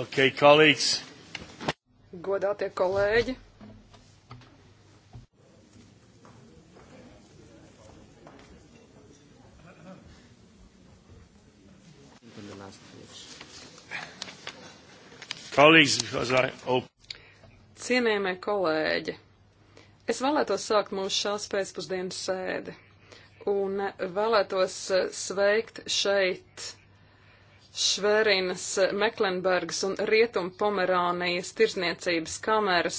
Okay, colleagues. Godātie kolēģi. Cienījamie kolēģi, es vēlētos sākt mūsu šās pēcpusdienas sēdi un vēlētos eh, sveikt šeit Šverinas, Meklenbergas un Rietumpomerānijas tirzniecības kameras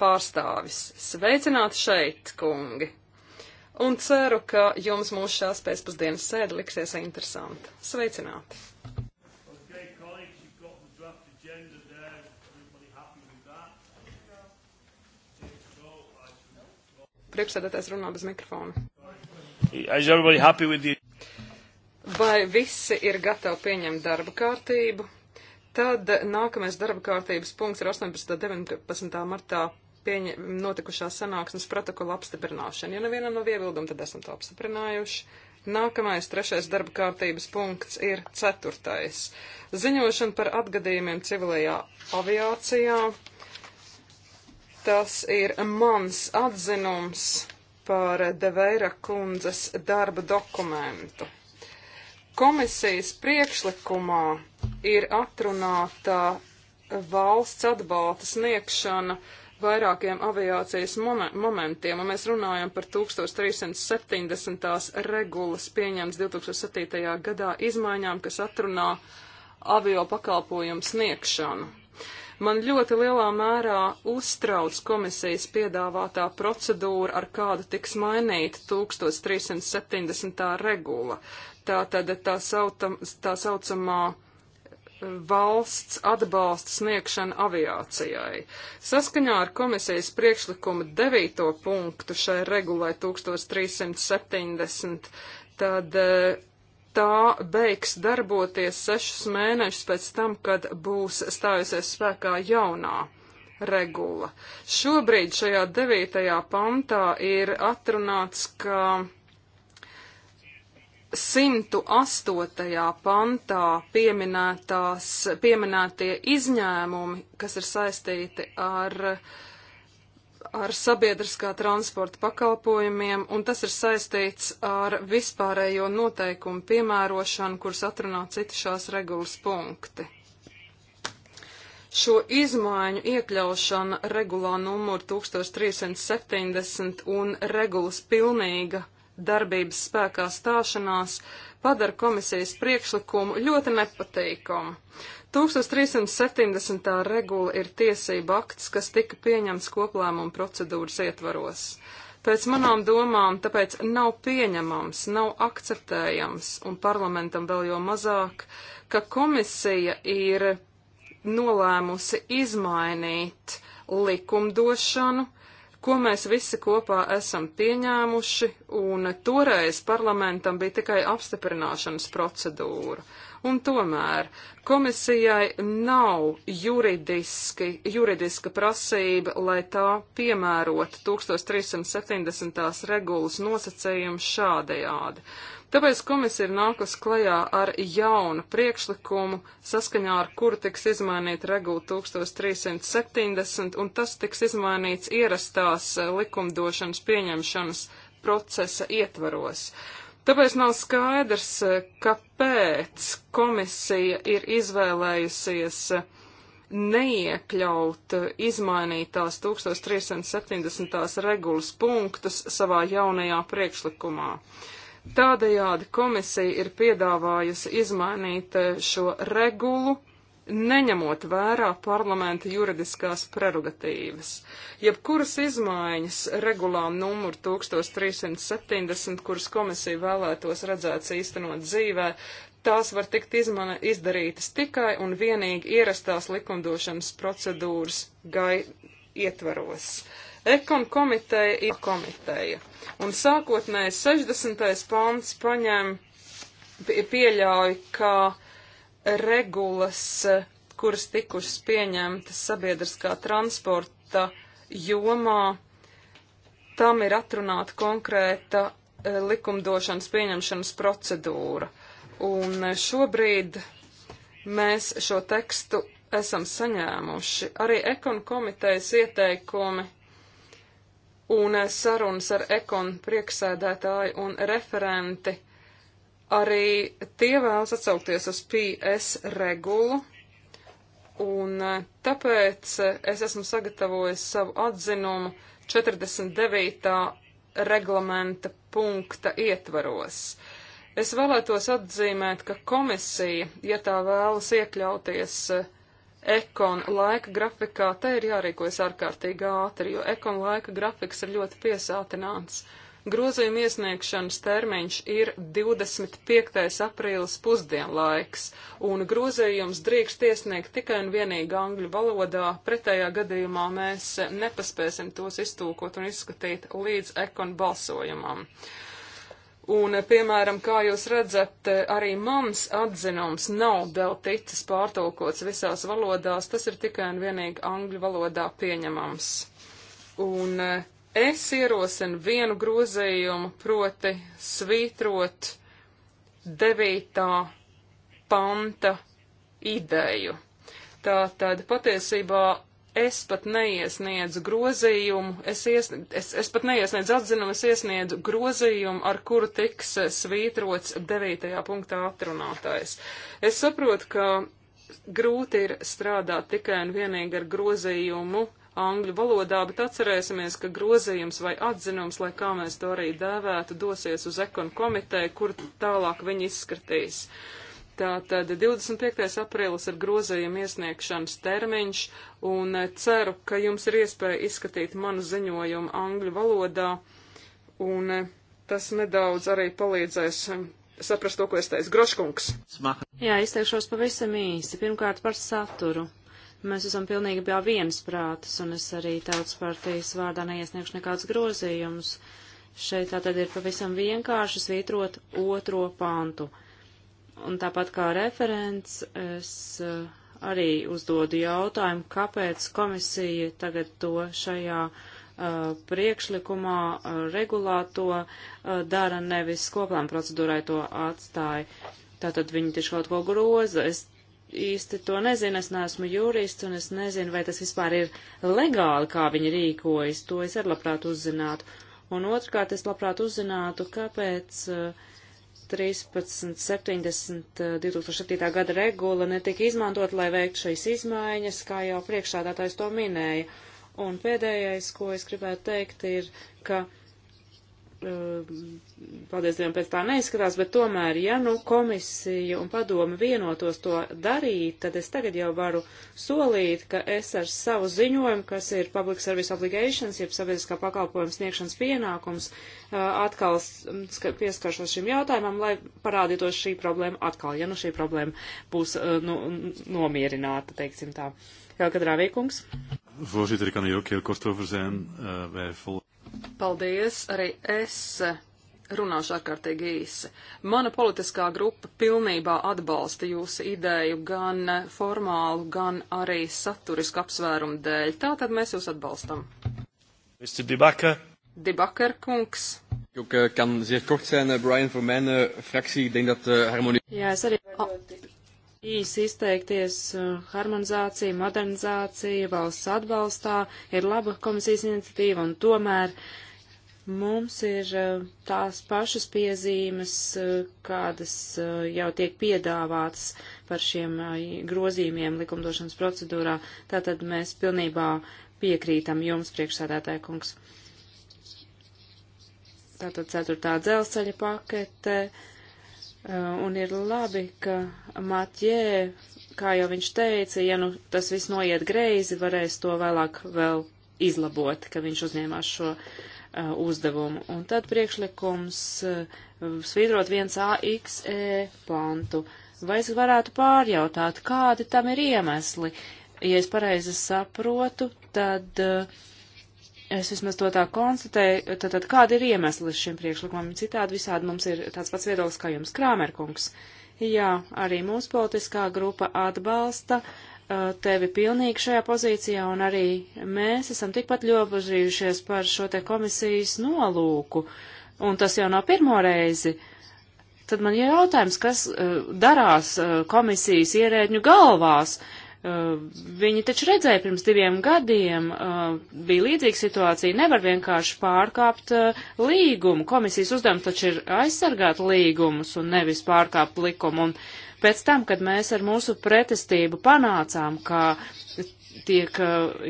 pārstāvis. Sveicināti šeit, kungi! Un ceru, ka jums mūsu šās pēcpusdienas sēde liksies interesanti. Sveicināti! Priekšsēdētājs runā bez mikrofona. Vai visi ir gatavi pieņemt darba kārtību? Tad nākamais darba kārtības punkts ir 18. un 19. martā pieņem, notikušā sanāksmes protokola apstiprināšana. Ja nevienam nav iebildumi, tad esam to apstiprinājuši. Nākamais trešais darba kārtības punkts ir ceturtais. Ziņošana par atgadījumiem civilajā aviācijā. Tas ir mans atzinums par Deveira kundzes darba dokumentu. Komisijas priekšlikumā ir atrunāta valsts atbalsta sniegšana vairākiem aviācijas momentiem, un mēs runājam par 1370. regulas pieņems 2007. gadā izmaiņām, kas atrunā avio pakalpojumu sniegšanu. Man ļoti lielā mērā uztrauc komisijas piedāvātā procedūra, ar kādu tiks mainīta 1370. regula. Tātad tā, sautam, tā saucamā e, valsts atbalsta sniegšana aviācijai. Saskaņā ar komisijas priekšlikumu 9. punktu šai regulai 1370, tad e, tā beigs darboties sešus mēnešus pēc tam, kad būs stājusies spēkā jaunā regula. Šobrīd šajā 9. pantā ir atrunāts, ka 108. pantā pieminētie izņēmumi, kas ir saistīti ar, ar sabiedriskā transporta pakalpojumiem, un tas ir saistīts ar vispārējo noteikumu piemērošanu, kuras atrunā citi šās regulas punkti. Šo izmaiņu iekļaušana regulā numuru 1370 un regulas pilnīga darbības spēkā stāšanās padara komisijas priekšlikumu ļoti nepatīkamu. 1370. regula ir tiesība akts, kas tika pieņemts koplēmuma procedūras ietvaros. Pēc manām domām, tāpēc nav pieņemams, nav akceptējams, un parlamentam vēl jo mazāk, ka komisija ir nolēmusi izmainīt likumdošanu, ko mēs visi kopā esam pieņēmuši, un toreiz parlamentam bija tikai apstiprināšanas procedūra. Un tomēr komisijai nav juridiski, juridiska prasība, lai tā piemērot 1370. regulas nosacījumu šādajādi. Tāpēc komisija ir nākus klajā ar jaunu priekšlikumu, saskaņā ar kuru tiks izmainīta regula 1370, un tas tiks izmainīts ierastās eh, likumdošanas pieņemšanas procesa ietvaros. Tāpēc nav skaidrs, eh, kāpēc komisija ir izvēlējusies eh, neiekļaut izmainītās 1370. regulas punktus savā jaunajā priekšlikumā. Tādējādi komisija ir piedāvājusi izmainīt eh, šo regulu, neņemot vērā parlamenta juridiskās prerogatīvas. Jebkuras izmaiņas regulām numuru 1370, kuras komisija vēlētos redzēt īstenot dzīvē, tās var tikt izmana, izdarītas tikai un vienīgi ierastās likumdošanas procedūras gai ietvaros. Uh, Ekon komiteja ir komiteja. Un sākotnēji 60. pants paņem, pieļauj, ka regulas, kuras tikušas pieņemtas sabiedriskā transporta jomā, tam ir atrunāta konkrēta e, likumdošanas pieņemšanas procedūra. Un e, šobrīd mēs šo tekstu esam saņēmuši. Arī ekonu komitejas ieteikumi un eh, sarunas ar ekonu prieksēdētāju un referenti. Arī tie vēlas atsaukties uz PS regulu, un eh, tāpēc eh, es esmu sagatavojis savu atzinumu 49. reglamenta punkta ietvaros. Es vēlētos atzīmēt, ka komisija, ja tā vēlas iekļauties uh, ekon laika grafikā, te ir jārīkojas ārkārtīgi ātri, jo ekon laika grafiks ir ļoti piesātināts. Grozījuma iesniegšanas termiņš ir 25. aprīlis pusdienlaiks, un grozījums drīkst iesniegt tikai un vienīgi angļu valodā, pretējā gadījumā mēs nepaspēsim tos iztūkot un izskatīt līdz ekon balsojumam. Uh, Un, piemēram, kā jūs redzat, arī mans atzinums nav vēl ticis pārtulkots visās valodās, tas ir tikai un vienīgi angļu valodā pieņemams. Un eh, es ierosinu vienu grozījumu, proti svītrot devītā panta ideju. Tā tad patiesībā es pat neiesniedzu grozījumu, es, ies, es, es pat neiesniedzu atzinumu, es iesniedzu grozījumu, ar kuru tiks eh, svītrots devītajā punktā atrunātais. Es saprotu, ka grūti ir strādāt tikai un vienīgi ar grozījumu angļu valodā, bet atcerēsimies, ka grozījums vai atzinums, lai kā mēs to arī dēvētu, dosies uz ekonu komiteju, kur tālāk viņi izskatīs. Uh, Tātad 25. aprīlis ir grozījuma iesniegšanas termiņš, un ceru, ka jums ir iespēja izskatīt manu ziņojumu angļu valodā, un tas nedaudz arī palīdzēs um, saprast to, ko es teicu. Groškungs. Jā, izteikšos pavisam īsi. Pirmkārt par saturu. Mēs esam pilnīgi bijā viensprātis, un es arī tautas partijas vārdā neiesniegšu nekādus grozījumus. Šeit tātad ir pavisam vienkārši svītrot otro pantu Un tāpat kā referents, es eh, arī uzdodu jautājumu, kāpēc komisija tagad to šajā eh, priekšlikumā eh, regulāto dara nevis koplēm procedūrai to atstāja. Tātad viņi tieši kaut ko groza. Es īsti to nezinu, es neesmu jurists un es nezinu, vai tas vispār ir legāli, kā viņi rīkojas. To es arī labprāt uzzinātu. Un otrkārt, es labprāt uzzinātu, kāpēc uh, 1370 2007. Uh, gada regula netika izmantot, lai veiktu šīs izmaiņas, kā jau priekšādātājs to minēja. Un pēdējais, ko es gribētu teikt, ir, ka uh, Um, paldies Dievam, pēc tā neizskatās, bet tomēr, ja nu komisija un padome vienotos to darīt, tad es tagad jau varu solīt, ka es ar savu ziņojumu, kas ir Public Service Obligations, jeb sabiedriskā pakalpojuma sniegšanas pienākums, uh, atkal pieskaršos šim jautājumam, lai parādītos šī problēma atkal, ja nu šī problēma būs uh, nu, nomierināta, teiksim tā. Kā kadrā vīkungs? Voorzitter, ik kan hier ook heel kort over zijn. Uh, wij volgen. Paldies, arī es runāšu ārkārtīgi īsi. Mana politiskā grupa pilnībā atbalsta jūsu ideju gan formālu, gan arī saturisku apsvērumu dēļ. Tātad mēs jūs atbalstam. Mr. Dibaka. Dibakar kungs. Ik eh, kan zeer kort zijn, eh, Brian, voor mijn eh, fractie. Ik denk dat harmonie... Ja, sorry. Oh īsi izteikties, uh, harmonizācija, modernizācija valsts atbalstā ir laba komisijas iniciatīva, un tomēr mums ir uh, tās pašas piezīmes, uh, kādas jau tiek piedāvātas par šiem grozījumiem likumdošanas procedūrā. Tātad mēs pilnībā piekrītam jums, priekšsādātāja kungs. Tātad ceturtā dzelzceļa pakete. Uh, Eh, un ir labi, ka Matjē, kā jau viņš teica, ja nu tas viss noiet greizi, varēs to vēlāk vēl izlabot, ka viņš uzņēmās šo uh, uzdevumu. Un tad priekšlikums uh, svītrot 1AXE pantu. Vai es varētu pārjautāt, kādi tam ir iemesli? Ja es pareizi saprotu, tad uh, Es vismaz to tā konstatēju. Tātad, kāda ir iemesli šim priekšlikumam? Citādi visādi mums ir tāds pats viedoklis kā jums, Krāmerkungs. Jā, arī mūsu politiskā grupa atbalsta uh, tevi pilnīgi šajā pozīcijā, un arī mēs esam tikpat ļobažījušies par šo te komisijas nolūku, un tas jau nav pirmo reizi. Tad man ir jautājums, kas uh, darās uh, komisijas ierēģņu galvās, uh, Eh, viņi taču redzēja pirms diviem gadiem, eh, bija līdzīga situācija, nevar vienkārši pārkāpt eh, līgumu. Komisijas uzdevums taču ir aizsargāt līgumus un nevis pārkāpt likumu. Un pēc tam, kad mēs ar mūsu pretestību panācām, ka tiek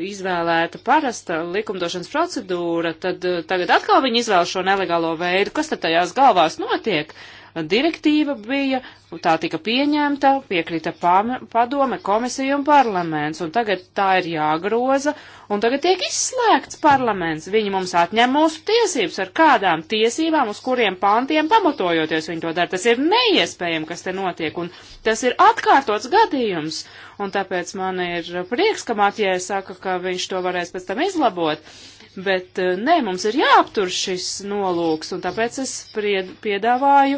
izvēlēta parasta likumdošanas procedūra, tad tagad atkal viņi izvēl šo nelegālo veidu. Kas tad tajās galvās notiek? Uh, direktīva bija, tā tika pieņemta, piekrita padome, komisija un parlaments, un tagad tā ir jāgroza, un tagad tiek izslēgts parlaments. Viņi mums atņem mūsu tiesības, ar kādām tiesībām, uz kuriem pantiem pamatojoties viņi to dara. Tas ir neiespējami, kas te notiek, un tas ir atkārtots gadījums, un tāpēc man ir prieks, ka Matijai saka, ka viņš to varēs pēc tam izlabot. Bet eh, nē, mums ir jāaptur šis nolūks, un tāpēc es pried, piedāvāju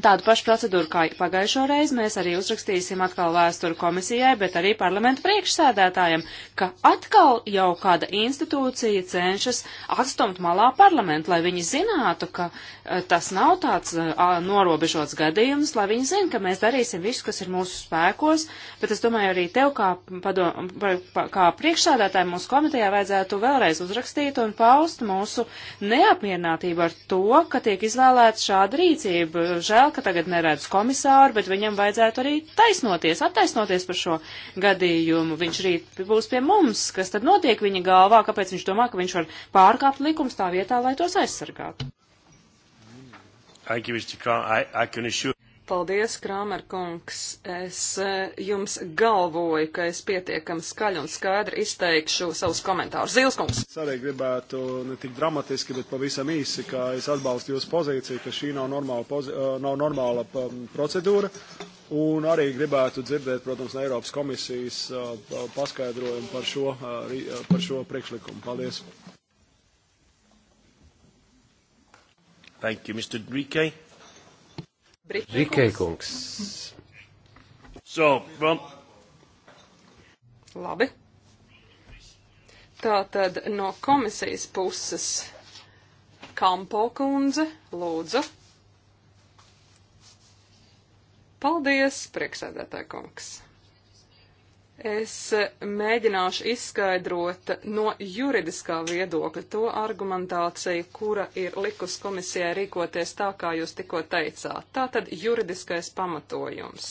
Tādu pašu procedūru kā pagājušo reizi mēs arī uzrakstīsim atkal vēsturu komisijai, bet arī parlamenta priekšsēdētājiem, ka atkal jau kāda institūcija cenšas atstumt malā parlamentu, lai viņi zinātu, ka e, tas nav tāds e, a, norobežots gadījums, lai viņi zinātu, ka mēs darīsim visu, kas ir mūsu spēkos, bet es domāju arī tev kā, padom, kā priekšsēdētājiem mūsu komitejā vajadzētu vēlreiz uzrakstīt un paust mūsu neapmierinātību ar to, ka tiek izvēlēta šāda rīcība. Žēl, žēl, ka tagad neredz komisāru, bet viņam vajadzētu arī taisnoties, attaisnoties par šo gadījumu. Viņš rīt būs pie mums, kas tad notiek viņa galvā, kāpēc viņš domā, ka viņš var pārkāpt likums tā vietā, lai tos aizsargātu. I, I Paldies, Krāmer kungs. Es eh, jums galvoju, ka es pietiekami skaļi un skaidri izteikšu savus komentārus. Zīles kungs. Es arī gribētu ne tik dramatiski, bet pavisam īsi, ka es atbalstu jūsu pozīciju, ka šī nav normāla, eh, nav normāla um, procedūra. Un arī gribētu dzirdēt, protams, no Eiropas komisijas eh, paskaidrojumu par šo, par šo priekšlikumu. Paldies. Thank you, Mr. Rike. Rikei kungs. So, well. Labi. Tātad no komisijas puses Kampo kundze, lūdzu. Paldies, prieksēdētāja kungs. Es mēģināšu izskaidrot no juridiskā viedokļa to argumentāciju, kura ir likus komisijai rīkoties tā, kā jūs tikko teicāt. Tā tad juridiskais pamatojums.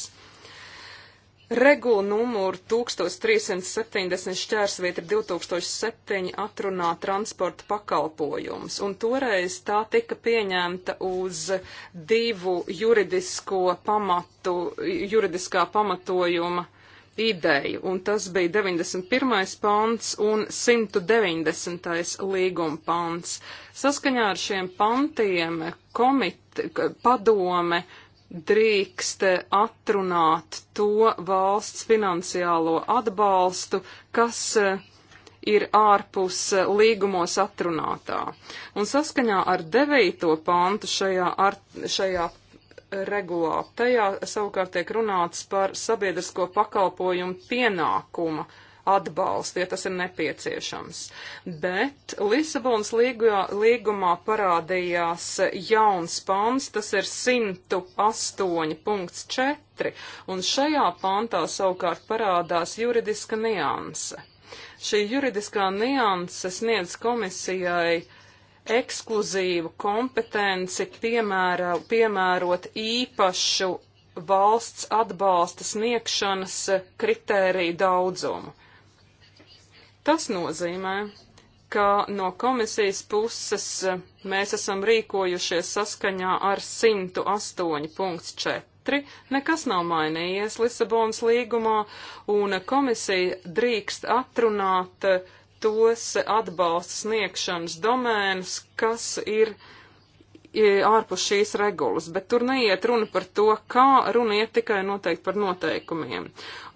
Regula numuru 1370 šķērsvieta 2007 atrunā transporta pakalpojums, un toreiz tā tika pieņemta uz divu juridisko pamatu, juridiskā pamatojuma ideju, un tas bija 91. pants un 190. līguma pants. Saskaņā ar šiem pantiem komit, padome drīkst atrunāt to valsts finansiālo atbalstu, kas eh, ir ārpus eh, līgumos atrunātā. Un saskaņā ar 9. pantu šajā, ar, šajā regulā. Tajā savukārt tiek runāts par sabiedrisko pakalpojumu pienākuma atbalstu, ja tas ir nepieciešams. Bet Lisabonas līgujā, līgumā parādījās jauns pants, tas ir 108.4, un šajā pantā savukārt parādās juridiska nianse. Šī juridiskā nianse sniedz komisijai uh, ekskluzīvu kompetenci piemēra, piemērot īpašu valsts atbalsta sniegšanas kritēriju daudzumu. Tas nozīmē, ka no komisijas puses mēs esam rīkojušies saskaņā ar 108.4. Nekas nav mainījies Lisabonas līgumā, un komisija drīkst atrunāt uh, tos atbalsta sniegšanas domēnus, kas ir e, ārpus šīs regulas, bet tur neiet runa par to, kā runa iet tikai noteikti par noteikumiem.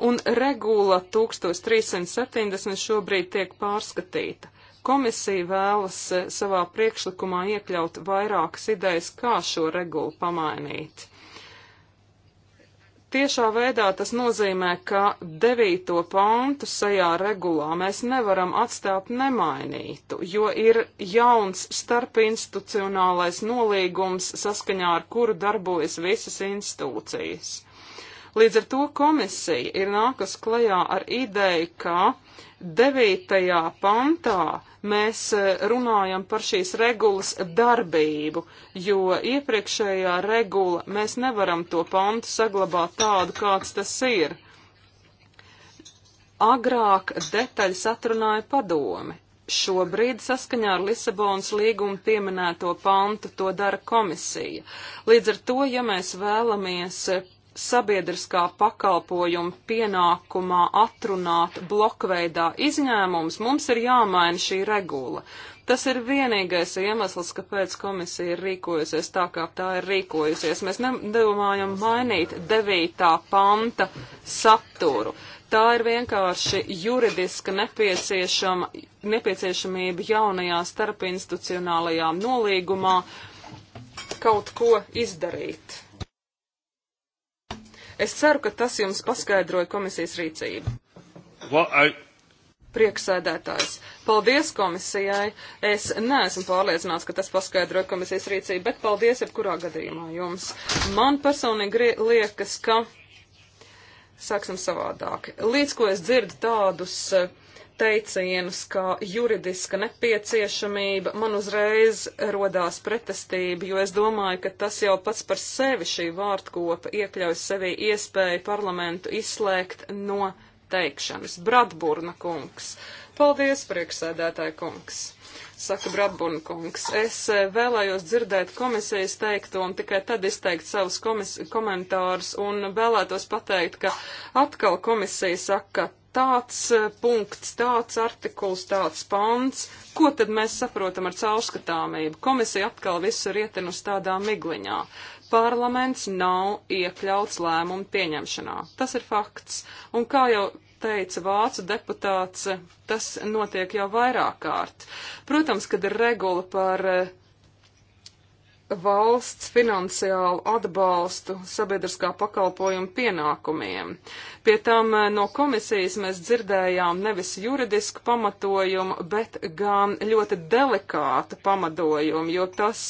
Un regula 1370 šobrīd tiek pārskatīta. Komisija vēlas e, savā priekšlikumā iekļaut vairākas idejas, kā šo regulu pamainīt. Tiešā veidā tas nozīmē, ka devīto pantu šajā regulā mēs nevaram atstāt nemainītu, jo ir jauns starpinstitucionālais nolīgums, saskaņā ar kuru darbojas visas institūcijas. Līdz ar to komisija ir nākas klajā ar ideju, ka 9. pantā mēs eh, runājam par šīs regulas darbību, jo iepriekšējā regula mēs nevaram to pantu saglabāt tādu, kāds tas ir. Agrāk detaļas atrunāja padomi. Šobrīd saskaņā ar Lisabonas līgumu pieminēto pantu to dara komisija. Līdz ar to, ja mēs vēlamies sabiedriskā pakalpojuma pienākumā atrunāt blokveidā izņēmums, mums ir jāmaina šī regula. Tas ir vienīgais iemesls, kāpēc komisija ir rīkojusies tā, kā tā ir rīkojusies. Mēs nedomājam mainīt 9. panta saturu. Tā ir vienkārši juridiska nepieciešama, nepieciešamība jaunajā starpinstitucionālajā nolīgumā kaut ko izdarīt. Es ceru, ka tas jums paskaidroja komisijas rīcību. Well, I... Prieksēdētājs. Paldies komisijai. Es neesmu pārliecināts, ka tas paskaidroja komisijas rīcību, bet paldies jebkurā gadījumā jums. Man personīgi liekas, ka sāksim savādāk. Līdz ko es dzirdu tādus uh, teicienus kā juridiska nepieciešamība, man uzreiz rodās pretestība, jo es domāju, ka tas jau pats par sevi šī vārdkopa iekļauj sevī iespēju parlamentu izslēgt no teikšanas. Bratburna kungs. Paldies, prieksēdētāji kungs saka Brabunkungs. Es eh, vēlējos dzirdēt komisijas teikto un tikai tad izteikt savus komentārus un vēlētos pateikt, ka atkal komisija saka, ka tāds eh, punkts, tāds artikuls, tāds pants, ko tad mēs saprotam ar caurskatāmību? Komisija atkal visu rieten uz tādā migliņā. Parlaments nav iekļauts lēmumu pieņemšanā. Tas ir fakts. Un kā jau teica vācu deputāts, tas notiek jau vairāk kārt. Protams, kad ir regula par uh, valsts finansiālu atbalstu sabiedriskā pakalpojuma pienākumiem. Pie tam eh, no komisijas mēs dzirdējām nevis juridisku pamatojumu, bet gan ļoti delikātu pamatojumu, jo tas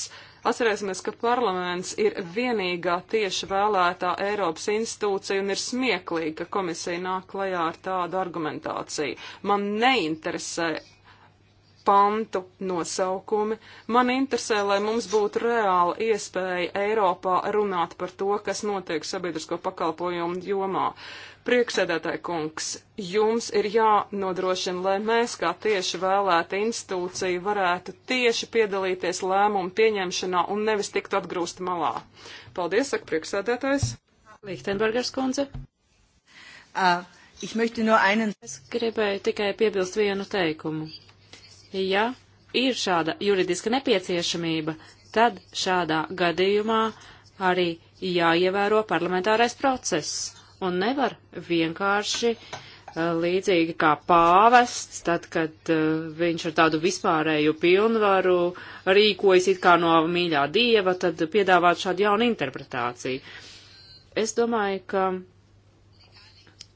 Atcerēsimies, ka parlaments ir vienīgā tieši vēlētā Eiropas institūcija un ir smieklīgi, ka komisija nāk klajā ar tādu argumentāciju. Man neinteresē pantu nosaukumi. Man interesē, lai mums būtu reāla iespēja Eiropā runāt par to, kas notiek sabiedrisko pakalpojumu jomā. Prieksēdētāji kungs, jums ir jānodrošina, lai mēs kā tieši vēlēta institūcija varētu tieši piedalīties lēmumu pieņemšanā un nevis tiktu atgrūst malā. Paldies, saka prieksēdētājs. Lichtenbergers kundze. Uh, ich möchte nur einen. Es gribēju tikai piebilst vienu teikumu Ja ir šāda juridiska nepieciešamība, tad šādā gadījumā arī jāievēro parlamentārais process un nevar vienkārši eh, līdzīgi kā pāvests, tad, kad uh, viņš ar tādu vispārēju pilnvaru rīkojas it kā no mīļā dieva, tad piedāvāt šādu jaunu interpretāciju. Es domāju, ka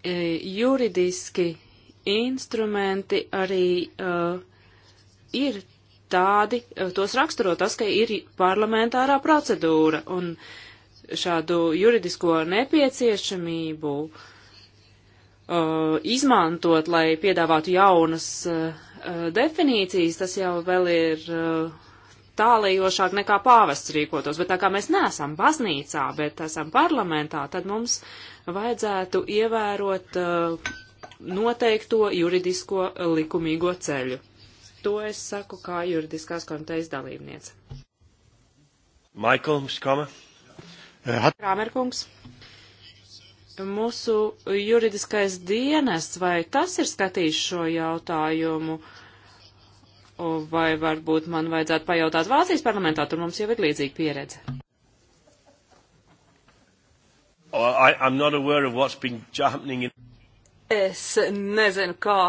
e, juridiski instrumenti arī uh, ir tādi, eh, tos raksturo tas, ka ir parlamentārā procedūra un šādu juridisko nepieciešamību uh, izmantot, lai piedāvātu jaunas uh, definīcijas, tas jau vēl ir uh, tālējošāk nekā pāvests rīkotos, bet tā kā mēs neesam baznīcā, bet esam parlamentā, tad mums vajadzētu ievērot uh, noteikto juridisko likumīgo ceļu. To es saku kā juridiskās komitejas dalībniece. Maikls Krama. Eh, Krāmerkungs. Mūsu juridiskais dienests, vai tas ir skatījis šo jautājumu, vai varbūt man vajadzētu pajautāt Vācijas parlamentā, tur mums jau ir līdzīga pieredze. Oh, I, in... Es nezinu, kā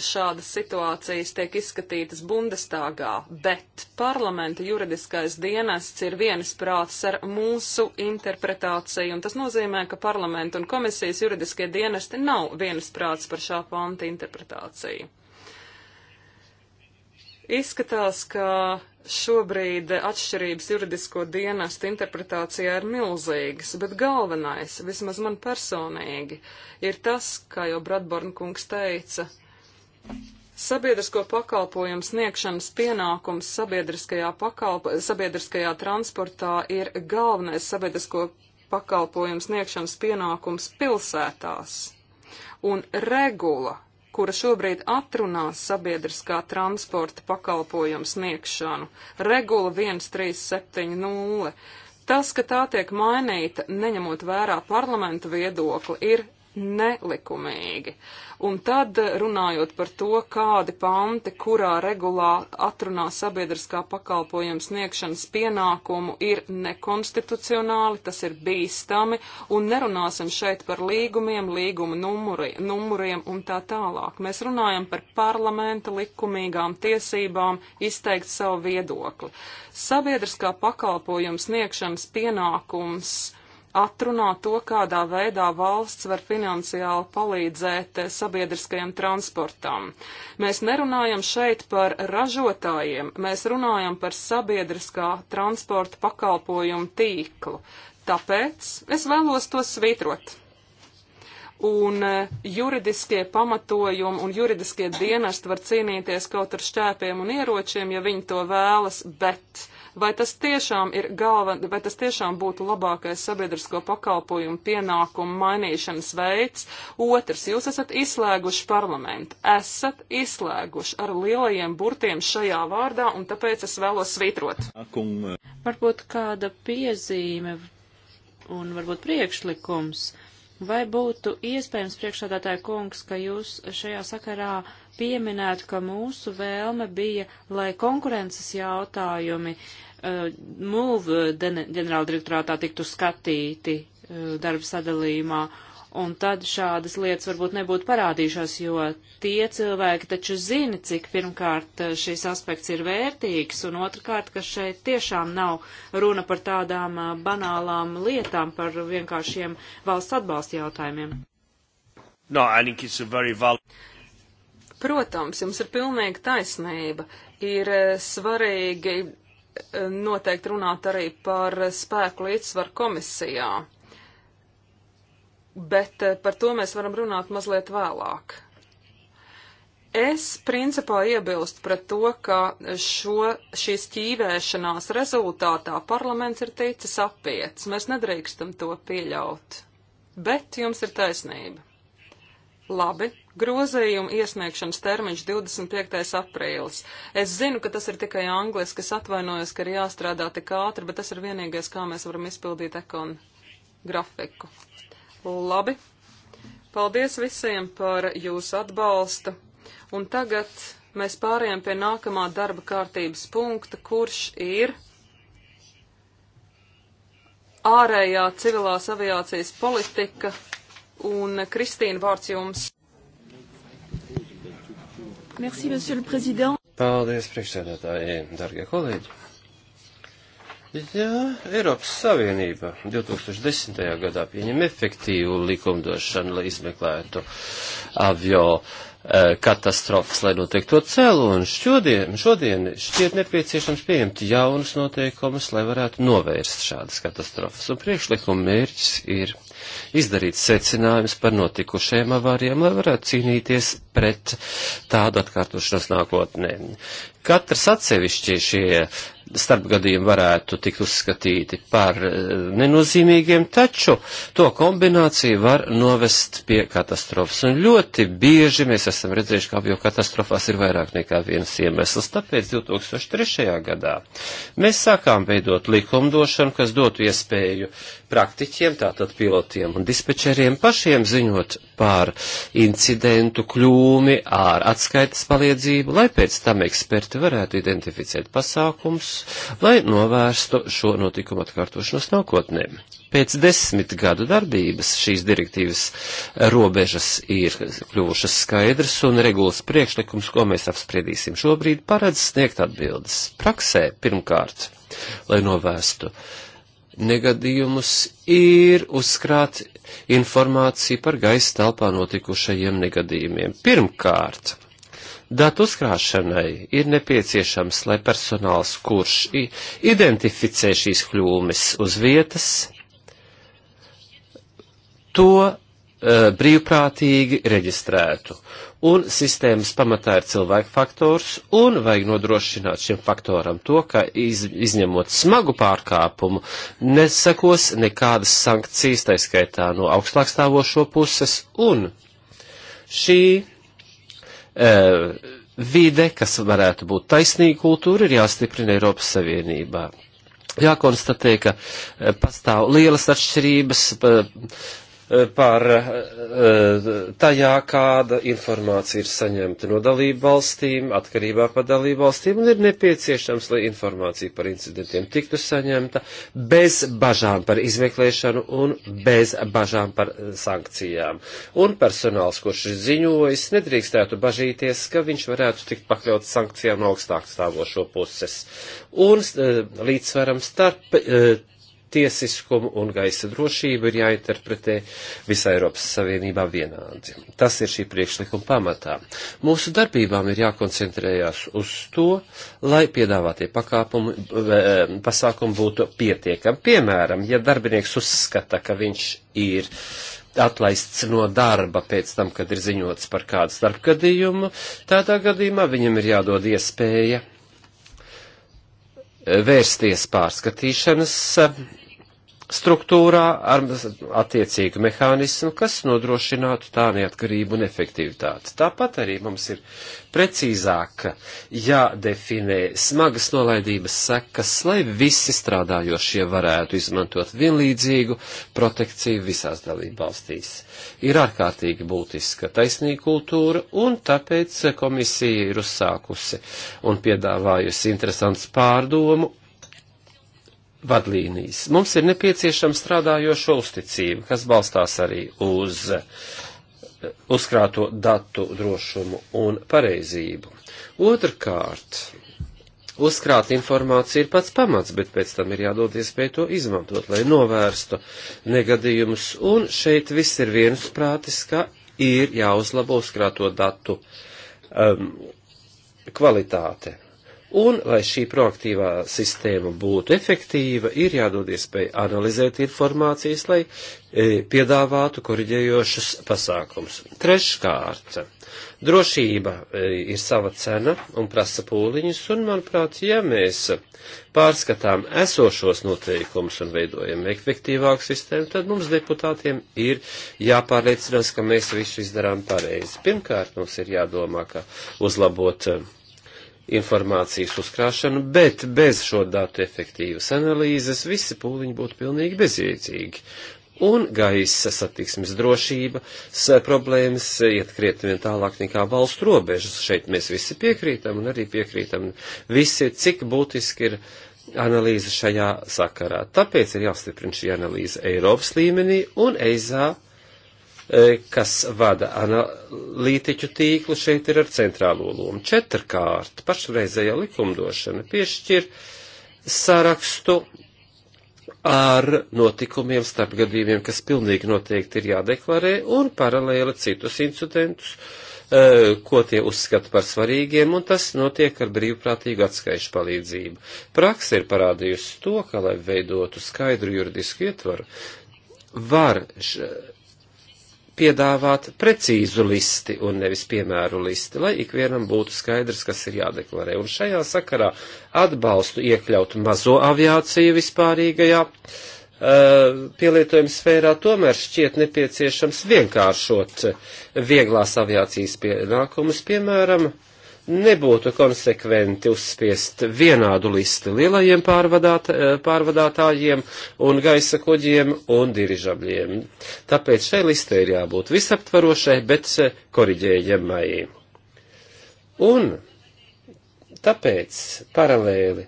šādas situācijas tiek izskatītas Bundestāgā, bet parlamenta juridiskais dienests ir vienisprāts ar mūsu interpretāciju, un tas nozīmē, ka parlamenta un komisijas juridiskie dienesti nav vienisprāts par šā panta interpretāciju. Izskatās, ka šobrīd atšķirības juridisko dienestu interpretācijā ir milzīgas, bet galvenais, vismaz man personīgi, ir tas, kā jau Bradborn kungs teica, Sabiedrisko pakalpojumu sniegšanas pienākums sabiedriskajā, pakalp sabiedriskajā transportā ir galvenais sabiedrisko pakalpojumu sniegšanas pienākums pilsētās. Un regula, kura šobrīd atrunās sabiedriskā transporta pakalpojumu sniegšanu, regula 1370. Tas, ka tā tiek mainīta, neņemot vērā parlamenta viedokli, ir nelikumīgi. Un tad runājot par to, kādi panti, kurā regulā atrunā sabiedriskā pakalpojuma sniegšanas pienākumu ir nekonstitucionāli, tas ir bīstami, un nerunāsim šeit par līgumiem, līguma numuri, numuriem un tā tālāk. Mēs runājam par parlamenta likumīgām tiesībām izteikt savu viedokli. Sabiedriskā pakalpojuma sniegšanas pienākums atrunā to, kādā veidā valsts var finansiāli palīdzēt eh, sabiedriskajam transportam. Mēs nerunājam šeit par ražotājiem, mēs runājam par sabiedriskā transporta pakalpojumu tīklu. Tāpēc es vēlos to svītrot. Un eh, juridiskie pamatojumi un juridiskie dienesti var cīnīties kaut ar šķēpiem un ieročiem, ja viņi to vēlas, bet Vai tas tiešām ir galven, vai tas tiešām būtu labākais sabiedrisko pakalpojumu pienākumu mainīšanas veids? Otrs, jūs esat izslēguši parlamentu. Esat izslēguši ar lielajiem burtiem šajā vārdā, un tāpēc es vēlos svītrot. Varbūt kāda piezīme un varbūt priekšlikums. Vai būtu iespējams priekšādātāja kungs, ka jūs šajā sakarā uh, pieminētu, ka mūsu vēlme bija, lai konkurences jautājumi uh, MUV ģenerāldirektorātā tiktu skatīti uh, darba sadalījumā, un tad šādas lietas varbūt nebūtu parādījušās, jo tie cilvēki taču zina, cik pirmkārt eh, šis aspekts ir vērtīgs, un otrkārt, ka šeit tiešām nav runa par tādām banālām lietām, par vienkāršiem valsts atbalsta jautājumiem. No, I think it's a very valid. Protams, jums ir pilnīga taisnība. Ir eh, svarīgi eh, noteikti runāt arī par spēku līdzsvaru komisijā. Bet eh, par to mēs varam runāt mazliet vēlāk. Es principā iebilstu pret to, ka šo, šīs ķīvēšanās rezultātā parlaments ir teicis apiets. Mēs nedrīkstam to pieļaut. Bet jums ir taisnība. Labi, grozījuma iesniegšanas termiņš 25. aprīlis. Es zinu, ka tas ir tikai angliski, es atvainojos, ka ir jāstrādā tik ātri, bet tas ir vienīgais, kā mēs varam izpildīt ekonu grafiku. Labi, paldies visiem par jūsu atbalstu, un tagad mēs pārējām pie nākamā darba kārtības punkta, kurš ir ārējā civilās aviācijas politika Un Kristīna, vārds jums. Merci, monsieur le président. Paldies, priekšsēdētāji, darbie kolēģi. Jā, Eiropas Savienība 2010. gadā pieņem efektīvu likumdošanu, lai izmeklētu avio e, katastrofas, lai noteiktu to celu, un šodien, šodien šķiet nepieciešams pieņemt jaunus noteikumus, lai varētu novērst šādas katastrofas. Un priekšlikuma mērķis ir izdarīt secinājumus par notikušajiem avārijiem, lai varētu cīnīties pret tādu atkārtošanos nākotnē. Katrs atsevišķi šie starpgadījumi varētu tikt uzskatīti par eh, nenozīmīgiem, taču to kombinācija var novest pie katastrofas. Un ļoti bieži mēs esam redzējuši, ka apjo katastrofās ir vairāk nekā viens iemesls. Tāpēc 2003. gadā mēs sākām veidot likumdošanu, kas dotu iespēju praktiķiem, tātad pilotiem un dispečeriem pašiem ziņot par incidentu kļūmi ar atskaites palīdzību, lai pēc tam eksperti varētu identificēt pasākums, lai novērstu šo notikumu atkārtošanos nākotnē. Pēc desmit gadu darbības šīs direktīvas robežas ir kļuvušas skaidras un regulas priekšlikums, ko mēs apspriedīsim šobrīd, paredz sniegt atbildes. Praksē pirmkārt, lai novērstu negadījumus ir uzkrāt informāciju par gaisa telpā notikušajiem negadījumiem. Pirmkārt, Datu uzkrāšanai ir nepieciešams, lai personāls, kurš identificē šīs kļūmes uz vietas, to uh, brīvprātīgi reģistrētu. Un sistēmas pamatā ir cilvēku faktors, un vajag nodrošināt šim faktoram to, ka iz, izņemot smagu pārkāpumu, nesakos nekādas sankcijas, taiskaitā no augstākstāvošo puses, un šī Eh, vide, kas varētu būt taisnīga kultūra, ir jāstiprina Eiropas Savienībā. Jākonstatē, ka eh, pastāv lielas atšķirības Eh, par eh, tajā, kāda informācija ir saņemta no dalību valstīm, atkarībā pa dalību valstīm, un ir nepieciešams, lai informācija par incidentiem tiktu saņemta bez bažām par izmeklēšanu un bez bažām par eh, sankcijām. Un personāls, kurš ir ziņojis, nedrīkstētu bažīties, ka viņš varētu tikt pakļauts sankcijām no augstāk stāvošo puses. Un līdzsvaram starp tiesiskumu un gaisa drošību ir jāinterpretē visā Eiropas Savienībā vienādi. Tas ir šī priekšlikuma pamatā. Mūsu darbībām ir jākoncentrējās uz to, lai piedāvātie pakāpumi, eh, pasākumi būtu pietiekami. Piemēram, ja darbinieks uzskata, ka viņš ir atlaists no darba pēc tam, kad ir ziņots par kādu starpgadījumu, tādā gadījumā viņam ir jādod iespēja vērsties pārskatīšanas struktūrā ar attiecīgu mehānismu, kas nodrošinātu tā neatkarību un efektivitāti. Tāpat arī mums ir precīzāk jādefinē smagas nolaidības sekas, lai visi strādājošie varētu izmantot vienlīdzīgu protekciju visās dalībvalstīs. Ir ārkārtīgi būtiska taisnīga kultūra, un tāpēc komisija ir uzsākusi un piedāvājusi interesants pārdomu vadlīnijas. Mums ir nepieciešama strādājošo uzticība, kas balstās arī uz eh, uzkrāto datu drošumu un pareizību. Otrkārt, uzkrāt informācija ir pats pamats, bet pēc tam ir jādod iespēju to izmantot, lai novērstu negadījumus, un šeit viss ir vienus prātis, ka ir jāuzlabo uzkrāto datu um, kvalitāte Un, lai šī proaktīvā sistēma būtu efektīva, ir jādod iespēja analizēt informācijas, lai e, piedāvātu koriģējošus pasākums. Treškārt, drošība e, ir sava cena un prasa pūliņus, un, manuprāt, ja mēs pārskatām esošos noteikumus un veidojam efektīvāku sistēmu, tad mums deputātiem ir jāpārliecinās, ka mēs visu izdarām pareizi. Pirmkārt, mums ir jādomā, ka uzlabot e, informācijas uzkrāšanu, bet bez šo datu efektīvas analīzes visi pūliņi būtu pilnīgi bezjēdzīgi. Un gaisa satiksmes drošība problēmas iet krietni vien tālāk nekā valstu robežas. Šeit mēs visi piekrītam un arī piekrītam visi, cik būtiski ir analīze šajā sakarā. Tāpēc ir jāstiprina šī analīze Eiropas līmenī un EIZā E, kas vada analītiķu tīklu, šeit ir ar centrālo lomu. Četrkārt, pašreizējā likumdošana piešķir sarakstu ar notikumiem, starp gadījumiem, kas pilnīgi noteikti ir jādeklarē, un paralēli citus incidentus, e, ko tie uzskata par svarīgiem, un tas notiek ar brīvprātīgu atskaišu palīdzību. Praksa ir parādījusi to, ka, lai veidotu skaidru juridisku ietvaru, var š piedāvāt precīzu listi un nevis piemēru listi, lai ikvienam būtu skaidrs, kas ir jādeklarē. Un šajā sakarā atbalstu iekļaut mazo aviāciju vispārīgajā eh, pielietojuma sfērā tomēr šķiet nepieciešams vienkāršot vieglās aviācijas pienākumus, piemēram, uh, nebūtu konsekventi uzspiest vienādu listi lielajiem pārvadāt, eh, pārvadātājiem un gaisa kuģiem un dirižabļiem. Tāpēc šai listē ir jābūt visaptvarošai, bet eh, koriģējamai. Un tāpēc paralēli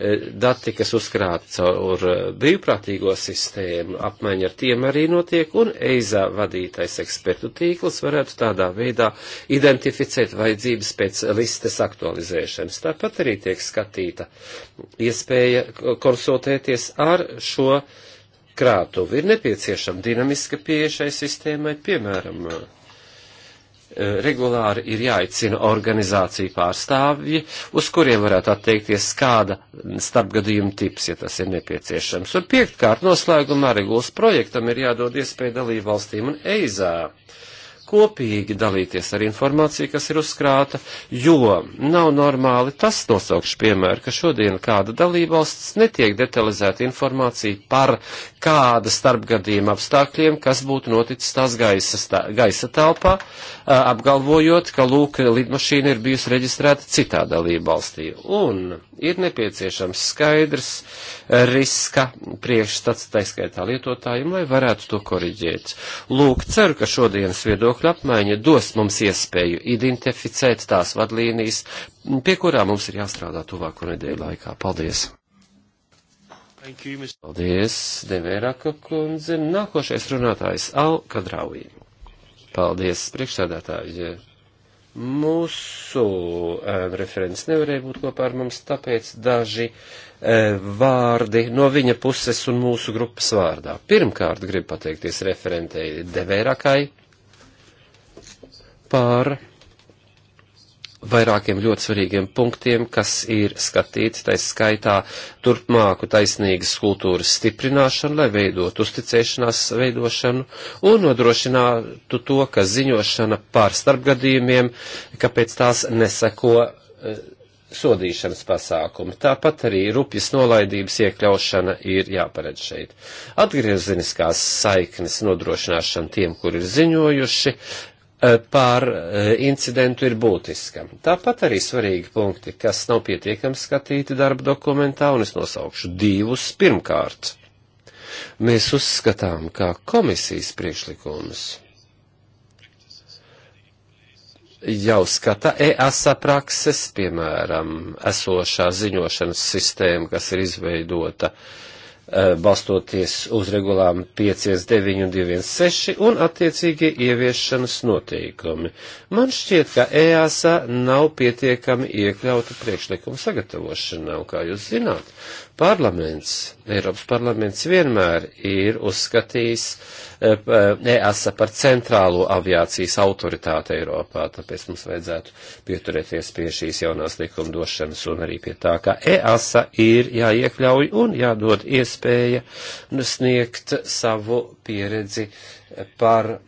E, dati, kas uzkrāti caur e, brīvprātīgo sistēmu, apmaiņa ar tiem arī notiek, un EIZA vadītais ekspertu tīkls varētu tādā veidā identificēt vajadzības pēc listes aktualizēšanas. Tāpat arī tiek skatīta iespēja konsultēties ar šo krātuvi. Ir nepieciešama dinamiska pieeja šai sistēmai, piemēram, Eh, regulāri ir jāicina organizāciju pārstāvji, uz kuriem varētu atteikties kāda starpgadījuma tips, ja tas ir nepieciešams. Un piektkārt noslēgumā regulas projektam ir jādod iespēja dalību valstīm un EIZā kopīgi dalīties ar informāciju, kas ir uzkrāta, jo nav normāli tas nosaukšu piemēru, ka šodien kāda dalībvalsts netiek detalizēta informācija par kāda starpgadījuma apstākļiem, kas būtu noticis tās gaisa, tā, gaisa telpā, apgalvojot, ka lūk, lidmašīna ir bijusi reģistrēta citā dalībvalstī. Un ir nepieciešams skaidrs riska priekšstats, taiskaitā lietotājiem, lai varētu to koriģēt. Lūk, ceru, ka šodienas viedokļi viedokļu apmaiņa dos mums iespēju identificēt tās vadlīnijas, pie kurām mums ir jāstrādā tuvāko nedēļu laikā. Paldies! You, Paldies, Devērāka kundze. Nākošais runātājs Al Kadraujī. Paldies, priekšsēdētāji. Mūsu uh, referents nevarēja būt kopā ar mums, tāpēc daži uh, vārdi no viņa puses un mūsu grupas vārdā. Pirmkārt, gribu pateikties referentei Devērakai par vairākiem ļoti svarīgiem punktiem, kas ir skatīti, taisa skaitā turpmāku taisnīgas kultūras stiprināšanu, lai veidot uzticēšanās veidošanu un nodrošinātu to, ka ziņošana par starpgadījumiem, kāpēc tās neseko eh, sodīšanas pasākumi. Tāpat arī rupjas nolaidības iekļaušana ir jāparedz šeit. Atgriezeniskās saiknes nodrošināšana tiem, kur ir ziņojuši, Eh, pār eh, incidentu ir būtiska. Tāpat arī svarīgi punkti, kas nav pietiekami skatīti darba dokumentā, un es nosaukšu divus pirmkārt. Mēs uzskatām, kā komisijas priekšlikums jau skata EASA prakses, piemēram, esošā ziņošanas sistēma, kas ir izveidota uh, Eh, balstoties uz regulām 5.9 un 2.16 un attiecīgi ieviešanas noteikumi. Man šķiet, ka EASA nav pietiekami iekļauta priekšlikuma sagatavošanā, un kā jūs zināt, Parlaments, Eiropas parlaments vienmēr ir uzskatījis EASA eh, eh, e par centrālo aviācijas autoritāti Eiropā, tāpēc mums vajadzētu pieturēties pie šīs jaunās likumdošanas un arī pie tā, ka EASA ir jāiekļauj un jādod iespēja sniegt savu pieredzi par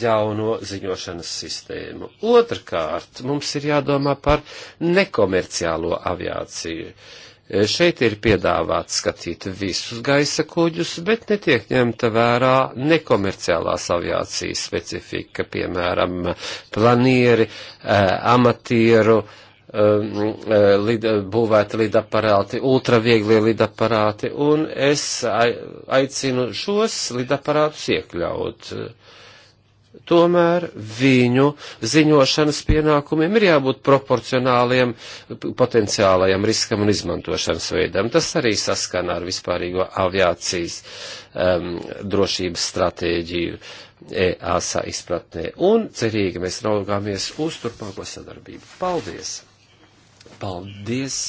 jauno ziņošanas sistēmu. Otrkārt, mums ir jādomā par nekomerciālo aviāciju. Uh, E, šeit ir piedāvāts skatīt visus gaisa kuģus, bet netiek ņemta vērā nekomerciālās aviācijas specifika, piemēram, planieri, e, amatieru, e, lida, būvēti lidaparāti, ultravieglie lidaparāti, un es aicinu šos lidaparātus iekļaut. Tomēr viņu ziņošanas pienākumiem ir jābūt proporcionāliem potenciālajam riskam un izmantošanas veidam. Tas arī saskana ar vispārīgo aviācijas um, drošības stratēģiju EASA izpratnē. Un cerīgi mēs raugāmies uz turpmāko sadarbību. Paldies! Paldies!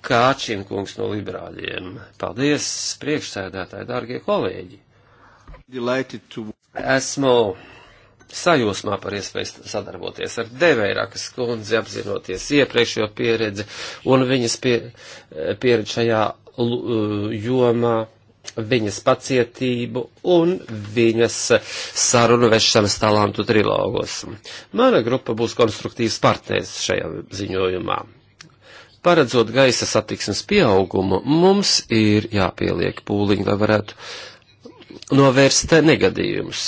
Kāčin kungs no liberāļiem. Paldies, priekšsēdētāji, dārgie kolēģi! Esmu sajūsmā par iespēju sadarboties ar Deveirakas kundzi, apzinoties iepriekšējo pieredzi un viņas pie, eh, pieredzi šajā eh, jomā, viņas pacietību un viņas sarunu vešanas talantu trilogos. Mana grupa būs konstruktīvs partners šajā ziņojumā. Paredzot gaisa satiksmes pieaugumu, mums ir jāpieliek pūliņi, lai varētu novērst negadījumus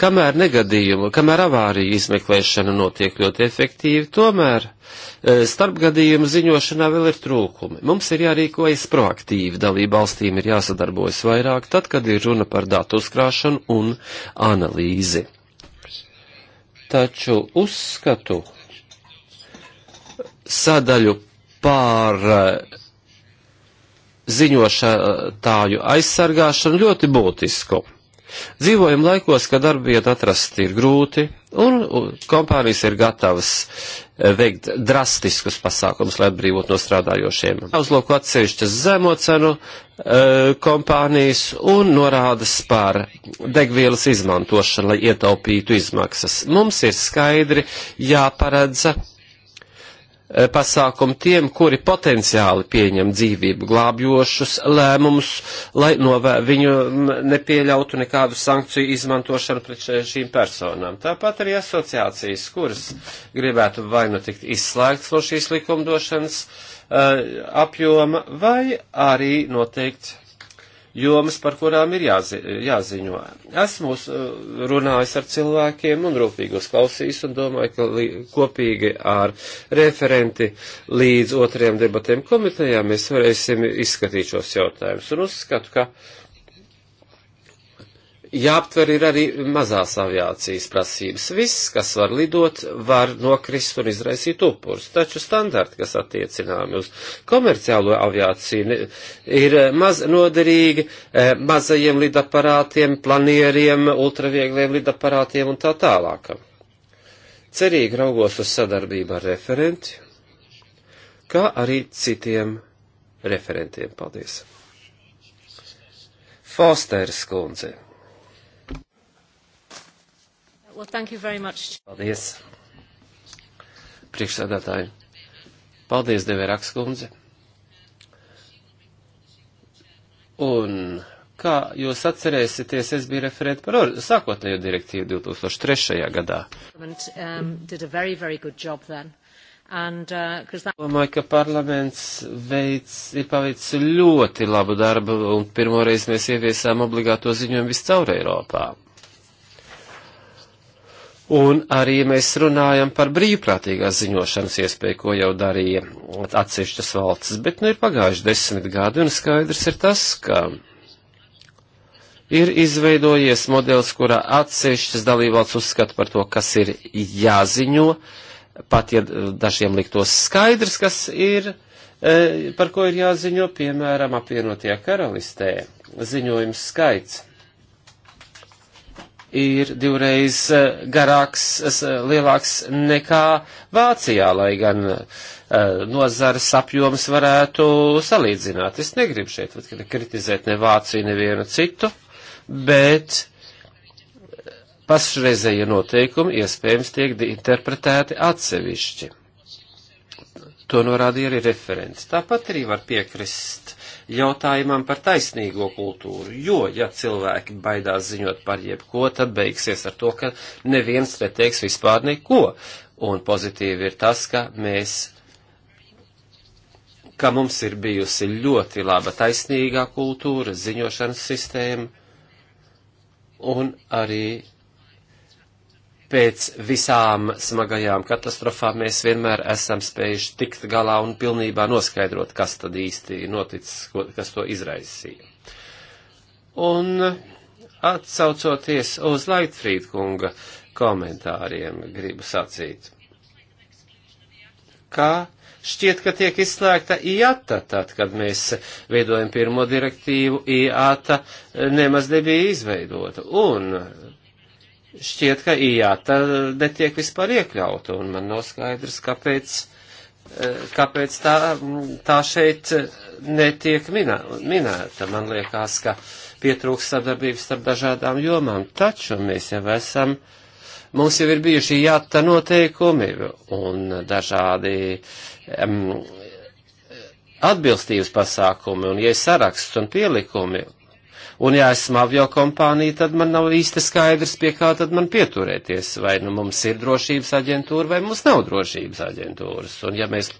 Kamēr negadījumu, kamēr avārija izmeklēšana notiek ļoti efektīvi, tomēr e, starpgadījumu ziņošanā vēl ir trūkumi. Mums ir jārīkojas proaktīvi, dalība valstīm ir jāsadarbojas vairāk, tad, kad ir runa par datu uzkrāšanu un analīzi. Taču uzskatu sadaļu par e, ziņošātāju aizsargāšanu ļoti būtisku. Dzīvojam laikos, kad darbvieta atrast ir grūti, un kompānijas ir gatavas e, veikt drastiskus pasākumus, lai atbrīvot no strādājošiem. Uzlūko atsevišķas zemo cenu e, kompānijas un norādas par degvielas izmantošanu, lai ietaupītu izmaksas. Mums ir skaidri jāparedza Eh, pasākumu tiem, kuri potenciāli pieņem dzīvību glābjošus lēmumus, lai novē, viņu nepieļautu nekādu sankciju izmantošanu pret šīm personām. Tāpat arī asociācijas, kuras gribētu vai nu tikt izslēgts no šīs likumdošanas eh, apjoma, vai arī noteikti jomas, par kurām ir jāzi, jāziņo. Esmu uh, runājis ar cilvēkiem un rūpīgi uzklausījis un domāju, ka li, kopīgi ar referenti līdz otriem debatēm komitejā mēs varēsim izskatīt šos jautājumus. Un uzskatu, ka jāaptver ir arī mazās aviācijas prasības. Viss, kas var lidot, var nokrist un izraisīt upurus, taču standarti, kas attiecināmi uz komerciālo aviāciju, ir maz noderīgi e, mazajiem lidaparātiem, planieriem, ultraviegliem lidaparātiem un tā tālāk. Cerīgi raugos uz sadarbību ar referenti, kā arī citiem referentiem. Paldies! Fosters kundze. Well, thank you very much. Paldies. Priekšsēdētāji. Paldies, Deveraks kundze. Un kā jūs atcerēsieties, es biju referēt par sākotnējo direktīvu 2003. gadā. Um, uh, Domāju, ka parlaments veids, ir paveicis ļoti labu darbu, un pirmoreiz mēs ieviesām obligāto ziņojumu viscaur Eiropā. Un arī mēs runājam par brīvprātīgās ziņošanas iespēju, ko jau darīja atsevišķas valstis, bet nu ir pagājuši desmit gadi un skaidrs ir tas, ka ir izveidojies modelis, kurā atsevišķas dalībvalsts uzskata par to, kas ir jāziņo, pat ja dažiem liktos skaidrs, kas ir, e, par ko ir jāziņo, piemēram, apvienotajā karalistē ziņojums skaits ir divreiz eh, garāks, eh, lielāks nekā Vācijā, lai gan eh, nozares apjoms varētu salīdzināt. Es negribu šeit kritizēt ne Vāciju, nevienu citu, bet pašreizējie noteikumi iespējams tiek interpretēti atsevišķi. To norādīja arī referents. Tāpat arī var piekrist jautājumam par taisnīgo kultūru, jo, ja cilvēki baidās ziņot par jebko, tad beigsies ar to, ka neviens neteiks vispār neko. Un pozitīvi ir tas, ka mēs ka mums ir bijusi ļoti laba taisnīgā kultūra, ziņošanas sistēma un arī pēc visām smagajām katastrofām mēs vienmēr esam spējuši tikt galā un pilnībā noskaidrot, kas tad īsti noticis, kas to izraisīja. Un atsaucoties uz Laitfrīd kunga komentāriem, gribu sacīt, ka šķiet, ka tiek izslēgta IATA, tad, kad mēs veidojam pirmo direktīvu, IATA nemaz nebija izveidota. Un šķiet, ka IATA netiek vispār iekļauta, un man nav skaidrs, kāpēc, eh, kāpēc tā, tā šeit eh, netiek minā, minēta. Man liekas, ka pietrūks sadarbības starp dažādām jomām, taču mēs jau esam. Mums jau ir bijuši jāta noteikumi un dažādi um, atbilstības pasākumi un, ja saraksts un pielikumi un ja esmu avio kompānija, tad man nav īsti skaidrs, pie kā tad man pieturēties. Vai nu mums ir drošības aģentūra, vai mums nav drošības aģentūras. Un ja mēs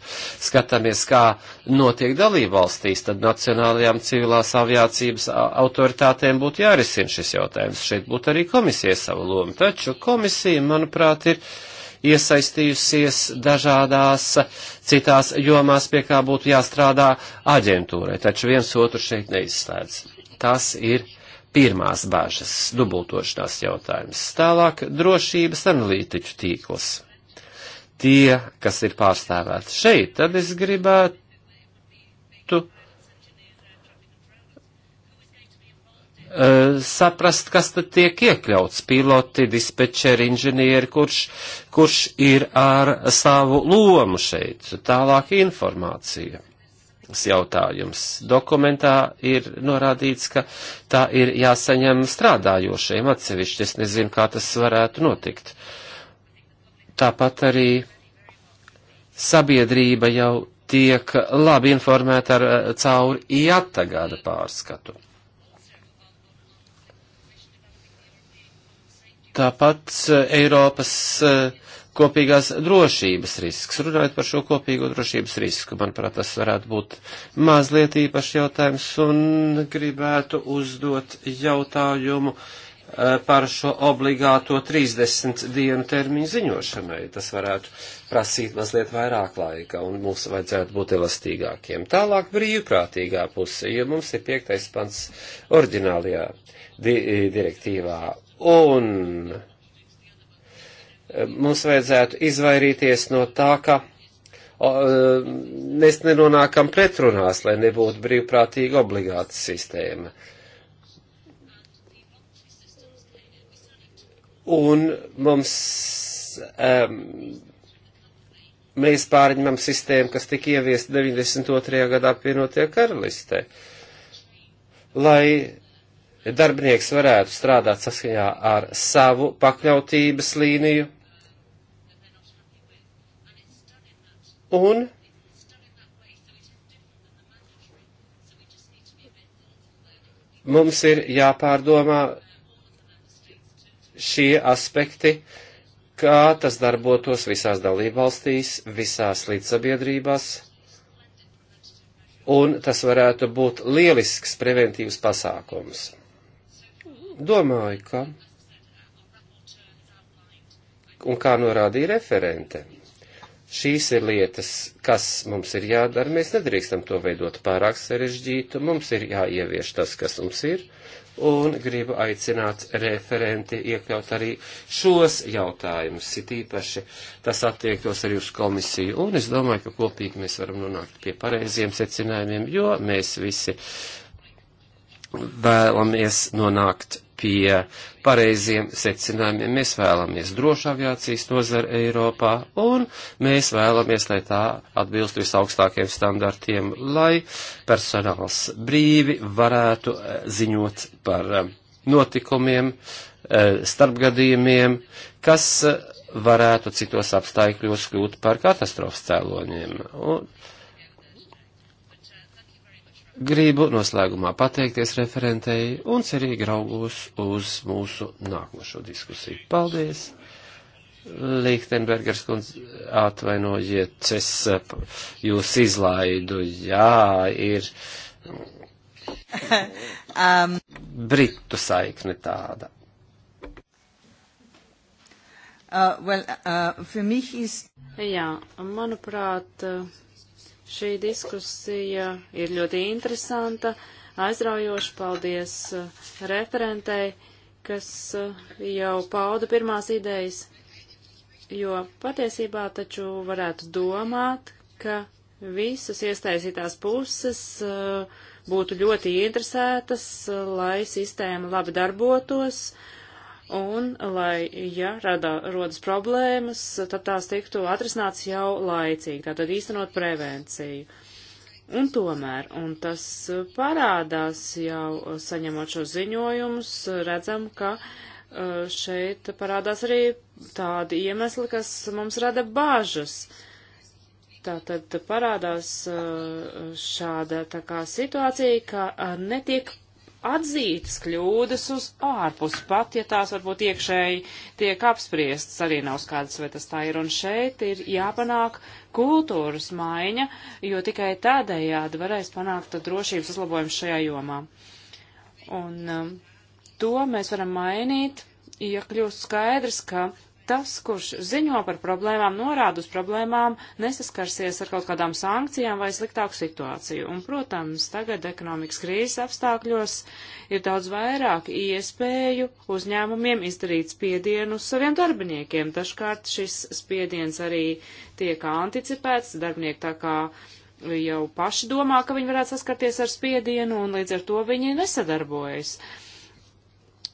skatāmies, kā notiek dalībvalstīs, tad nacionālajām civilās aviācības autoritātēm būtu jārisina šis jautājums. Šeit būtu arī komisija savu lomu. Taču komisija, manuprāt, ir iesaistījusies dažādās citās jomās, pie kā būtu jāstrādā aģentūrai, taču viens otru šeit neizslēdz tās ir pirmās bāžas, dubultošanās jautājums. Tālāk drošības analītiķu tīkls. Tie, kas ir pārstāvēti šeit, tad es gribētu e, saprast, kas tad tiek iekļauts - piloti, dispečeri, inženieri, kurš, kurš ir ar savu lomu šeit, tālāk informācija jautājums. Dokumentā ir norādīts, ka tā ir jāsaņem strādājošiem atsevišķi. Es nezinu, kā tas varētu notikt. Tāpat arī sabiedrība jau tiek labi informēta ar eh, cauri IATA gada pārskatu. Tāpat eh, Eiropas uh, kopīgās drošības risks. Runājot par šo kopīgo drošības risku, manuprāt, tas varētu būt mazliet īpašs jautājums un gribētu uzdot jautājumu eh, par šo obligāto 30 dienu termiņu ziņošanai. Tas varētu prasīt mazliet vairāk laika un mums vajadzētu būt elastīgākiem. Tālāk brīvprātīgā puse, jo mums ir piektais pants oriģinālajā di direktīvā. Un mums vajadzētu izvairīties no tā, ka e, mēs nenonākam pretrunās, lai nebūtu brīvprātīga obligāta sistēma. Un mums, um, mēs pārņemam sistēmu, kas tika ieviesta 92. gadā apvienotajā karalistē, lai darbinieks varētu strādāt saskaņā ar savu pakļautības līniju Un mums ir jāpārdomā šie aspekti, kā tas darbotos visās dalībvalstīs, visās līdzsabiedrībās, un tas varētu būt lielisks preventīvs pasākums. Domāju, ka, un kā norādīja referente, Šīs ir lietas, kas mums ir jādara. Mēs nedrīkstam to veidot pārāk sarežģītu. Mums ir jāievieš tas, kas mums ir. Un gribu aicināt referenti iekļaut arī šos jautājumus. It īpaši tas attiektos arī uz komisiju. Un es domāju, ka kopīgi mēs varam nonākt pie pareiziem secinājumiem, jo mēs visi vēlamies nonākt pie pareiziem secinājumiem. Mēs vēlamies drošu aviācijas nozaru Eiropā, un mēs vēlamies, lai tā atbilst visaugstākiem standartiem, lai personāls brīvi varētu eh, ziņot par eh, notikumiem, eh, starpgadījumiem, kas varētu citos apstākļos kļūt par katastrofas cēloņiem. Un Gribu noslēgumā pateikties referentei un cerīgi raugos uz mūsu nākošo diskusiju. Paldies! Lichtenbergers kundze, atvainojiet, es eh, jūs izlaidu, jā, ir um. britu saikne tāda. Uh, well, uh, is... Jā, manuprāt, uh Šī diskusija ir ļoti interesanta, aizraujoša. Paldies uh, referentei, kas uh, jau pauda pirmās idejas, jo patiesībā taču varētu domāt, ka visas iesaistītās puses uh, būtu ļoti interesētas, lai sistēma labi darbotos un lai, ja radā, rodas problēmas, tad tās tiktu atrisināts jau laicīgi, tātad īstenot prevenciju. Un tomēr, un tas parādās jau saņemot šo ziņojumus, redzam, ka uh, šeit parādās arī tādi iemesli, kas mums rada bāžas. Tātad parādās uh, šāda tā kā situācija, ka uh, netiek atzītas kļūdas uz ārpus, pat ja tās varbūt iekšēji tiek apspriestas, arī nav skaidrs, vai tas tā ir. Un šeit ir jāpanāk kultūras maiņa, jo tikai tādējādi varēs panākt drošības uzlabojums šajā jomā. Un um, to mēs varam mainīt, ja kļūst skaidrs, ka tas, kurš ziņo par problēmām, norāda uz problēmām, nesaskarsies ar kaut kādām sankcijām vai sliktāku situāciju. Un, protams, tagad ekonomikas krīzes apstākļos ir daudz vairāk iespēju uzņēmumiem izdarīt spiedienu uz saviem darbiniekiem. Dažkārt šis spiediens arī tiek anticipēts, darbinieki tā kā jau paši domā, ka viņi varētu saskarties ar spiedienu, un līdz ar to viņi nesadarbojas.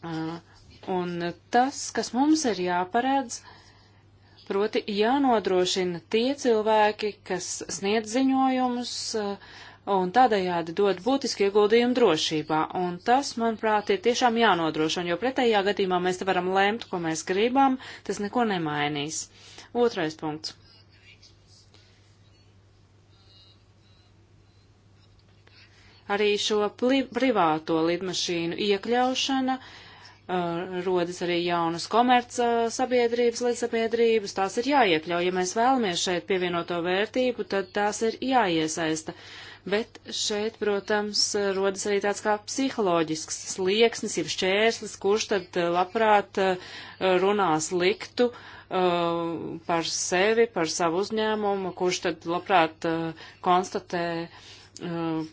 Uh, Un tas, kas mums ir jāparedz, proti jānodrošina tie cilvēki, kas sniedz ziņojumus eh, un tādējādi dod būtiski ieguldījumu drošībā. Un tas, manuprāt, ir tiešām jānodrošina, jo pretējā gadījumā mēs te varam lemt, ko mēs gribam, tas neko nemainīs. Otrais punkts. Arī šo privāto lidmašīnu iekļaušana uh, Eh, rodas arī jaunas komerca eh, sabiedrības, līdzsabiedrības, tās ir jāiekļauj. Ja mēs vēlamies šeit pievienoto vērtību, tad tās ir jāiesaista. Bet šeit, protams, eh, rodas arī tāds kā psiholoģisks slieksnis, ir šķērslis, kurš tad labprāt runās liktu par sevi, par savu uzņēmumu, kurš tad labprāt konstatē uh, Uh,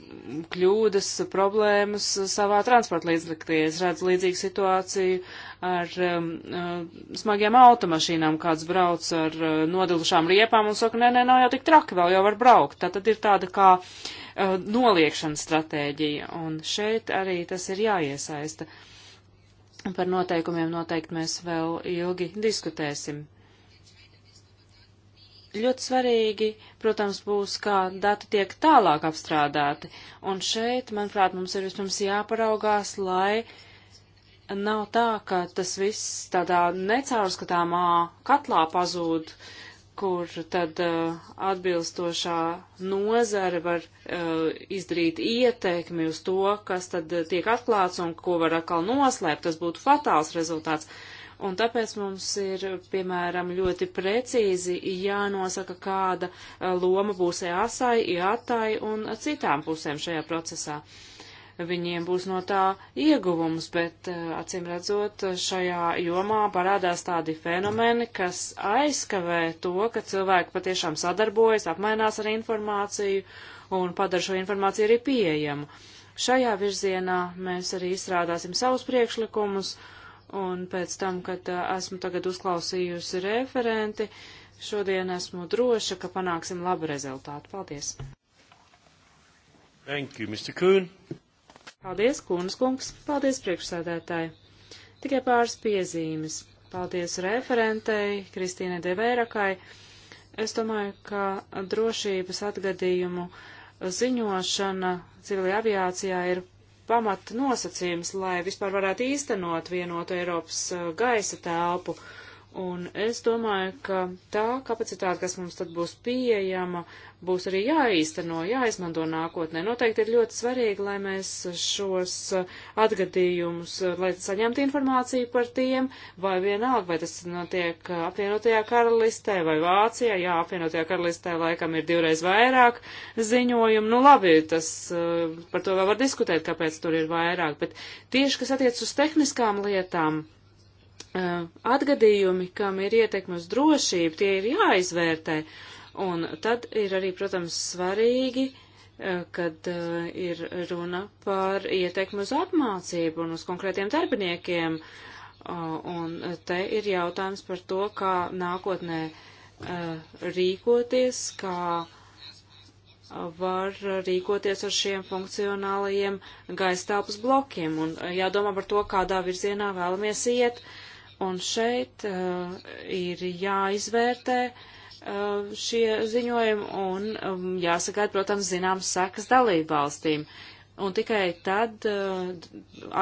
kļūdas, problēmas savā transporta līdzekļā. Es redzu līdzīgu situāciju ar um, uh, smagiem automašīnām, kāds brauc ar uh, nodilušām riepām un saka, nē, nē, nav jau tik traki, vēl jau var braukt. Tā tad ir tāda kā uh, noliekšana stratēģija, un šeit arī tas ir jāiesaista. Par noteikumiem noteikti mēs vēl ilgi diskutēsim. Ļoti svarīgi, protams, būs, kā dati tiek tālāk apstrādāti, un šeit, manuprāt, mums ir vispirms jāparaugās, lai nav tā, ka tas viss tādā necaurskatāmā katlā pazūd, kur tad uh, atbilstošā nozare var uh, izdarīt ieteikmi uz to, kas tad uh, tiek atklāts un ko var atkal noslēpt. Tas būtu fatāls rezultāts. Uh, Un tāpēc mums ir, piemēram, ļoti precīzi jānosaka, kāda uh, loma būs EASAI, IATAI un citām pusēm šajā procesā. Viņiem būs no tā ieguvums, bet, uh, acīm redzot, šajā jomā parādās tādi fenomeni, kas aizkavē to, ka cilvēki patiešām sadarbojas, apmainās ar informāciju un padara šo informāciju arī pieejamu. Šajā virzienā mēs arī izstrādāsim savus priekšlikumus un pēc tam, kad esmu tagad uzklausījusi referenti, šodien esmu droša, ka panāksim labu rezultātu. Paldies! Thank you, Mr. Kuhn. Paldies, Kūnas kungs! Paldies, priekšsēdētāji! Tikai pāris piezīmes. Paldies referentei Kristīne Devērakai. Es domāju, ka drošības atgadījumu ziņošana civilajā aviācijā ir pamata nosacījums, lai vispār varētu īstenot vienotu Eiropas uh, gaisa telpu. Uh, Un es domāju, ka tā kapacitāte, kas mums tad būs pieejama, būs arī jāīsteno, jāizmanto nākotnē. Noteikti ir ļoti svarīgi, lai mēs šos uh, atgadījumus, uh, lai saņemtu informāciju par tiem, vai vienalga, vai tas notiek uh, apvienotajā karalistē vai Vācijā. Jā, apvienotajā karalistē laikam ir divreiz vairāk ziņojumu. Nu labi, tas par to vēl var diskutēt, kāpēc tur ir vairāk, bet tieši kas attiec uz tehniskām lietām Uh, atgadījumi, kam ir ietekme uz drošību, tie ir jāizvērtē. Un tad ir arī, protams, svarīgi, uh, kad uh, ir runa par ietekmi uz apmācību un uz konkrētiem darbiniekiem. Un te ir jautājums par to, kā nākotnē rīkoties, kā var rīkoties ar šiem funkcionālajiem gaistāpus blokiem un jādomā par to, kādā virzienā vēlamies iet. Uh, Un šeit uh, ir jāizvērtē uh, šie ziņojumi un um, jāsagaida, protams, zināms sekas dalību valstīm. Un tikai tad uh,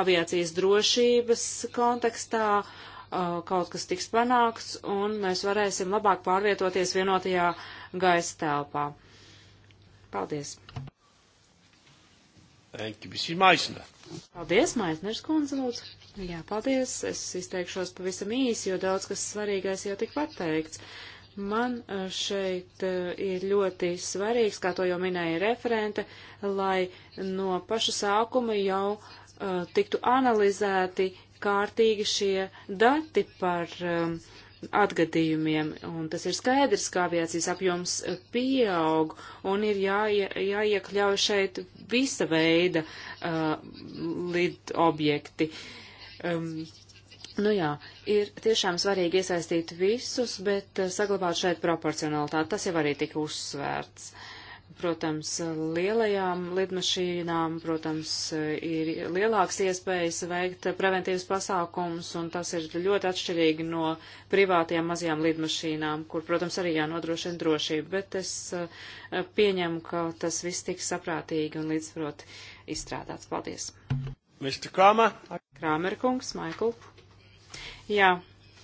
aviācijas drošības kontekstā uh, kaut kas tiks panākts un mēs varēsim labāk pārvietoties vienotajā gaisa telpā. Paldies! Thank you, Mrs. Maisner. Paldies, Maisners kundze, lūdzu. Jā, paldies. Es izteikšos pavisam īsi, jo daudz kas svarīgais jau tik pateikts. Man eh, šeit eh, ir ļoti svarīgs, kā to jau minēja referente, lai no paša sākuma jau uh, tiktu analizēti kārtīgi šie dati par um, atgadījumiem, un tas ir skaidrs, kā aviācijas apjoms pieaug, un ir jā, jāiekļauj šeit visa veida uh, lid objekti. Uh, Um, Nu jā, ir tiešām svarīgi iesaistīt visus, bet uh, saglabāt šeit proporcionalitāti. Tas jau arī tika uzsvērts. Protams, lielajām lidmašīnām, protams, ir lielāks iespējas veikt preventīvas pasākums, un tas ir ļoti atšķirīgi no privātajām mazajām lidmašīnām, kur, protams, arī jānodrošina drošība, bet es uh, pieņemu, ka tas viss tiks saprātīgi un līdzsvarot izstrādāts. Paldies! Mr. Kama. Krāmerkungs, Maikl. Jā,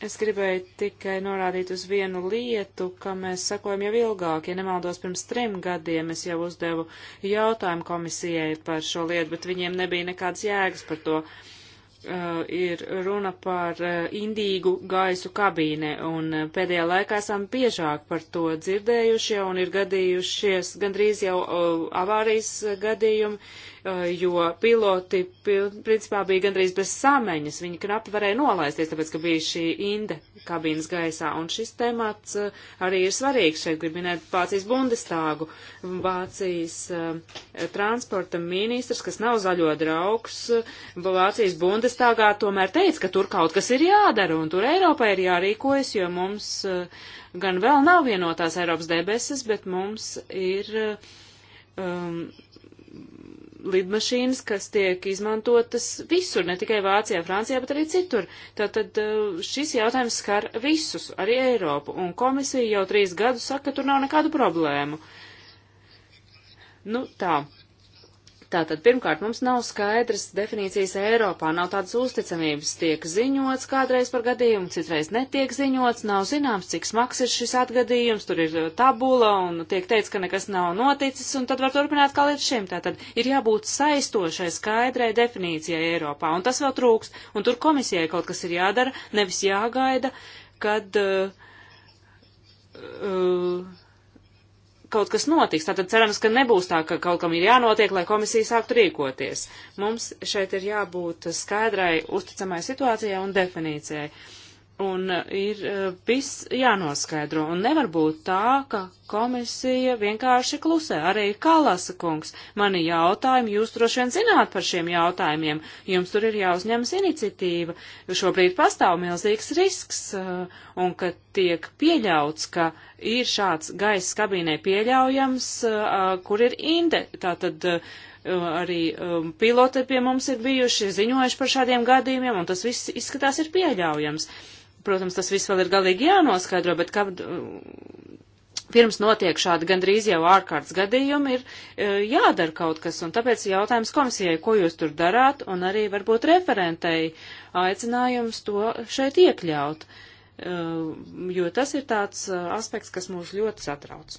es gribēju tikai norādīt uz vienu lietu, ka mēs sakojam jau ilgāk, ja nemaldos pirms trim gadiem, es jau uzdevu jautājumu komisijai par šo lietu, bet viņiem nebija nekāds jēgas par to. Uh, ir runa par uh, indīgu gaisu kabīne, un uh, pēdējā laikā esam biežāk par to dzirdējušie, un ir gadījušies gandrīz jau uh, avārijas uh, gadījumi, uh, Uh, jo piloti principā bija gandrīz bez samaņas, viņi knapi varēja nolaisties, tāpēc, ka bija šī inde kabīnas gaisā, un šis temats uh, arī ir svarīgs, šeit grib minēt Vācijas Bundestāgu, Vācijas uh, transporta ministrs, kas nav zaļo draugs, uh, Vācijas Bundestāgā tomēr teica, ka tur kaut kas ir jādara, un tur Eiropai ir jārīkojas, jo mums uh, gan vēl nav vienotās Eiropas debesis, bet mums ir um, lidmašīnas, kas tiek izmantotas visur, ne tikai Vācijā, Francijā, bet arī citur. Tātad eh, šis jautājums skar visus, arī Eiropu, un komisija jau trīs gadus saka, ka tur nav nekādu problēmu. Nu tā, Tātad, pirmkārt, mums nav skaidras definīcijas Eiropā, nav tādas uzticamības, tiek ziņots kādreiz par gadījumu, citreiz netiek ziņots, nav zināms, cik smags ir šis atgadījums, tur ir e, tabula un tiek teikts, ka nekas nav noticis, un tad var turpināt kā līdz šim. Tātad ir jābūt saistošai skaidrai definīcijai Eiropā, un tas vēl trūks, un tur komisijai kaut kas ir jādara, nevis jāgaida, kad. Uh, uh, kaut kas notiks. Tātad cerams, ka nebūs tā, ka kaut kam ir jānotiek, lai komisija sāktu rīkoties. Mums šeit ir jābūt skaidrai, uzticamai situācijai un definīcijai. Uh, Un uh, ir uh, viss jānoskaidro, un nevar būt tā, ka komisija vienkārši klusē. Arī Kalasa kungs, mani jautājumi, jūs droši vien zināt par šiem jautājumiem, jums tur ir jāuzņemas iniciatīva, jo šobrīd pastāv milzīgs risks, uh, un ka tiek pieļauts, ka ir šāds gaiss kabīnē pieļaujams, kur ir inde. Tātad, arī um, piloti pie mums ir bijuši ziņojuši par šādiem gadījumiem, un tas viss izskatās ir pieļaujams. Protams, tas viss vēl ir galīgi jānoskaidro, bet kad uh, pirms notiek šādi gandrīz jau ārkārtas gadījumi, ir uh, jādara kaut kas, un tāpēc jautājums komisijai, ko jūs tur darāt, un arī varbūt referentei aicinājums to šeit iekļaut, uh, jo tas ir tāds aspekts, kas mūs ļoti satrauc.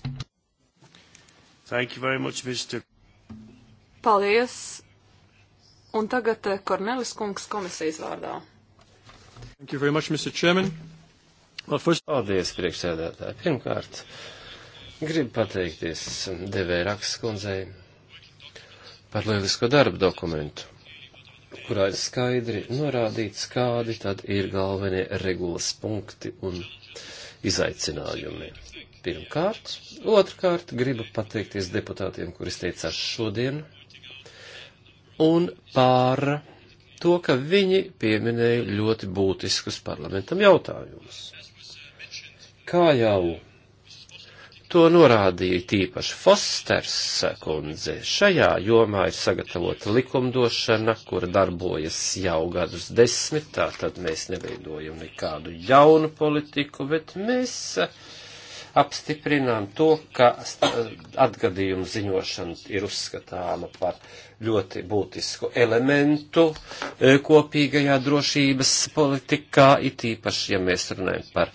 Thank you very much, Mr. Paldies! Un tagad Kornelis kungs komisijas vārdā. Thank you very much, Mr. Chairman. Well, first... Paldies, priekšsēdētāji. Pirmkārt, gribu pateikties devēja rakstskundzei par lielisko darbu dokumentu, kurā ir skaidri norādīts, kādi tad ir galvenie regulas punkti un izaicinājumi. Pirmkārt, otrkārt, gribu pateikties deputātiem, kuris teicās šodien, un par to, ka viņi pieminēja ļoti būtiskus parlamentam jautājumus. Kā jau to norādīja tīpaši Fosters kundze, šajā jomā ir sagatavota likumdošana, kura darbojas jau gadus desmit, tātad mēs neveidojam nekādu jaunu politiku, bet mēs uh, apstiprinām to, ka atgadījumu ziņošana ir uzskatāma par ļoti būtisku elementu e, kopīgajā drošības politikā, it īpaši, ja mēs runājam par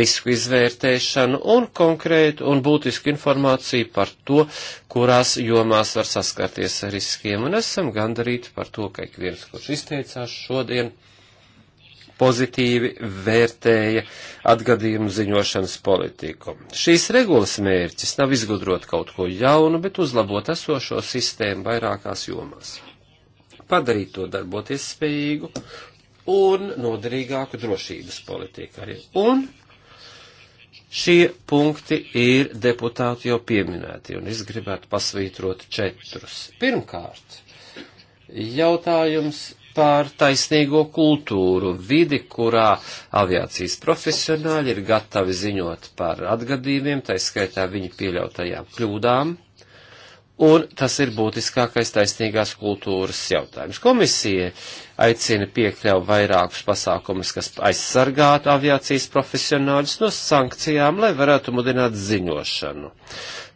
risku izvērtēšanu un konkrētu un būtisku informāciju par to, kurās jomās var saskarties ar riskiem. Un esam gandarīti par to, ka ik viens, kurš izteicās šodien, pozitīvi vērtēja atgadījumu ziņošanas politiku. Šīs regulas mērķis nav izgudrot kaut ko jaunu, bet uzlabot esošo sistēmu vairākās jomās. Padarīt to darboties spējīgu un noderīgāku drošības politiku arī. Un šie punkti ir deputāti jau pieminēti, un es gribētu pasvītrot četrus. Pirmkārt, jautājums par taisnīgo kultūru, vidi, kurā aviācijas profesionāļi ir gatavi ziņot par atgadījumiem, tā skaitā viņu pieļautajām kļūdām, un tas ir būtiskākais taisnīgās kultūras jautājums. Komisija aicina piekļaut vairākus pasākumus, kas aizsargātu aviācijas profesionāļus no sankcijām, lai varētu mudināt ziņošanu.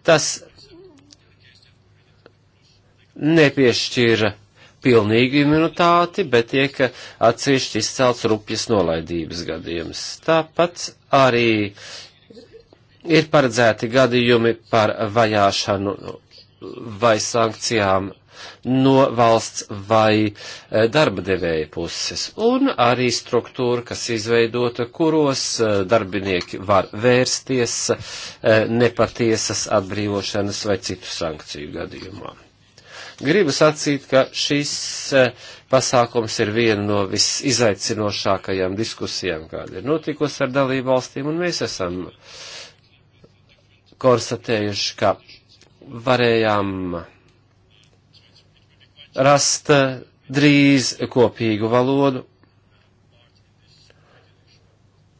Tas nepiešķira pilnīgu imunitāti, bet tiek atsevišķi izcelts rupjas nolaidības gadījums. Tāpat arī ir paredzēti gadījumi par vajāšanu vai sankcijām no valsts vai e, darba devēja puses, un arī struktūra, kas izveidota, kuros e, darbinieki var vērsties e, nepatiesas atbrīvošanas vai citu sankciju gadījumā. Gribu sacīt, ka šis e, pasākums ir viena no visizaicinošākajām diskusijām, kāda ir notikusi ar dalību valstīm, un mēs esam konstatējuši, ka varējām rast e, drīz kopīgu valodu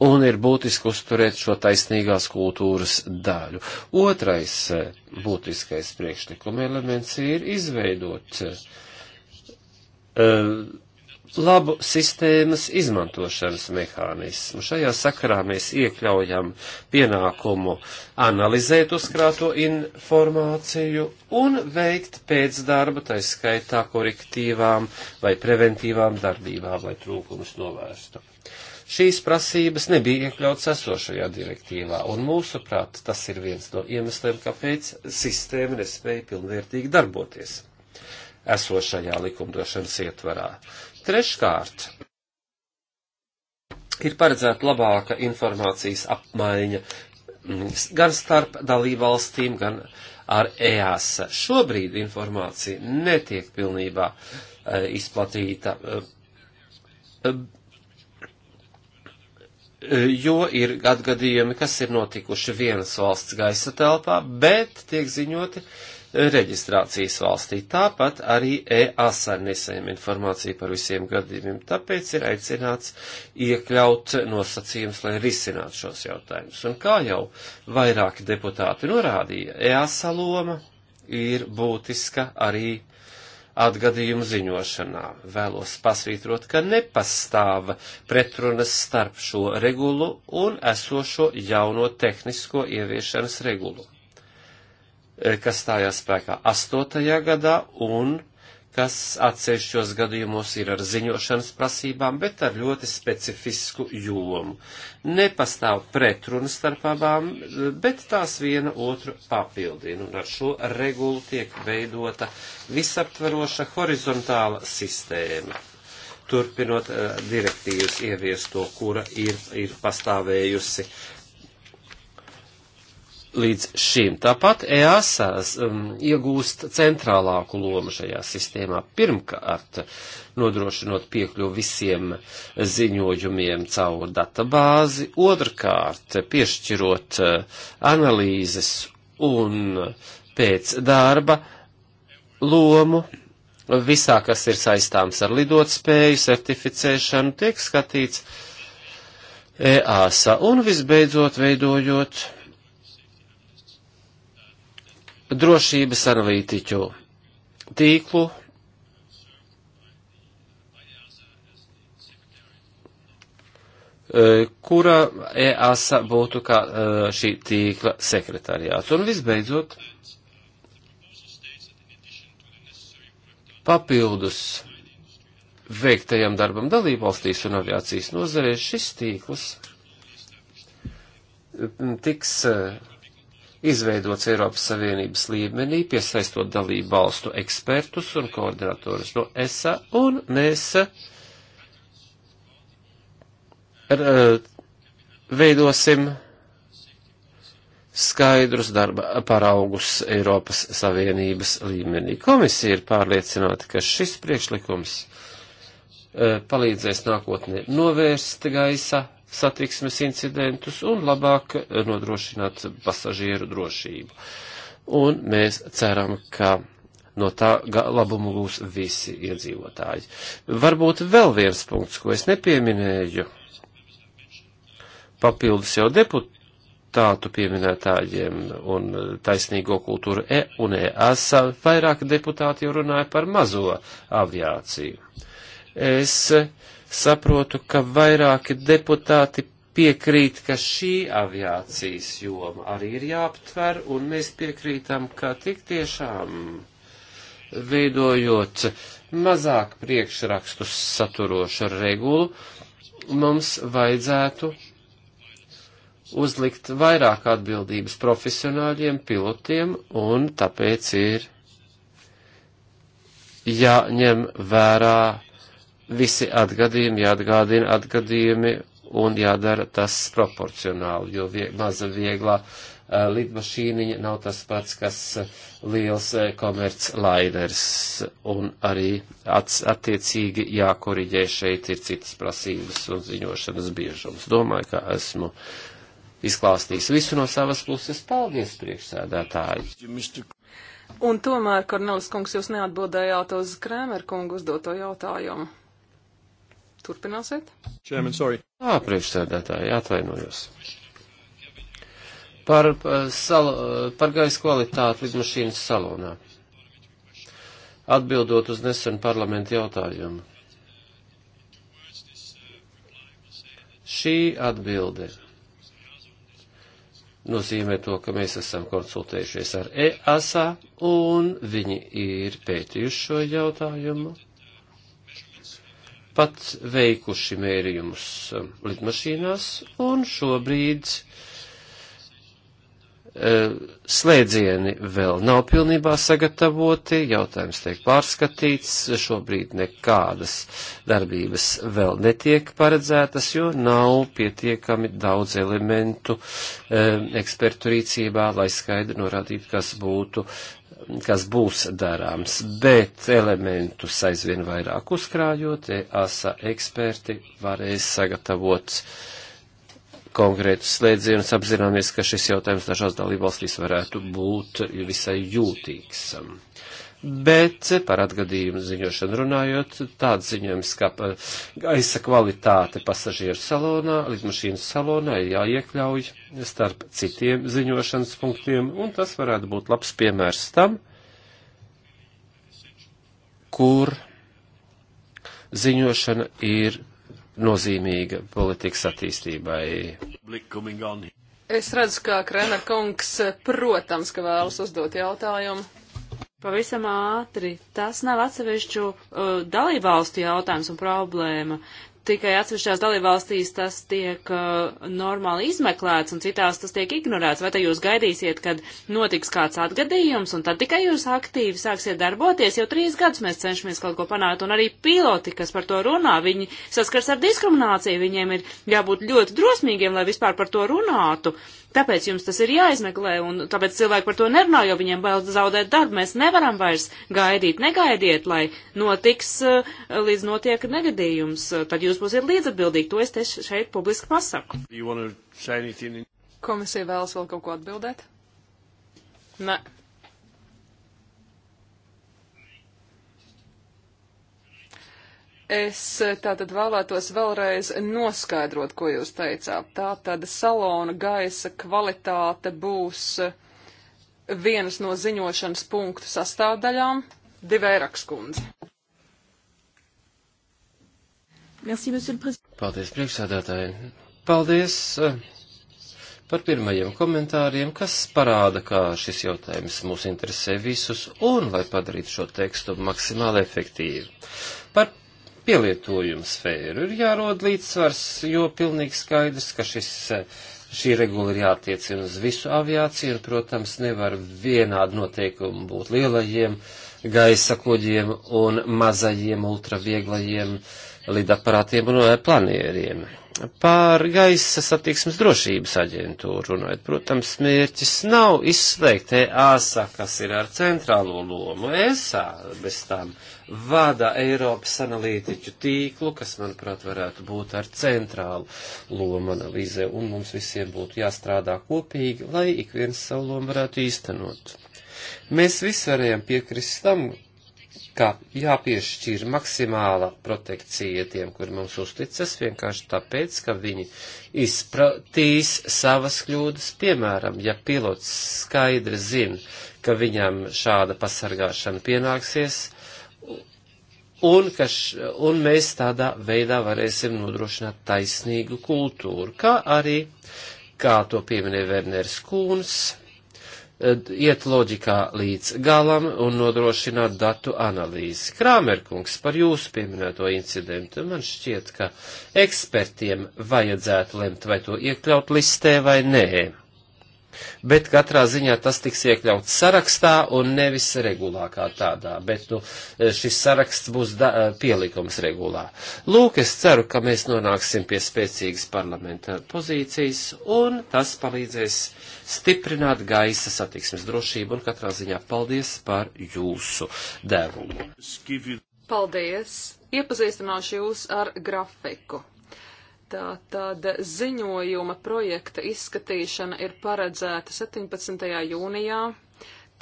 un ir būtiski uzturēt šo taisnīgās kultūras daļu. Otrais eh, būtiskais priekšlikuma elements ir izveidot eh, labu sistēmas izmantošanas mehānismu. Šajā sakarā mēs iekļaujam pienākumu analizēt uzkrāto informāciju un veikt pēcdarbu, tai skaitā korektīvām vai preventīvām darbībām, lai trūkumus novērstu šīs prasības nebija iekļautas esošajā direktīvā, un mūsuprāt, tas ir viens no iemesliem, kāpēc sistēma nespēja pilnvērtīgi darboties esošajā likumdošanas ietvarā. Treškārt, ir paredzēta labāka informācijas apmaiņa mm, gan starp dalībvalstīm, gan ar EASA. Šobrīd informācija netiek pilnībā e, izplatīta. E, E, jo ir gadgadījumi, kas ir notikuši vienas valsts gaisa telpā, bet tiek ziņoti reģistrācijas valstī. Tāpat arī EASA nesējam informāciju par visiem gadījumiem, tāpēc ir aicināts iekļaut nosacījums, lai risinātu šos jautājumus. Un kā jau vairāki deputāti norādīja, EASA loma ir būtiska arī atgadījumu ziņošanā. Vēlos pasvītrot, ka nepastāv pretrunas starp šo regulu un esošo jauno tehnisko ieviešanas regulu, eh, kas stājās spēkā 8. gadā un kas atsevišķos gadījumos ir ar ziņošanas prasībām, bet ar ļoti specifisku jomu. Nepastāv pretruna starp abām, bet tās viena otru papildina, un ar šo regulu tiek veidota visaptveroša horizontāla sistēma. Turpinot uh, direktīvas ieviesto, kura ir, ir pastāvējusi uh, līdz šim. Tāpat EASA um, iegūst centrālāku lomu šajā sistēmā. Pirmkārt, nodrošinot piekļuvu visiem ziņojumiem caur databāzi, otrkārt, piešķirot uh, analīzes un pēc darba lomu. Visā, kas ir saistāms ar lidotspēju, certificēšanu, tiek skatīts EASA un visbeidzot veidojot drošības analītiķu tīklu. Eh, kura EASA būtu kā eh, šī tīkla sekretariāts. Un visbeidzot, papildus veiktajam darbam dalībvalstīs un aviācijas nozarē šis tīkls eh, tiks uh, izveidots Eiropas Savienības līmenī, piesaistot dalību valstu ekspertus un koordinatorus no ESA, un mēs eh, veidosim skaidrus darba paraugus Eiropas Savienības līmenī. Komisija ir pārliecināta, ka šis priekšlikums eh, palīdzēs nākotnē novērst gaisa satiksmes incidentus un labāk nodrošināt pasažieru drošību. Un mēs ceram, ka no tā labumu gūs visi iedzīvotāji. Varbūt vēl viens punkts, ko es nepieminēju, papildus jau deputātu pieminētājiem un taisnīgo kultūru e un EASA, vairāk deputāti jau runāja par mazo aviāciju. Es uh, saprotu, ka vairāki deputāti piekrīt, ka šī aviācijas joma arī ir jāaptver, un mēs piekrītam, ka tik tiešām veidojot mazāk priekšrakstus saturošu regulu, mums vajadzētu uzlikt vairāk atbildības profesionāļiem, pilotiem, un tāpēc ir jāņem vērā visi atgadījumi jāatgādina atgadījumi un jādara tas proporcionāli, jo vie, maza vieglā uh, lidmašīniņa nav tas pats, kas eh, liels uh, komerc laiders. Un arī ats, attiecīgi jākoriģē šeit ir citas prasības un ziņošanas biežums. Domāju, ka esmu izklāstījis visu no savas puses. Paldies, priekšsēdētāji! Un tomēr, Kornelis kungs, jūs neatbildējāt uz Krēmer kungu uzdoto jautājumu. Turpināsiet? Chairman, sorry. Ā, priekšsēdētāji, atvainojos. Par, sal, par gaisa kvalitāti lidmašīnas salonā. Atbildot uz nesenu parlamentu jautājumu. Šī atbilde nozīmē to, ka mēs esam konsultējušies ar EASA un viņi ir pētījuši šo jautājumu pat veikuši mērījumus um, lidmašīnās un šobrīd uh, slēdzieni vēl nav pilnībā sagatavoti, jautājums tiek pārskatīts, šobrīd nekādas darbības vēl netiek paredzētas, jo nav pietiekami daudz elementu um, ekspertu rīcībā, lai skaidri norādītu, kas būtu kas būs darāms, bet elementus aizvien vairāk uzkrājot, ASA eksperti varēs sagatavot konkrētus slēdzienus, apzināmies, ka šis jautājums dažās dalībvalstīs varētu būt visai jūtīgs bet par atgadījumu ziņošanu runājot, tāds ziņojums, kā eh, gaisa kvalitāte pasažieru salonā, lidmašīnas salonā ir jāiekļauj starp citiem ziņošanas punktiem, un tas varētu būt labs piemērs tam, kur ziņošana ir nozīmīga politikas attīstībai. Es redzu, kā Krena kungs, protams, ka vēlas uzdot jautājumu. Pavisam ātri. Tas nav atsevišķu uh, dalībvalstu jautājums un problēma. Tikai atsevišķās dalībvalstīs tas tiek uh, normāli izmeklēts un citās tas tiek ignorēts. Vai te jūs gaidīsiet, kad notiks kāds atgadījums un tad tikai jūs aktīvi sāksiet darboties? Jau trīs gadus mēs cenšamies kaut ko panākt un arī piloti, kas par to runā, viņi saskars ar diskrimināciju, viņiem ir jābūt ļoti drosmīgiem, lai vispār par to runātu. Uh, Tāpēc jums tas ir jāizmeklē, un tāpēc cilvēki par to nerunā, jo viņiem bail zaudēt darbu. Mēs nevaram vairs gaidīt, negaidiet, lai notiks eh, līdz notiek negadījums. Tad jūs būsiet līdzatbildīgi, to es te šeit publiski pasaku. Komisija vēlas vēl kaut ko atbildēt? Nē. Es eh, tātad vēlētos vēlreiz noskaidrot, ko jūs teicāt. Tātad salona gaisa kvalitāte būs eh, vienas no ziņošanas punktu sastāvdaļām. Divēraks kundze. Paldies, priekšsādātāji. Paldies eh, par pirmajiem komentāriem, kas parāda, kā šis jautājums mūs interesē visus un lai padarītu šo tekstu maksimāli efektīvu. Par pielietojumu sfēru. Ir jārod līdzsvars, jo pilnīgi skaidrs, ka šis, šī regula ir jātiecina uz visu aviāciju, un, protams, nevar vienādi noteikumi būt lielajiem gaisa kuģiem un mazajiem ultravieglajiem lidaparātiem un eh, planieriem. Pār gaisa satiksmes drošības aģentūru runājot, protams, mērķis nav izslēgt EASA, kas ir ar centrālo lomu. ESA bez tām. Uh, vada Eiropas analītiķu tīklu, kas, manuprāt, varētu būt ar centrālu lomu analīzē, un mums visiem būtu jāstrādā kopīgi, lai ik viens savu lomu varētu īstenot. Mēs visi varējām piekrist tam, ka jāpiešķir maksimāla protekcija tiem, kuri mums uzticas, vienkārši tāpēc, ka viņi izpratīs savas kļūdas. Piemēram, ja pilots skaidri zina, ka viņam šāda pasargāšana pienāksies, un, ka š, un mēs tādā veidā varēsim nodrošināt taisnīgu kultūru, kā arī, kā to pieminēja Werners Kūns, iet loģikā līdz galam un nodrošināt datu analīzi. Krāmerkungs par jūsu pieminēto incidentu man šķiet, ka ekspertiem vajadzētu lemt, vai to iekļaut listē vai nē. Bet katrā ziņā tas tiks iekļauts sarakstā un nevis regulākā tādā, bet nu, šis saraksts būs da, pielikums regulā. Lūk, es ceru, ka mēs nonāksim pie spēcīgas parlamenta pozīcijas un tas palīdzēs stiprināt gaisa satiksmes drošību un katrā ziņā paldies par jūsu devumu. Paldies! Iepazīstināšu jūs ar grafiku. Tātad ziņojuma projekta izskatīšana ir paredzēta 17. jūnijā.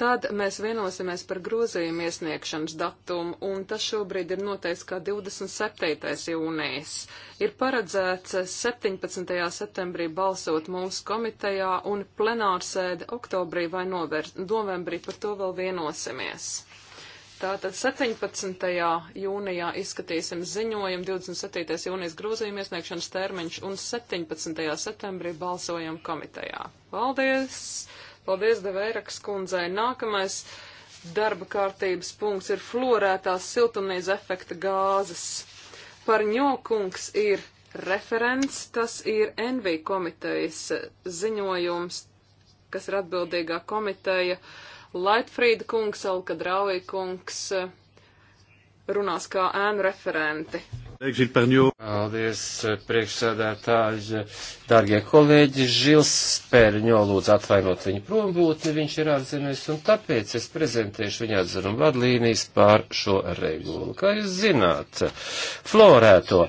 Tad mēs vienosimies par grozījumu iesniegšanas datumu, un tas šobrīd ir noteikts kā 27. jūnijas. Ir paredzēts 17. septembrī balsot mūsu komitejā un plenārsēde oktobrī vai novembrī, par to vēl vienosimies. Tātad 17. jūnijā izskatīsim ziņojumu, 27. jūnijas grozījuma iesniegšanas termiņš un 17. septembrī balsojam komitejā. Paldies! Paldies, Devērakas kundzei! Nākamais darba kārtības punkts ir florētās siltumnīca efekta gāzes. Par ņokungs ir referents, tas ir NV komitejas ziņojums, kas ir atbildīgā komiteja. Uh, Laitfrīda kungs, Alka Drauja kungs eh, runās kā ēnu referenti. Paldies, eh, priekšsēdētāji, dārgie kolēģi. Žils Pērņo lūdz atvainot viņu prombūtni, viņš ir atzinis, un tāpēc es prezentēšu viņa atzinumu vadlīnijas pār šo regulu. Kā jūs zināt, florēto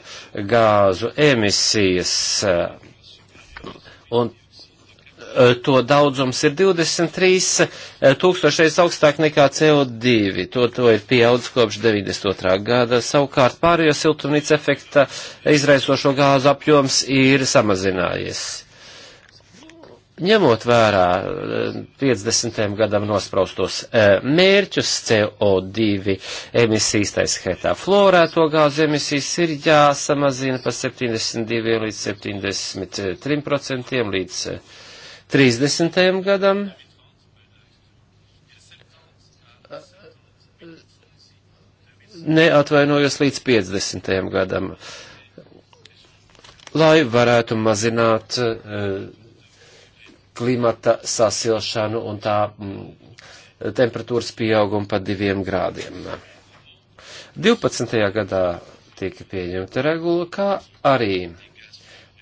gāzu emisijas eh, un Eh, to daudzums ir 23 eh, tūkstošais augstāk nekā CO2. To, to ir pieaudz kopš 92. gada. Savukārt pārējo siltumnīca efekta izraisošo gāzu apjoms ir samazinājies. Ņemot vērā 50. Eh, gadam nospraustos mērķus CO2 emisijas, tā skaitā florēto gāzu emisijas, ir jāsamazina pa 72 līdz 73 procentiem līdz 30. gadam. Neatvainojos līdz 50. gadam, lai varētu mazināt eh, klimata sasilšanu un tā mm, temperatūras pieaugumu pa diviem grādiem. 12. gadā tika pieņemta regula, kā arī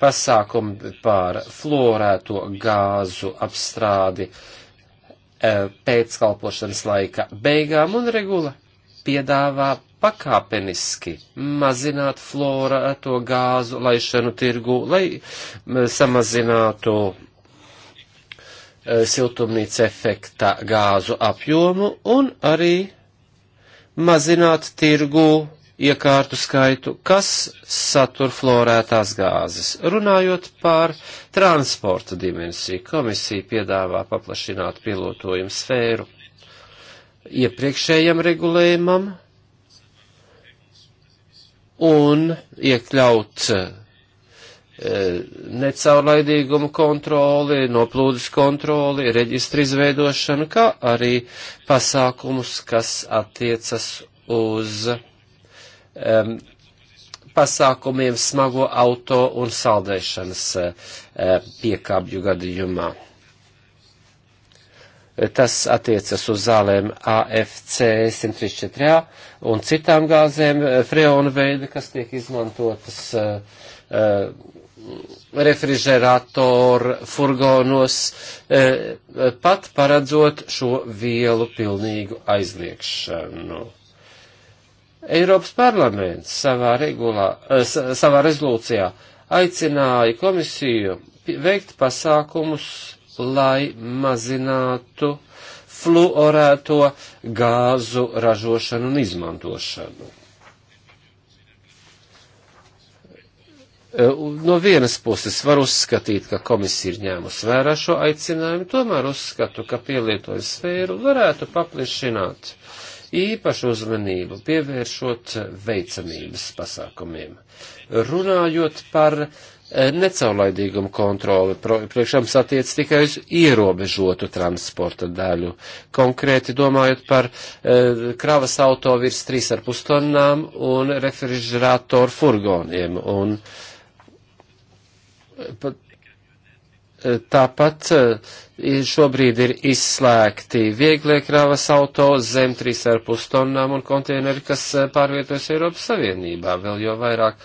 pasākumi pār florēto gāzu apstrādi e, pēckalpošanas laika beigām un regula piedāvā pakāpeniski mazināt florēto gāzu laišanu tirgu, lai samazinātu e, siltumnīca efekta gāzu apjomu un arī mazināt tirgu iekārtu skaitu, kas satur florētās gāzes. Runājot par transporta dimensiju, komisija piedāvā paplašināt pilotojumu sfēru iepriekšējam regulējumam un iekļaut e, necaurlaidīgumu kontroli, noplūdes kontroli, reģistru izveidošanu, kā arī pasākumus, kas attiecas uz um, pasākumiem smago auto un saldēšanas uh, piekāpju gadījumā. Tas attiecas uz zālēm AFC 134A un citām gāzēm uh, freonu veidi, kas tiek izmantotas uh, uh, refrižeratoru furgonos, uh, pat paredzot šo vielu pilnīgu aizliekšanu. Eiropas parlaments savā, regulā, eh, savā rezolūcijā aicināja komisiju veikt pasākumus, lai mazinātu fluorēto gāzu ražošanu un izmantošanu. Eh, no vienas puses var uzskatīt, ka komisija ir ņēmusi vērā šo aicinājumu, tomēr uzskatu, ka pielietojas sfēru varētu paplišināt īpašu uzmanību pievēršot veicamības pasākumiem. Runājot par eh, necaulaidīgumu kontroli, priekšams attiec tikai uz ierobežotu transporta daļu. Konkrēti domājot par eh, kravas auto virs 3,5 tonnām un refrižerātoru furgoniem. Un, eh, pat, Tāpat eh, šobrīd ir izslēgti vieglie kravas auto zem 3,5 tonnām un konteineri, kas eh, pārvietojas Eiropas Savienībā. Vēl jo vairāk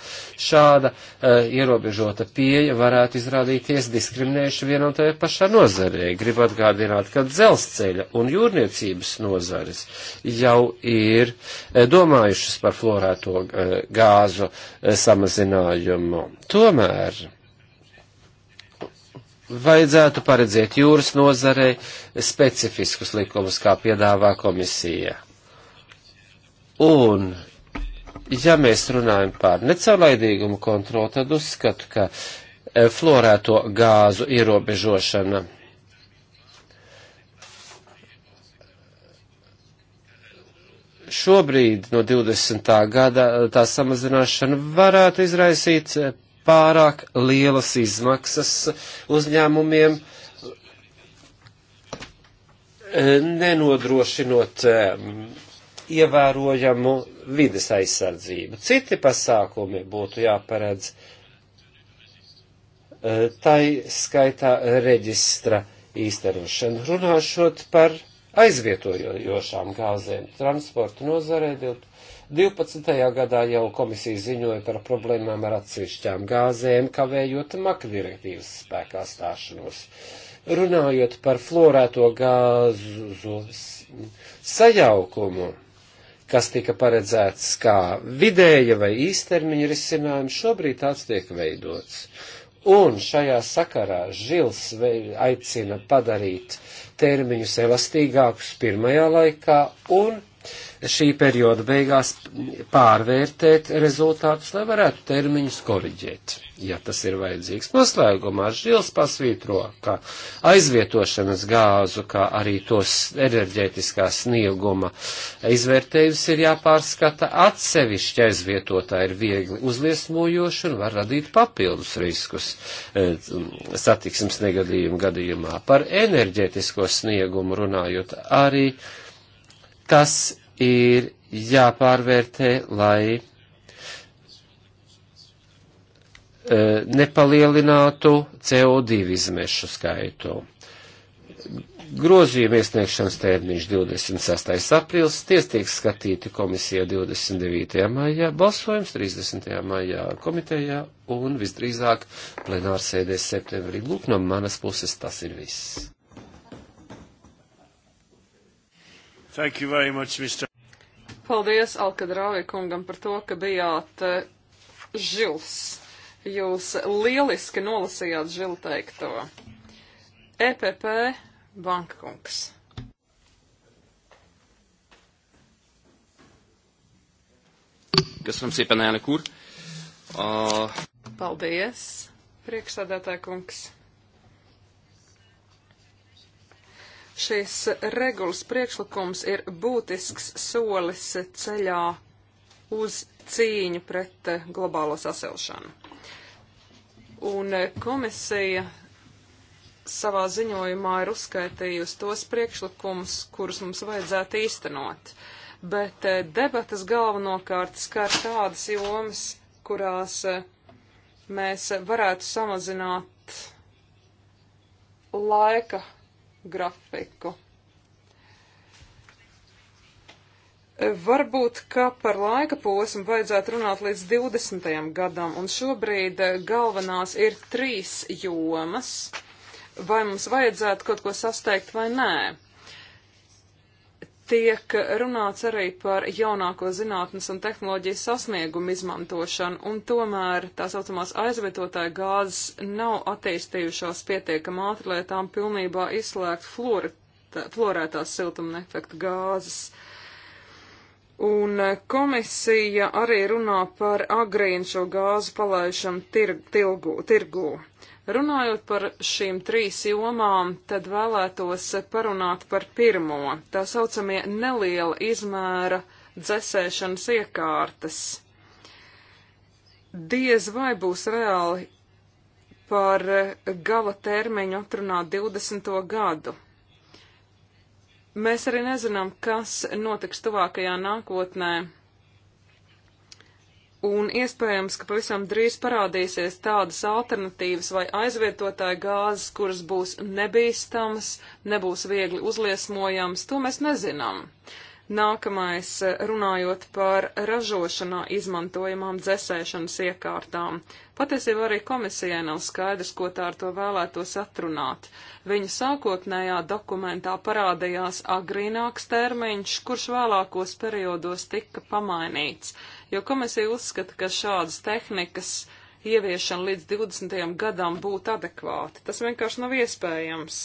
šāda uh, ierobežota pieeja varētu izrādīties diskriminējuši vienam tajā pašā nozarē. Gribu atgādināt, ka dzelzceļa un jūrniecības nozares jau ir domājušas par florēto gāzu samazinājumu. Tomēr vajadzētu paredzēt jūras nozarei specifiskus likumus, kā piedāvā komisija. Un, ja mēs runājam par necaurlaidīgumu kontroli, tad uzskatu, ka e, florēto gāzu ierobežošana šobrīd no 20. gada tā samazināšana varētu izraisīt e, pārāk lielas izmaksas uzņēmumiem, e, nenodrošinot e, ievērojamu vides aizsardzību. Citi pasākumi būtu jāparedz e, tai skaitā reģistra īstenošana. Runāšot par aizvietojošām gāzēm transporta nozarē, 12. gadā jau komisija ziņoja par problēmām ar atsevišķām gāzēm, kavējot maka direktīvas spēkā stāšanos. Runājot par florēto gāzu sajaukumu, kas tika paredzēts kā vidēja vai īstermiņa risinājums, šobrīd tāds tiek veidots. Un šajā sakarā Žils aicina padarīt uh, termiņus elastīgākus pirmajā laikā un šī perioda beigās pārvērtēt rezultātus, lai varētu termiņus koriģēt, ja tas ir vajadzīgs. Noslēgumā Žils pasvītro, ka aizvietošanas gāzu, kā arī tos enerģētiskā snieguma izvērtējums ir jāpārskata atsevišķi aizvietotā ir viegli uzliesmojoši un var radīt papildus riskus eh, satiksmes negadījumu gadījumā. Par enerģētisko kopējo sniegumu runājot arī, tas ir jāpārvērtē, lai e, nepalielinātu CO2 izmešu skaitu. Grozījuma iesniegšanas termiņš 26. aprils, ties tiek skatīti komisijā 29. maijā, balsojums 30. maijā komitejā un visdrīzāk plenārsēdē septembrī. Lūk, no manas puses tas ir viss. Thank you very much, Mr. Paldies Alkadrauja kungam par to, ka bijāt uh, žils. Jūs lieliski nolasījāt žilu teikto. EPP Bankkungs. Köszönöm szépen, elnök úr. A... Paldies, priekšsādātāja kungs. Šis regulas priekšlikums ir būtisks solis ceļā uz cīņu pret eh, globālo sasilšanu. Un eh, komisija savā ziņojumā ir uzskaitījusi tos priekšlikumus, kurus mums vajadzētu īstenot. Bet eh, debatas galvenokārt skar tādas jomas, kurās mēs varētu samazināt laika grafiku. Varbūt, ka par laika posmu vajadzētu runāt līdz 20. gadam, un šobrīd galvenās ir trīs jomas. Vai mums vajadzētu kaut ko sasteigt vai nē? Tiek runāts arī par jaunāko zinātnes un tehnoloģijas sasniegumu izmantošanu, un tomēr tā saucamās aizvietotāja gāzes nav attīstījušās pietiekam ātri, lai tām pilnībā izslēgt florētās siltumnefekta gāzes. Un komisija arī runā par agrīnu šo gāzu palaišanu tir, tilgu, tirgū. Runājot par šīm trīs jomām, tad vēlētos parunāt par pirmo, tā saucamie neliela izmēra dzesēšanas iekārtas. Diez vai būs reāli par gala termiņu atrunāt 20. gadu. Mēs arī nezinām, kas notiks tuvākajā nākotnē un iespējams, ka pavisam drīz parādīsies tādas alternatīvas vai aizvietotāja gāzes, kuras būs nebīstamas, nebūs viegli uzliesmojams, to mēs nezinām. Nākamais, runājot par ražošanā izmantojamām dzesēšanas iekārtām. Patiesībā arī komisijai nav skaidrs, ko tā ar to vēlētos atrunāt. Viņa sākotnējā dokumentā parādījās agrīnāks termiņš, kurš vēlākos periodos tika pamainīts jo komisija uzskata, ka šādas tehnikas ieviešana līdz 20. gadam būtu adekvāta. Tas vienkārši nav iespējams.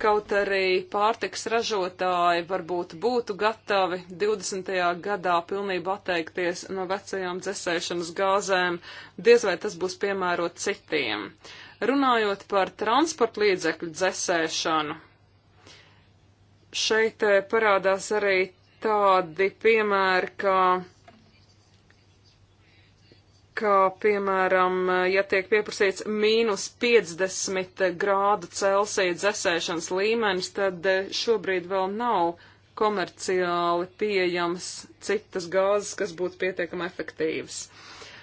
Kaut arī pārtiks ražotāji varbūt būtu gatavi 20. gadā pilnībā atteikties no vecajām dzesēšanas gāzēm, diez vai tas būs piemērot citiem. Runājot par transporta līdzekļu dzesēšanu, šeit eh, parādās arī tādi piemēri, kā kā piemēram, ja tiek pieprasīts mīnus 50 grādu Celsija dzesēšanas līmenis, tad eh, šobrīd vēl nav komerciāli pieejams citas gāzes, kas būtu pietiekami efektīvas.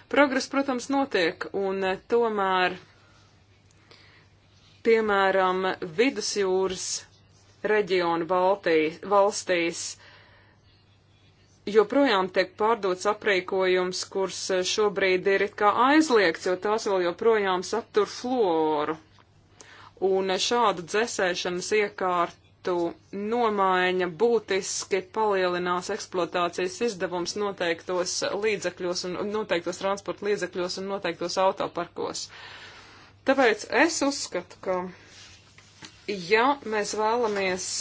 Progress, protams, notiek, un eh, tomēr, piemēram, vidusjūras reģionu Baltijas, valstīs joprojām tiek pārdots aprīkojums, kurš eh, šobrīd ir it kā aizliegts, jo tās vēl joprojām satur fluoru. Un eh, šādu dzēsēšanas iekārtu nomaiņa būtiski palielinās eksploatācijas izdevums noteiktos līdzekļos un noteiktos transporta līdzekļos un noteiktos autoparkos. Tāpēc es uzskatu, ka ja mēs vēlamies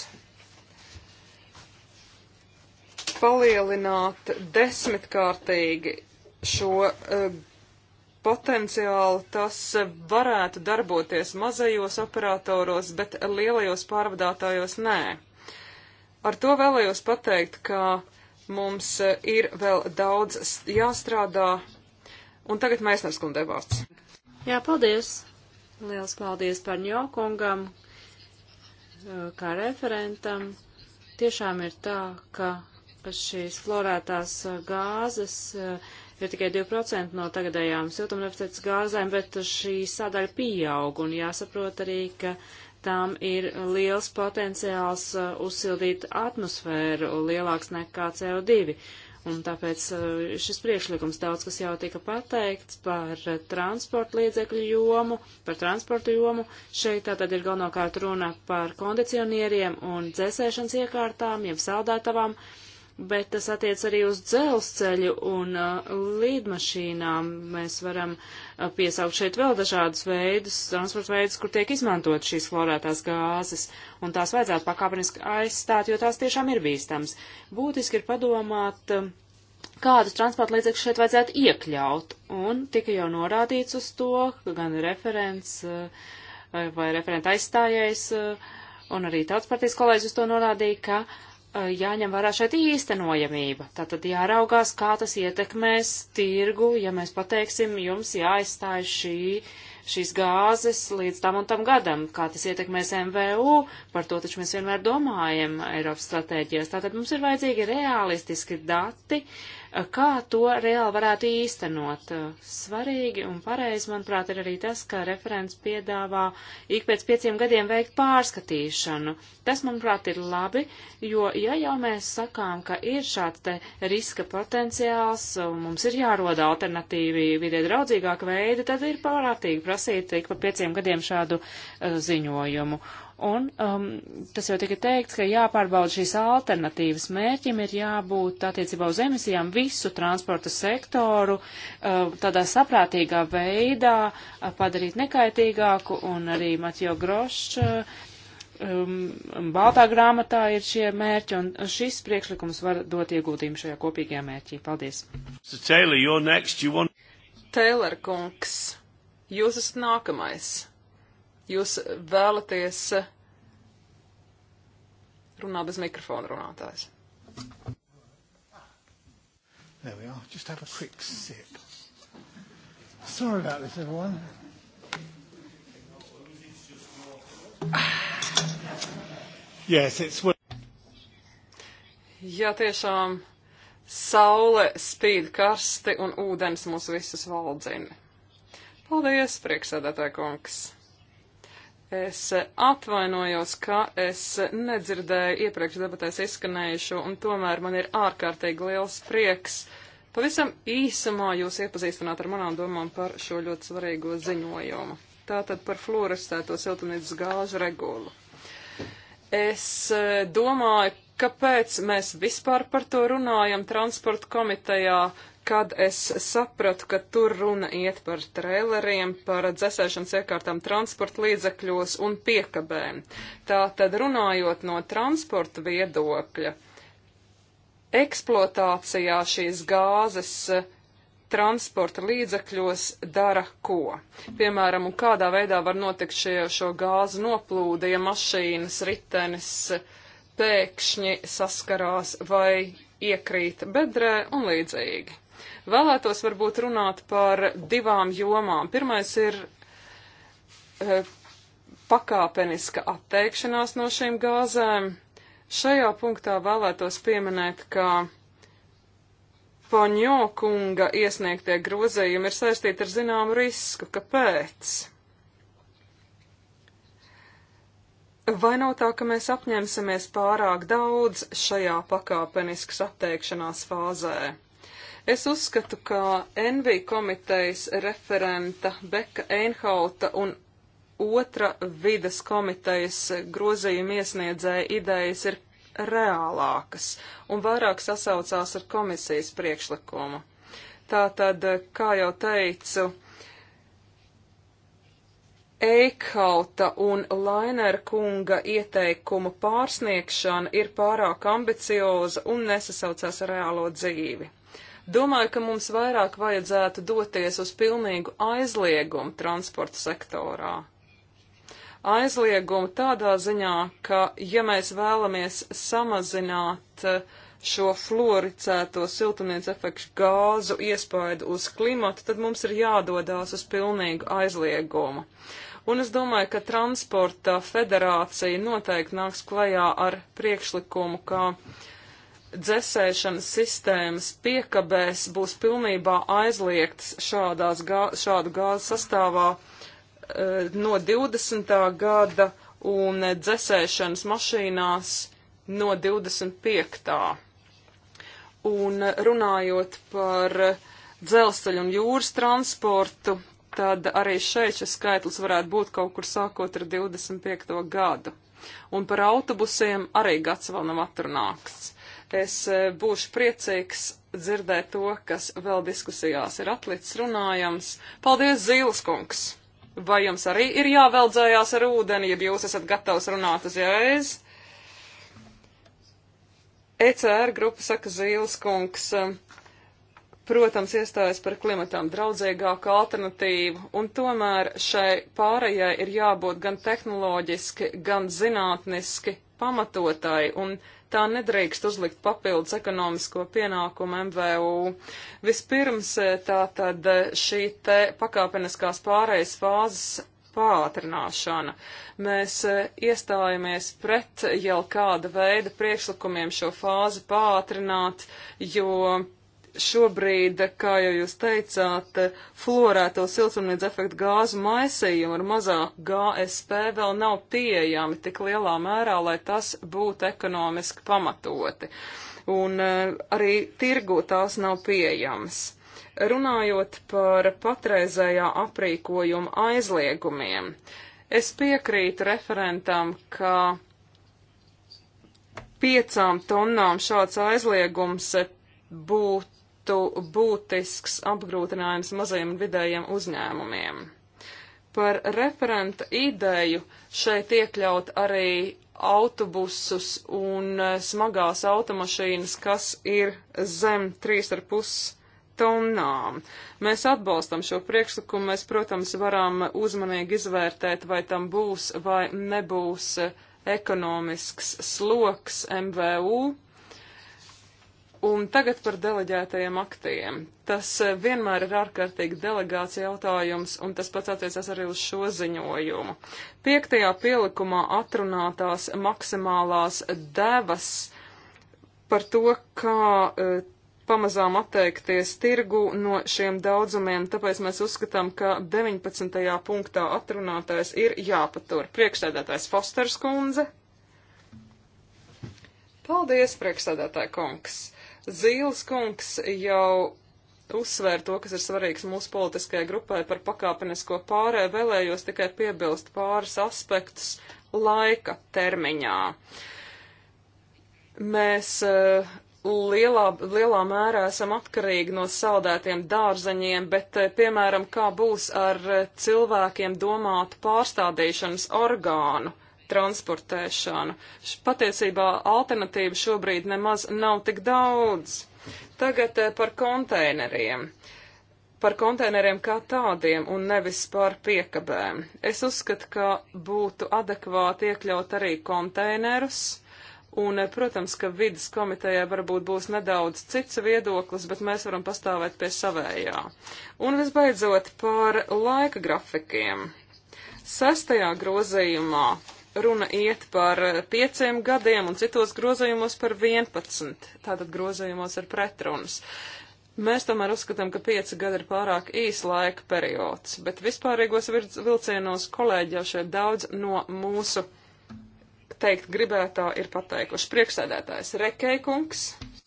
palielināt desmitkārtīgi šo uh, potenciālu. Tas varētu darboties mazajos operatoros, bet lielajos pārvadātājos nē. Ar to vēlējos pateikt, ka mums ir vēl daudz jāstrādā. Un tagad Maisners kundze vārds. Jā, paldies. Liels paldies par ņokungam, e, kā referentam. Tiešām ir tā, ka ka šīs florētās gāzes ir tikai 2% no tagadējām siltumneftes gāzēm, bet šī sadaļa pieaug un jāsaprot arī, ka tām ir liels potenciāls uzsildīt atmosfēru lielāks nekā CO2. Un tāpēc šis priekšlikums daudz, kas jau tika pateikts par transporta līdzekļu jomu, par transporta jomu, šeit tātad ir galvenokārt runa par kondicionieriem un dzēsēšanas iekārtām, jeb saldētavām. Uh, bet tas attiec arī uz dzelzceļu un uh, līdmašīnām. Mēs varam uh, piesaukt šeit vēl dažādus veidus, transporta veidus, kur tiek izmantot šīs florētās gāzes, un tās vajadzētu pakāpeniski aizstāt, jo tās tiešām ir bīstams. Būtiski ir padomāt, uh, kādus transporta līdzekļus šeit vajadzētu iekļaut, un tika jau norādīts uz to, ka gan referents uh, vai referenta aizstājējs, uh, un arī tautspartijas kolēģis uz to norādīja, ka jāņem vērā šeit īstenojamība. Tātad jāraugās, kā tas ietekmēs tirgu, ja mēs pateiksim, jums jāaizstāj šī, šīs gāzes līdz tam un tam gadam, kā tas ietekmēs MVU, par to taču mēs vienmēr domājam Eiropas stratēģijās. Tātad mums ir vajadzīgi realistiski dati, uh, Kā to reāli varētu īstenot? Svarīgi un pareizi, manuprāt, ir arī tas, ka referents piedāvā ik pēc pieciem gadiem veikt pārskatīšanu. Tas, manuprāt, ir labi, jo, ja jau mēs sakām, ka ir šāds te riska potenciāls, mums ir jāroda alternatīvi vidē draudzīgāka veida, tad ir pārātīgi prasīt ik pa pieciem gadiem šādu uh, ziņojumu. Un um, tas jau tika teikts, ka jāpārbauda šīs alternatīvas. Mērķim ir jābūt attiecībā uz emisijām visu transporta sektoru uh, tādā saprātīgā veidā uh, padarīt nekaitīgāku un arī Matjo Grošs. Uh, um, baltā grāmatā ir šie mērķi, un šis priekšlikums var dot ieguldījumu šajā kopīgajā mērķī. Paldies. So Taylor, you're next, you want... Taylor kungs, jūs esat nākamais. Jūs vēlaties runā bez mikrofona runātājs. There we are. Just have a quick sip. Sorry about this, everyone. Yes, it's... Jā, tiešām saule spīd karsti un ūdens mūs visus valdzina. Paldies, prieksēdētāji kungs! Es atvainojos, ka es nedzirdēju iepriekš debatēs izskanējušo, un tomēr man ir ārkārtīgi liels prieks. Pavisam īsumā jūs iepazīstināt ar manām domām par šo ļoti svarīgo ziņojumu. Tātad par fluorestēto siltumnīcas gāžu regulu. Es e, domāju, kāpēc mēs vispār par to runājam transporta komitejā, kad es sapratu, ka tur runa iet par traileriem, par dzēsēšanas iekārtām transporta līdzekļos un piekabēm. Tā tad runājot no transporta viedokļa, eksploatācijā šīs gāzes eh, transporta līdzekļos dara ko? Piemēram, un kādā veidā var notikt šie, šo gāzu noplūde, ja mašīnas ritenis pēkšņi saskarās vai iekrīt bedrē un līdzīgi. Vēlētos varbūt runāt par divām jomām. Pirmais ir e, pakāpeniska atteikšanās no šīm gāzēm. Šajā punktā vēlētos pieminēt, ka Poņo kunga iesniegtie grozījumi ir saistīti ar zināmu risku. Kāpēc? Vai nav tā, ka mēs apņemsimies pārāk daudz šajā pakāpeniskas atteikšanās fāzē? Es uzskatu, ka NV komitejas referenta Beka Einhauta un otra vidas komitejas grozījuma iesniedzēja idejas ir reālākas un vairāk sasaucās ar komisijas priekšlikumu. Tātad, kā jau teicu, Eikauta un Lainera kunga ieteikumu pārsniegšana ir pārāk ambicioza un nesasaucās ar reālo dzīvi. Domāju, ka mums vairāk vajadzētu doties uz pilnīgu aizliegumu transporta sektorā. Aizliegumu tādā ziņā, ka ja mēs vēlamies samazināt eh, šo floricēto siltumnīca efektu gāzu iespaidu uz klimatu, tad mums ir jādodās uz pilnīgu aizliegumu. Un es domāju, ka transporta federācija noteikti nāks klajā ar priekšlikumu, ka uh, dzēsēšanas sistēmas piekabēs būs pilnībā aizliegts šādās, gā, šādu gāzu sastāvā e, no 20. gada un dzēsēšanas mašīnās no 25. Un runājot par dzelzceļu un jūras transportu, tad arī šeit šis skaitlis varētu būt kaut kur sākot ar 25. gadu. Un par autobusiem arī gads vēl nav atrunāks. Es e, būšu priecīgs dzirdēt to, kas vēl diskusijās ir atlicis runājams. Paldies, Zīles kungs! Vai jums arī ir jāveldzējās ar ūdeni, ja jūs esat gatavs runāt uzreiz? ECR grupa saka Zīles kungs, e, protams, iestājas par klimatām draudzīgāku alternatīvu, un tomēr šai pārējai ir jābūt gan tehnoloģiski, gan zinātniski pamatotai, un budžetā nedrīkst uzlikt papildus ekonomisko pienākumu MVU. Vispirms eh, tā tad eh, šī te pakāpeniskās pārējas fāzes pātrināšana. Mēs eh, iestājamies pret jau kāda veida priekšlikumiem šo fāzi pātrināt, jo šobrīd, kā jau jūs teicāt, florēto siltumnīca efektu gāzu maisījumu ar mazāku GSP vēl nav pieejami tik lielā mērā, lai tas būtu ekonomiski pamatoti. Un e, arī tirgu tās nav pieejamas. Runājot par patreizējā aprīkojuma aizliegumiem, es piekrītu referentam, ka piecām tonnām šāds aizliegums būtu būtu būtisks apgrūtinājums mazajiem un vidējiem uzņēmumiem. Par referenta ideju šeit iekļaut arī autobusus un eh, smagās automašīnas, kas ir zem 3,5 tonnām. Mēs atbalstam šo priekšlikumu, mēs, protams, varam uzmanīgi izvērtēt, vai tam būs vai nebūs ekonomisks sloks MVU. Un tagad par deleģētajiem aktiem. Tas eh, vienmēr ir ārkārtīgi delegācija jautājums, un tas pats attiecas arī uz šo ziņojumu. Piektajā pielikumā atrunātās maksimālās devas par to, kā e, pamazām atteikties tirgu no šiem daudzumiem, tāpēc mēs uzskatām, ka 19. punktā atrunātais ir jāpatur. Priekšstādātais Fosters kundze. Paldies, priekšstādātāja kungs! Zīles kungs jau uzsvēra to, kas ir svarīgs mūsu politiskajai grupai par pakāpenisko pārēju, vēlējos tikai piebilst pāris aspektus laika termiņā. Mēs eh, lielā, lielā mērā esam atkarīgi no saldētiem dārzeņiem, bet, eh, piemēram, kā būs ar eh, cilvēkiem domātu pārstādīšanas orgānu transportēšanu. Patiesībā alternatīva šobrīd nemaz nav tik daudz. Tagad eh, par konteineriem. Par konteineriem kā tādiem un nevis par piekabēm. Es uzskatu, ka būtu adekvāti iekļaut arī konteinerus. Un, eh, protams, ka vidas komitejai varbūt būs nedaudz cits viedoklis, bet mēs varam pastāvēt pie savējā. Un visbeidzot par laika grafikiem. Sestajā grozījumā runa iet par pieciem gadiem un citos grozījumos par 11. Tātad grozījumos ir pretrunas. Mēs tomēr uzskatām, ka pieci gadi ir pārāk īs laika periods, bet vispārīgos vilcienos kolēģi jau šeit daudz no mūsu teikt gribētā ir pateikuši. Priekšsēdētājs Rekeikungs.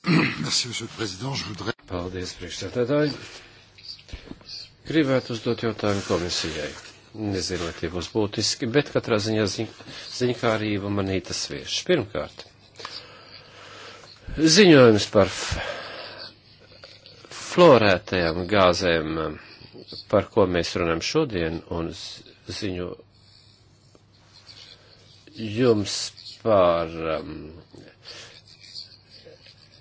Paldies, priekšsēdētāji. Gribētu uzdot jautājumu komisijai. Nezinu, vai tie būs būtiski, bet katrā ziņā ziņ, ziņkārība manī tas vieš. Pirmkārt, ziņojums par florētajām gāzēm, par ko mēs runājam šodien, un ziņo jums par um,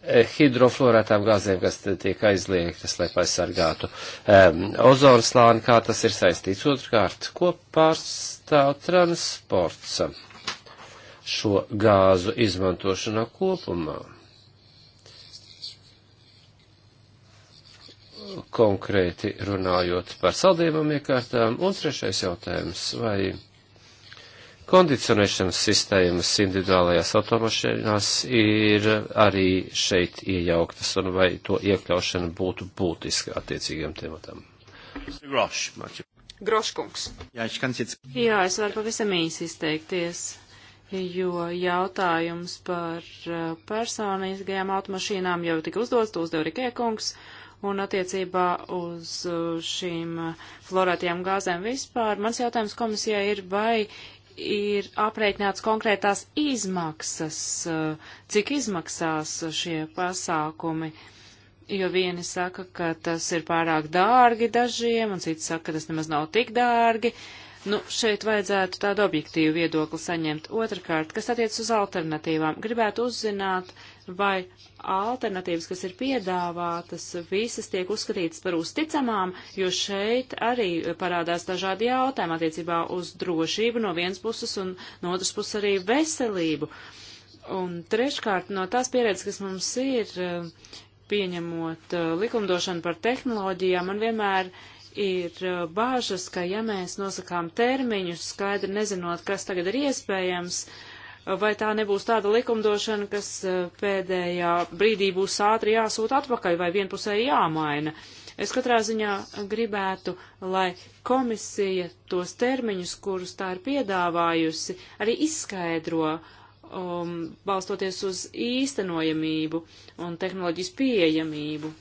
Eh, hidrofluorētām gāzēm, kas tiek aizliegtas, lai aizsargātu um, ozonslāni, kā tas ir saistīts. Otrkārt, ko pārstāv transports šo gāzu izmantošanā kopumā? Konkrēti runājot par saldējumam iekārtām. Un trešais jautājums, vai Kondicionēšanas sistēmas individuālajās automašīnās ir arī šeit iejauktas, un vai to iekļaušana būtu būtiska attiecīgiem tematam. Groškungs. Jā, Jā, es varu pavisam īsi izteikties jo jautājums par uh, personiskajām automašīnām jau tika uzdots, to uzdev Rikē kungs, un attiecībā uz uh, šīm uh, florētajām gāzēm vispār. Mans jautājums komisijai ir, vai ir aprēķināts konkrētās izmaksas, eh, cik izmaksās šie pasākumi, jo vieni saka, ka tas ir pārāk dārgi dažiem, un citi saka, ka tas nemaz nav tik dārgi, uh, Nu, šeit vajadzētu tādu objektīvu viedokli saņemt. Otrakārt, kas attiec uz alternatīvām, gribētu uzzināt, vai alternatīvas, kas ir piedāvātas, visas tiek uzskatītas par uzticamām, jo šeit arī parādās dažādi jautājumi attiecībā uz drošību no vienas puses un no otras puses arī veselību. Un treškārt, no tās pieredzes, kas mums ir, eh, pieņemot eh, likumdošanu par tehnoloģijām, man vienmēr ir uh, bāžas, ka ja mēs nosakām termiņus, skaidri nezinot, kas tagad ir iespējams, uh, vai tā nebūs tāda likumdošana, kas uh, pēdējā brīdī būs ātri jāsūta atpakaļ vai vienpusēji jāmaina. Es katrā ziņā gribētu, lai komisija tos termiņus, kurus tā ir piedāvājusi, arī izskaidro, um, balstoties uz īstenojamību un tehnoloģijas pieejamību.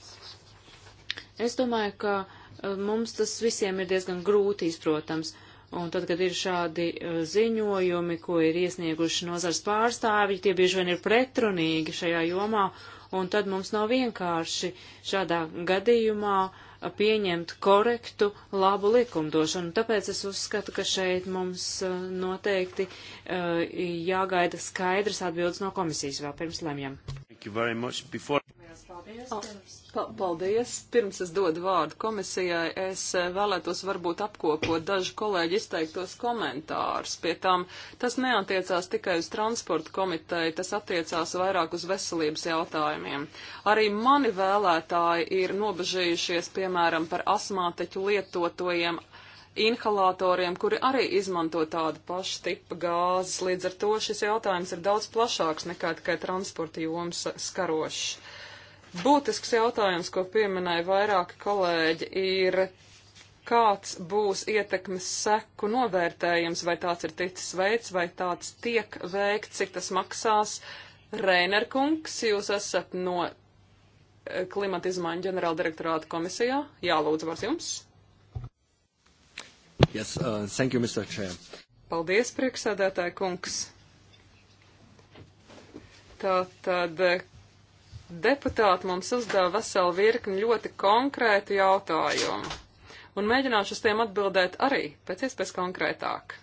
Es domāju, ka uh, Mums tas visiem ir diezgan grūti izprotams. Un tad, kad ir šādi uh, ziņojumi, ko ir iesnieguši nozars pārstāvji, tie bieži vien ir pretrunīgi šajā jomā, un tad mums nav vienkārši šādā gadījumā uh, pieņemt korektu, labu likumdošanu. Tāpēc es uzskatu, ka šeit mums uh, noteikti jāgaida skaidrs atbildes no komisijas vēl pirms lemjam. Before... Paldies pirms. Pa, paldies. Pirms es dodu vārdu komisijai, es eh, vēlētos varbūt apkopot dažu kolēģi izteiktos komentārus. Pie tām tas neatiecās tikai uz transporta komiteju, tas attiecās vairāk uz veselības jautājumiem. Arī mani vēlētāji ir nobežījušies, piemēram, par asmāteķu lietotojiem inhalatoriem, kuri arī izmanto tādu pašu tipu gāzes. Līdz ar to šis jautājums ir daudz plašāks nekā tikai transporta joms skarošs. Būtisks jautājums, ko pieminēja vairāki kolēģi, ir kāds būs ietekmes seku novērtējums, vai tāds ir ticis veids, vai tāds tiek veikts, cik tas maksās. Reinerkungs, jūs esat no eh, klimata izmaiņu ģenerāla direktorāta komisijā. Jā, lūdzu, vārds jums. Yes, uh, thank you, Mr. Chair. Paldies, priekšsēdētāja kungs. Tā tad Deputāti mums uzdeva veselu virkni ļoti konkrētu jautājumu, un mēģināšu uz tiem atbildēt arī pēc iespējas konkrētāk.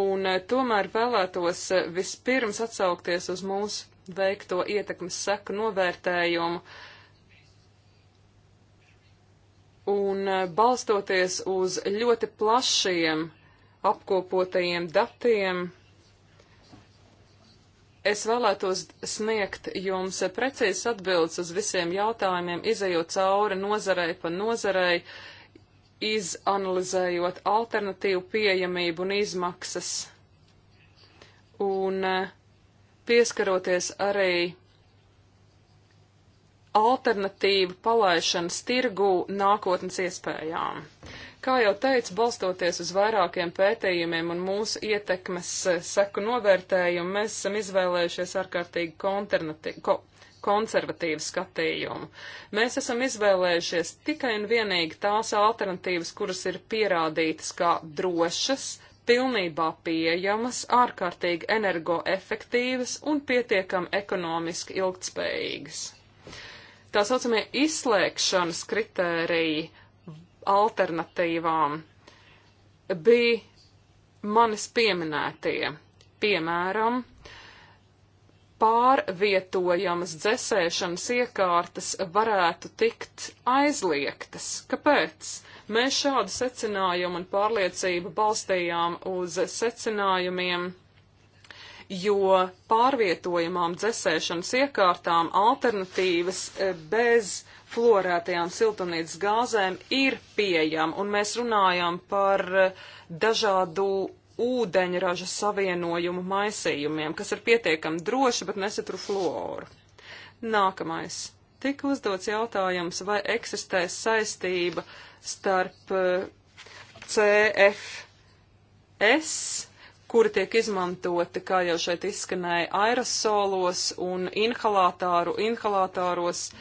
Un eh, tomēr vēlētos eh, vispirms atsaukties uz mūsu veikto ietekmes seku novērtējumu, un eh, balstoties uz ļoti plašiem apkopotajiem datiem, Es vēlētos sniegt jums precīzes atbildes uz visiem jautājumiem, izējot cauri nozarei pa nozarei, izanalizējot alternatīvu pieejamību un izmaksas, un eh, pieskaroties arī alternatīvu palaišanas tirgū nākotnes iespējām. Kā jau teicu, balstoties uz vairākiem pētījumiem un mūsu ietekmes e, seku novērtējumu, mēs esam izvēlējušies ārkārtīgi ko, konservatīvu skatījumu. Mēs esam izvēlējušies tikai un vienīgi tās alternatīvas, kuras ir pierādītas kā drošas, pilnībā pieejamas, ārkārtīgi energoefektīvas un pietiekami ekonomiski ilgtspējīgas. Tā saucamie izslēgšanas kritēriji alternatīvām bija manis pieminētie, piemēram, pārvietojamas dzesēšanas iekārtas varētu tikt aizliegtas. Kāpēc? Mēs šādu secinājumu un pārliecību balstījām uz secinājumiem, jo pārvietojamām dzesēšanas iekārtām alternatīvas eh, bez uh, fluorētajām siltumnīcas gāzēm ir pieejama, un mēs runājam par eh, dažādu ūdeņraža savienojumu maisījumiem, kas ir pietiekami droši, bet nesatur fluoru. Nākamais. Tik uzdots jautājums, vai eksistē saistība starp eh, CFS, kuri tiek izmantoti, kā jau šeit izskanēja, aerosolos un inhalātāru, inhalātāros uh,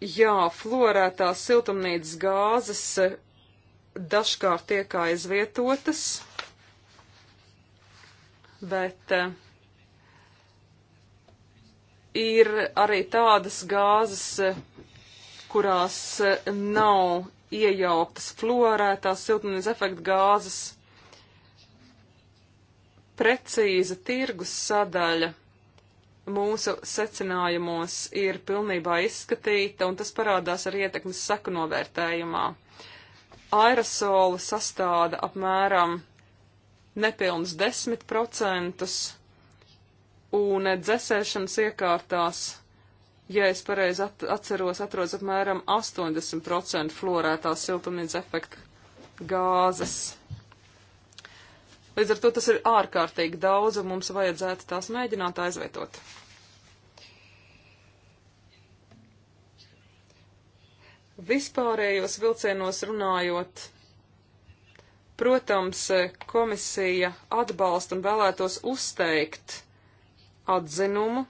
jā, fluorētās siltumnīcas gāzes eh, dažkārt tiek aizvietotas, bet eh, ir arī tādas gāzes, eh, kurās nav iejauktas fluorētās siltumnīcas efekta gāzes. Precīza tirgus sadaļa mūsu secinājumos ir pilnībā izskatīta, un tas parādās arī ietekmes seku novērtējumā. Aerosoli sastāda apmēram nepilns 10%, un dzēsēšanas iekārtās, ja es pareizi at atceros, atrodas apmēram 80% florētās siltumnīca efekta gāzes. Līdz ar to tas ir ārkārtīgi daudz, un mums vajadzētu tās mēģināt aizvietot. Vispārējos vilcienos runājot, protams, komisija atbalsta un vēlētos uzteikt atzinumu,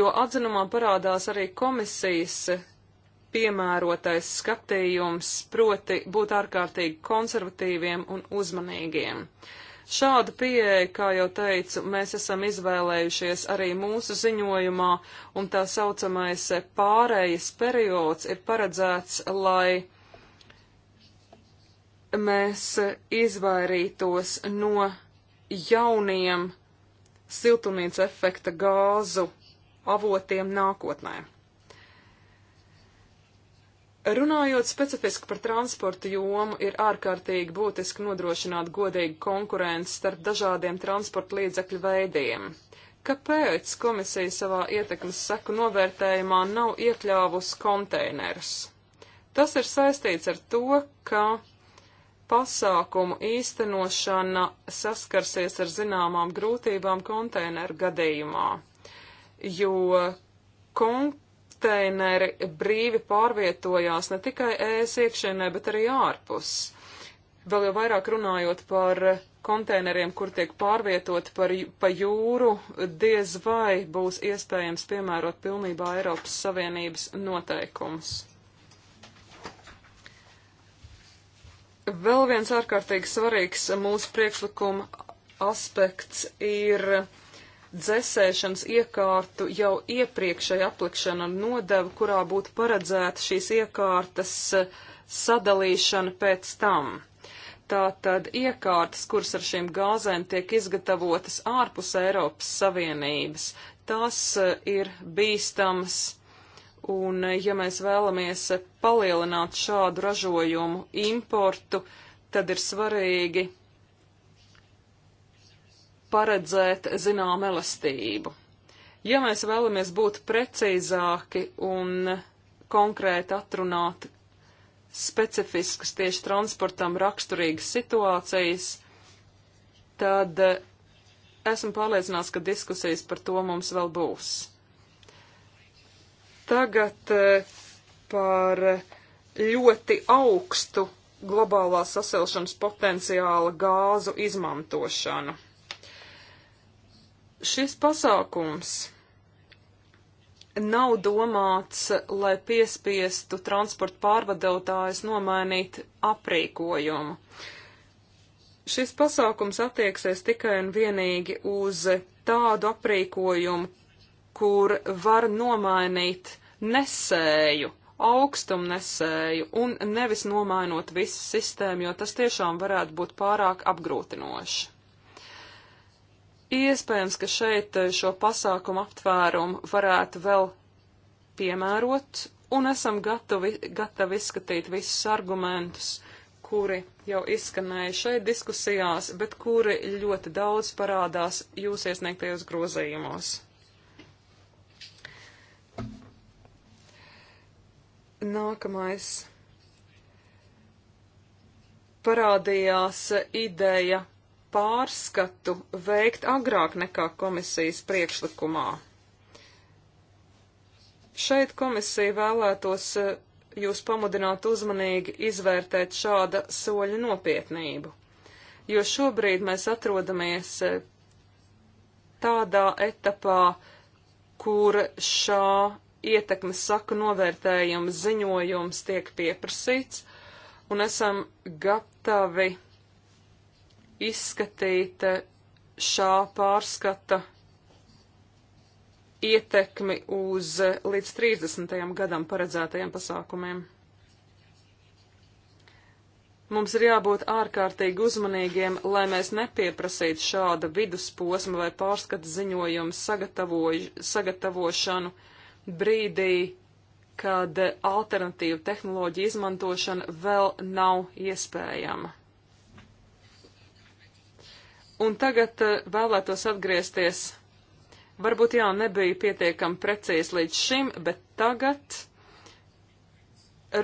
jo atzinumā parādās arī komisijas piemērotais skatījums, proti būt ārkārtīgi konservatīviem un uzmanīgiem. Uh, Šādu pieeju, kā jau teicu, mēs esam izvēlējušies arī mūsu ziņojumā, un tā saucamais pārējas periods ir paredzēts, lai mēs izvairītos no jauniem siltumnīca efekta gāzu avotiem nākotnē. Runājot specifiski par transportu jomu, ir ārkārtīgi būtiski nodrošināt godīgu konkurenci starp dažādiem transporta līdzekļu veidiem. Kāpēc komisija savā ietekmes seku novērtējumā nav iekļāvusi konteinerus? Tas ir saistīts ar to, ka pasākumu īstenošana saskarsies ar zināmām grūtībām konteineru gadījumā, jo kon konteineri brīvi pārvietojās ne tikai ēs iekšienē, bet arī ārpus. Vēl jau vairāk runājot par konteineriem, kur tiek pārvietoti par, pa jūru, diez vai būs iespējams piemērot pilnībā Eiropas Savienības noteikumus. Vēl viens ārkārtīgi svarīgs mūsu priekšlikuma aspekts ir uh, dzēsēšanas iekārtu jau iepriekšēja aplikšana ar nodevu, kurā būtu paredzēta šīs iekārtas eh, sadalīšana pēc tam. Tātad iekārtas, kuras ar šīm gāzēm tiek izgatavotas ārpus Eiropas Savienības, tas eh, ir bīstams. Un, eh, ja mēs vēlamies palielināt šādu ražojumu importu, tad ir svarīgi paredzēt zinām elastību. Ja mēs vēlamies būt precīzāki un konkrēti atrunāt specifiskas tieši transportam raksturīgas situācijas, tad eh, esmu pārliecināts, ka diskusijas par to mums vēl būs. Tagad eh, par ļoti augstu globālā sasilšanas potenciāla gāzu izmantošanu. Šis pasākums nav domāts, lai piespiestu transporta pārvadotājus nomainīt aprīkojumu. Šis pasākums attieksies tikai un vienīgi uz tādu aprīkojumu, kur var nomainīt nesēju, augstumnesēju un nevis nomainot visu sistēmu, jo tas tiešām varētu būt pārāk apgrūtinoši. Iespējams, ka šeit eh, šo pasākumu aptvērumu varētu vēl piemērot, un esam gatavi, gatavi izskatīt visus argumentus, kuri jau izskanēja šeit diskusijās, bet kuri ļoti daudz parādās jūs iesniegtajos grozījumos. Nākamais parādījās ideja pārskatu veikt agrāk nekā komisijas priekšlikumā. Šeit komisija vēlētos eh, jūs pamudināt uzmanīgi izvērtēt šāda soļa nopietnību, jo šobrīd mēs atrodamies eh, tādā etapā, kur šā ietekmes saku novērtējums ziņojums tiek pieprasīts, un esam gatavi izskatīt eh, šā pārskata ietekmi uz eh, līdz 30. gadam paredzētajiem pasākumiem. Mums ir jābūt ārkārtīgi uzmanīgiem, lai mēs nepieprasītu šāda vidusposma vai pārskata ziņojuma sagatavošanu brīdī, kad alternatīva tehnoloģija izmantošana vēl nav iespējama. Un tagad eh, vēlētos atgriezties. Varbūt jau nebija pietiekami precīzi līdz šim, bet tagad,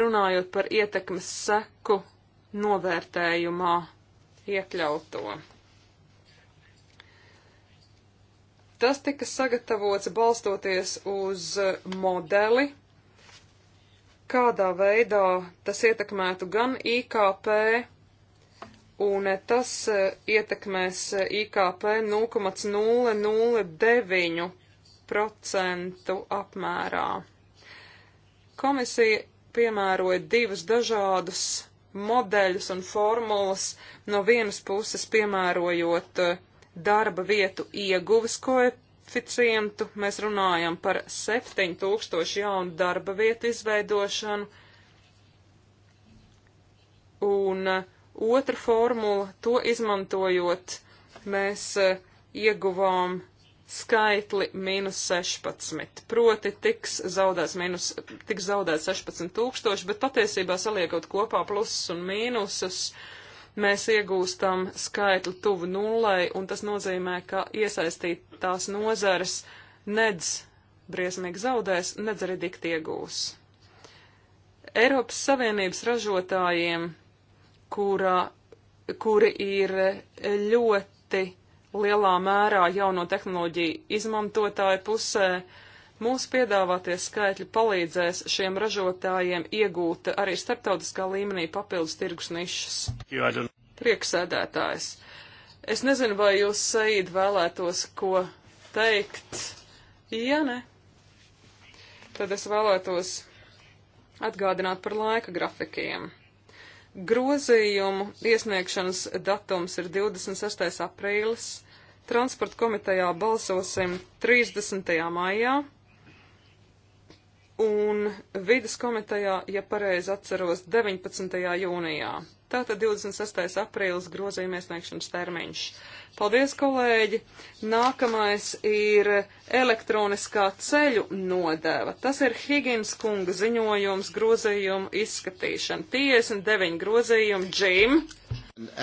runājot par ietekmes seku novērtējumā iekļauto. Tas tika sagatavots balstoties uz eh, modeli, kādā veidā tas ietekmētu gan IKP, un tas eh, ietekmēs eh, IKP 0,009% apmērā. Komisija piemēroja divus dažādus modeļus un formulas, no vienas puses piemērojot eh, darba vietu ieguves koeficientu, mēs runājam par 7000 jaunu darba vietu izveidošanu, un uh, Otra formula, to izmantojot, mēs eh, ieguvām skaitli mīnus 16. Proti tiks zaudēts, minus, tiks zaudēts 16 tūkstoši, bet patiesībā saliekot kopā plusus un mīnusus, mēs iegūstam skaitli tuvu nulai, un tas nozīmē, ka iesaistītās nozares nedz briesmīgi zaudēs, nedz arī dikti iegūs. Eiropas Savienības ražotājiem kurā, kuri ir ļoti lielā mērā jauno tehnoloģiju izmantotāju pusē. Mūsu piedāvātie skaitļi palīdzēs šiem ražotājiem iegūt arī starptautiskā līmenī papildus tirgus nišas. Prieksēdētājs. Es nezinu, vai jūs, Seid, vēlētos ko teikt. Ja ne, tad es vēlētos atgādināt par laika grafikiem. Grozījumu iesniegšanas datums ir 26. aprīlis. Transporta komitejā balsosim 30. maijā. Un vidas komitejā, ja pareizi atceros, 19. jūnijā. Tātad 26. aprīlis grozījuma iesniegšanas termiņš. Paldies, kolēģi! Nākamais ir elektroniskā ceļu nodeva. Tas ir Higgins kunga ziņojums grozījumu izskatīšana. 59 grozījumu, Džim!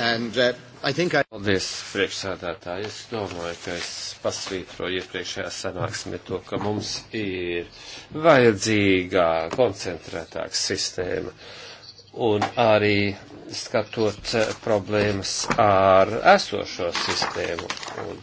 And, uh, I think I... Paldies, priekšsādātāji. Es domāju, ka es pasvītroju iepriekšējā sanāksmē to, ka mums ir vajadzīgā, koncentrētāka sistēma. Uh, un arī skatot eh, problēmas ar esošo sistēmu un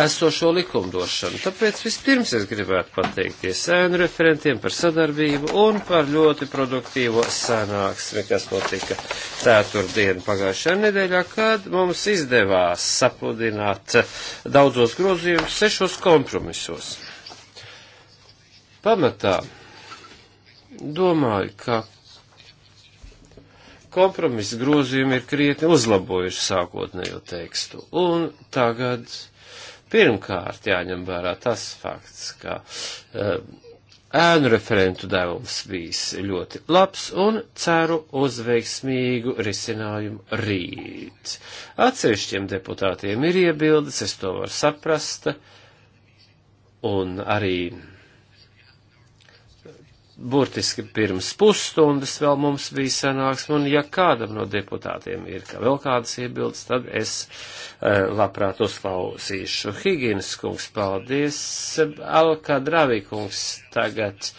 esošo likumdošanu. Tāpēc vispirms es gribētu pateikties sēnu referentiem par sadarbību un par ļoti produktīvo sanāksmi, kas notika ceturtdienu pagājušajā nedēļā, kad mums izdevās sapludināt eh, daudzos grozījumus sešos kompromisos. Pamatā domāju, ka kompromisa grozījumi ir krietni uzlabojuši sākotnējo tekstu. Un tagad pirmkārt jāņem vērā tas fakts, ka uh, ēnu referentu devums bijis ļoti labs un ceru uz veiksmīgu risinājumu rīt. Atsevišķiem deputātiem ir iebildes, es to varu saprast, un arī burtiski pirms pusstundas vēl mums bija sanāksme, un ja kādam no deputātiem ir ka vēl kādas iebildes, tad es e, labprāt uzklausīšu. Higienas kungs, paldies. Alka Dravikungs tagad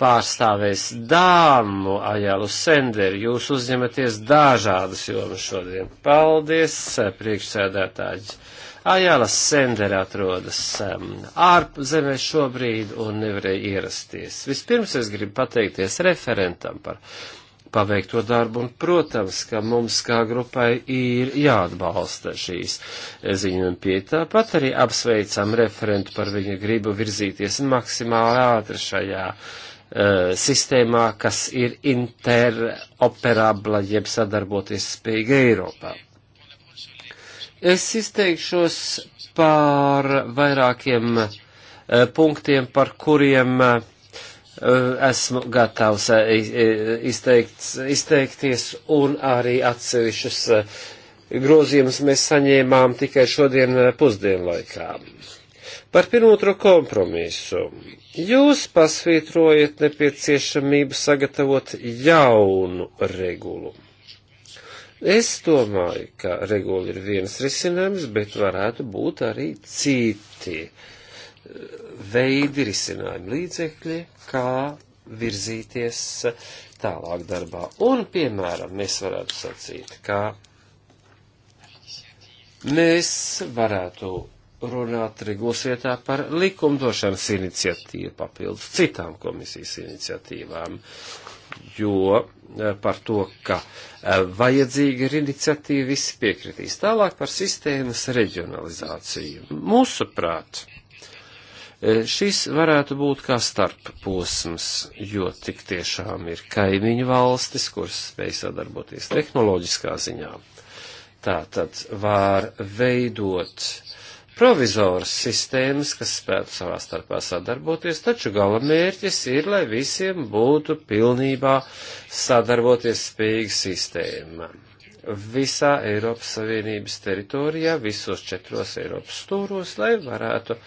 pārstāvēs dāmu Ajālu Senderu. Jūs uzņematies dažādas jomas šodien. Paldies, priekšsēdētāji. Ajālas Sendera atrodas um, ārzemē šobrīd un nevarēja ierasties. Vispirms es gribu pateikties referentam par paveikto darbu, un, protams, ka mums kā grupai ir jāatbalsta šīs ziņojuma pie tāpat arī apsveicam referentu par viņa gribu virzīties maksimāli ātri šajā uh, sistēmā, kas ir interoperabla, jeb sadarboties spējīga Eiropā. Es izteikšos par vairākiem eh, punktiem, par kuriem eh, esmu gatavs eh, izteikt, izteikties, un arī atsevišķus grozījumus mēs saņēmām tikai šodien pusdienlaikā. Par pirmotro kompromisu. Jūs pasvītrojat nepieciešamību sagatavot jaunu regulumu. Es domāju, ka regula ir viens risinājums, bet varētu būt arī citi eh, veidi risinājumi līdzekļi, kā virzīties tālāk darbā. Un, piemēram, mēs varētu sacīt, ka mēs varētu runāt Rīgos vietā par likumdošanas iniciatīvu papildus citām komisijas iniciatīvām jo eh, par to, ka eh, vajadzīga ir iniciatīva, visi piekritīs. Tālāk par sistēmas reģionalizāciju. Mūsuprāt, eh, šis varētu būt kā starp posms, jo tik tiešām ir kaimiņu valstis, kuras spēj sadarboties tehnoloģiskā ziņā. Tātad var veidot uh, provizoras sistēmas, kas spētu savā starpā sadarboties, taču gala mērķis ir, lai visiem būtu pilnībā sadarboties spējīga sistēma. Visā Eiropas Savienības teritorijā, visos četros Eiropas stūros, lai varētu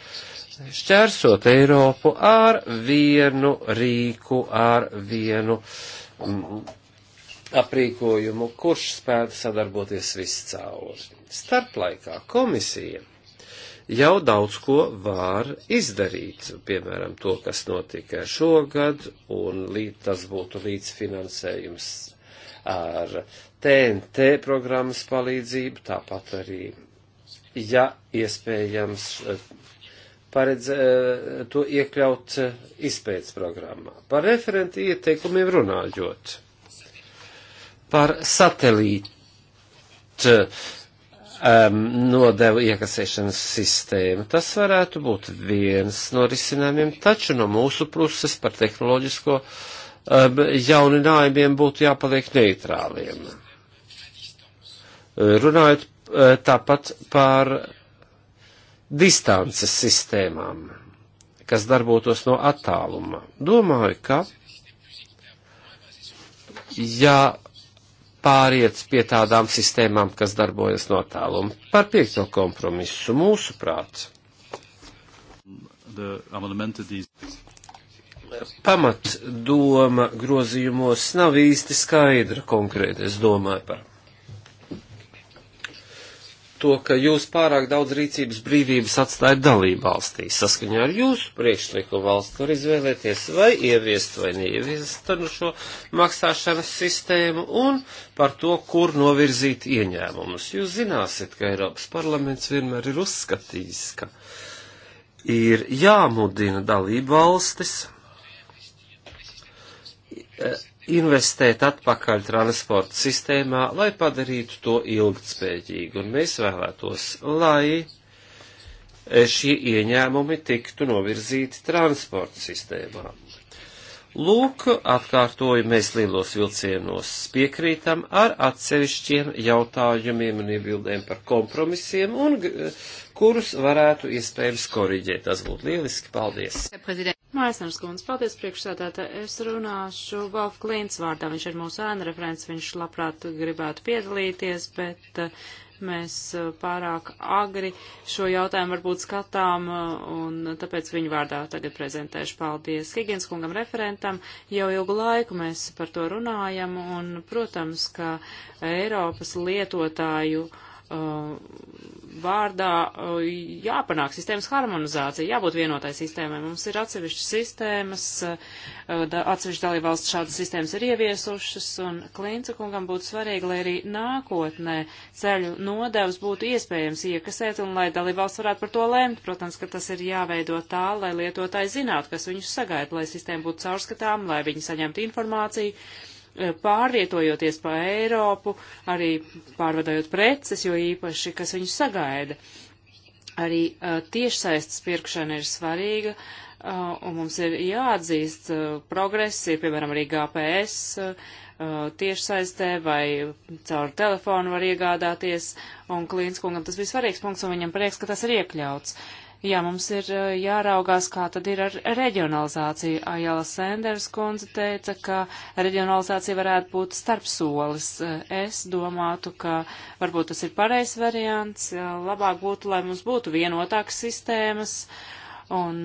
šķērsot Eiropu ar vienu rīku, ar vienu mm, aprīkojumu, kurš spētu sadarboties viscauri. Starplaikā komisija jau daudz ko var izdarīt, piemēram, to, kas notika šogad, un līd, tas būtu līdzfinansējums ar TNT programmas palīdzību, tāpat arī, ja iespējams, paredz eh, to iekļaut izpētes programmā. Par referentu ieteikumiem runājot, par satelītu um, nodevu iekasēšanas sistēma. Tas varētu būt viens no risinājumiem, taču no mūsu puses par tehnoloģisko um, jauninājumiem būtu jāpaliek neitrāliem. Runājot uh, tāpat par distances sistēmām, kas darbotos no attāluma. Domāju, ka ja pāriet pie tādām sistēmām, kas darbojas no tāluma. Par piekto kompromisu mūsu prāts. Pamatdoma grozījumos nav īsti skaidra konkrēti, es domāju par to, ka jūs pārāk daudz rīcības brīvības atstājat dalību valstīs. Saskaņā ar jūsu priekšlikumu valsts var izvēlēties vai ieviest vai neieviest nu šo maksāšanas sistēmu un par to, kur novirzīt ieņēmumus. Jūs zināsiet, ka Eiropas parlaments vienmēr ir uzskatījis, ka ir jāmudina dalību valstis investēt atpakaļ transporta sistēmā, lai padarītu to ilgtspējīgu, un mēs vēlētos, lai šie ieņēmumi tiktu novirzīti transporta sistēmām. Lūk, atkārtoju, mēs lielos vilcienos piekrītam ar atsevišķiem jautājumiem un iebildēm par kompromisiem, un, kurus varētu iespējams koriģēt. Tas būtu lieliski. Paldies! Maisnars kundze, paldies priekšsēdētā. Es runāšu Valf Klīns vārdā. Viņš ir mūsu ēna referents, viņš labprāt gribētu piedalīties, bet uh, Mēs eh, pārāk agri šo jautājumu varbūt skatām, eh, un tāpēc viņu vārdā tagad prezentēšu paldies Higgins kungam referentam. Jau ilgu laiku mēs par to runājam, un, protams, ka Eiropas lietotāju uh, Uh, vārdā uh, jāpanāk sistēmas harmonizācija, jābūt vienotai sistēmai. Mums ir atsevišķas sistēmas, uh, atsevišķas dalībvalsts šādas sistēmas ir ieviesušas, un Klinca kungam būtu svarīgi, lai arī nākotnē ceļu nodevs būtu iespējams iekasēt, un lai dalībvalsts varētu par to lēmt. Protams, ka tas ir jāveido tā, lai lietotāji zinātu, kas viņus sagaida, lai sistēma būtu caurskatām, lai viņi saņemtu informāciju pārvietojoties pa Eiropu, arī pārvadājot preces, jo īpaši, kas viņus sagaida. Arī uh, tiešsaistes pirkšana ir svarīga, uh, un mums ir jāatzīst uh, progress, ir piemēram arī GPS uh, tiešsaistē vai caur telefonu var iegādāties, un Klīnskungam tas bija svarīgs punkts, un viņam prieks, ka tas ir iekļauts. Uh, Jā, mums ir jāraugās, kā tad ir ar reģionalizāciju. Ajala Sanders kundze teica, ka reģionalizācija varētu būt starpsolis. Es domātu, ka varbūt tas ir pareizs variants. Labāk būtu, lai mums būtu vienotākas sistēmas un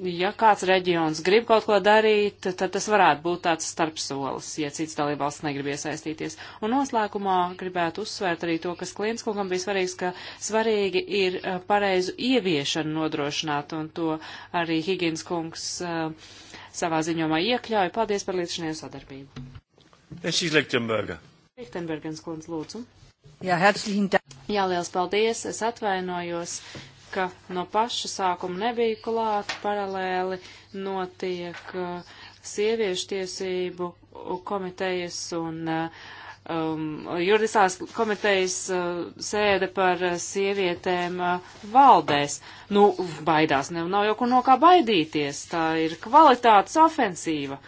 ja kāds reģions grib kaut ko darīt, tad tas varētu būt tāds starpsolis, ja cits dalībvalsts negrib iesaistīties. Un noslēgumā gribētu uzsvērt arī to, kas klientskungam bija svarīgs, ka svarīgi ir eh, pareizu ieviešanu nodrošināt, un to arī Higgins kungs uh, savā ziņomā iekļauja. Paldies par līdzšinēju sadarbību. Es izliektamberga. Lichtenbergens kundz, lūdzu. Jā, herzlichen Dank. Jā, liels paldies. Es atvainojos, ka no paša sākuma nebija klāt, paralēli notiek uh, sieviešu tiesību komitejas un uh, um, juridiskās komitejas uh, sēde par uh, sievietēm uh, valdēs. Nu, baidās, nav, nav jau kur no kā baidīties, tā ir kvalitātes ofensīva.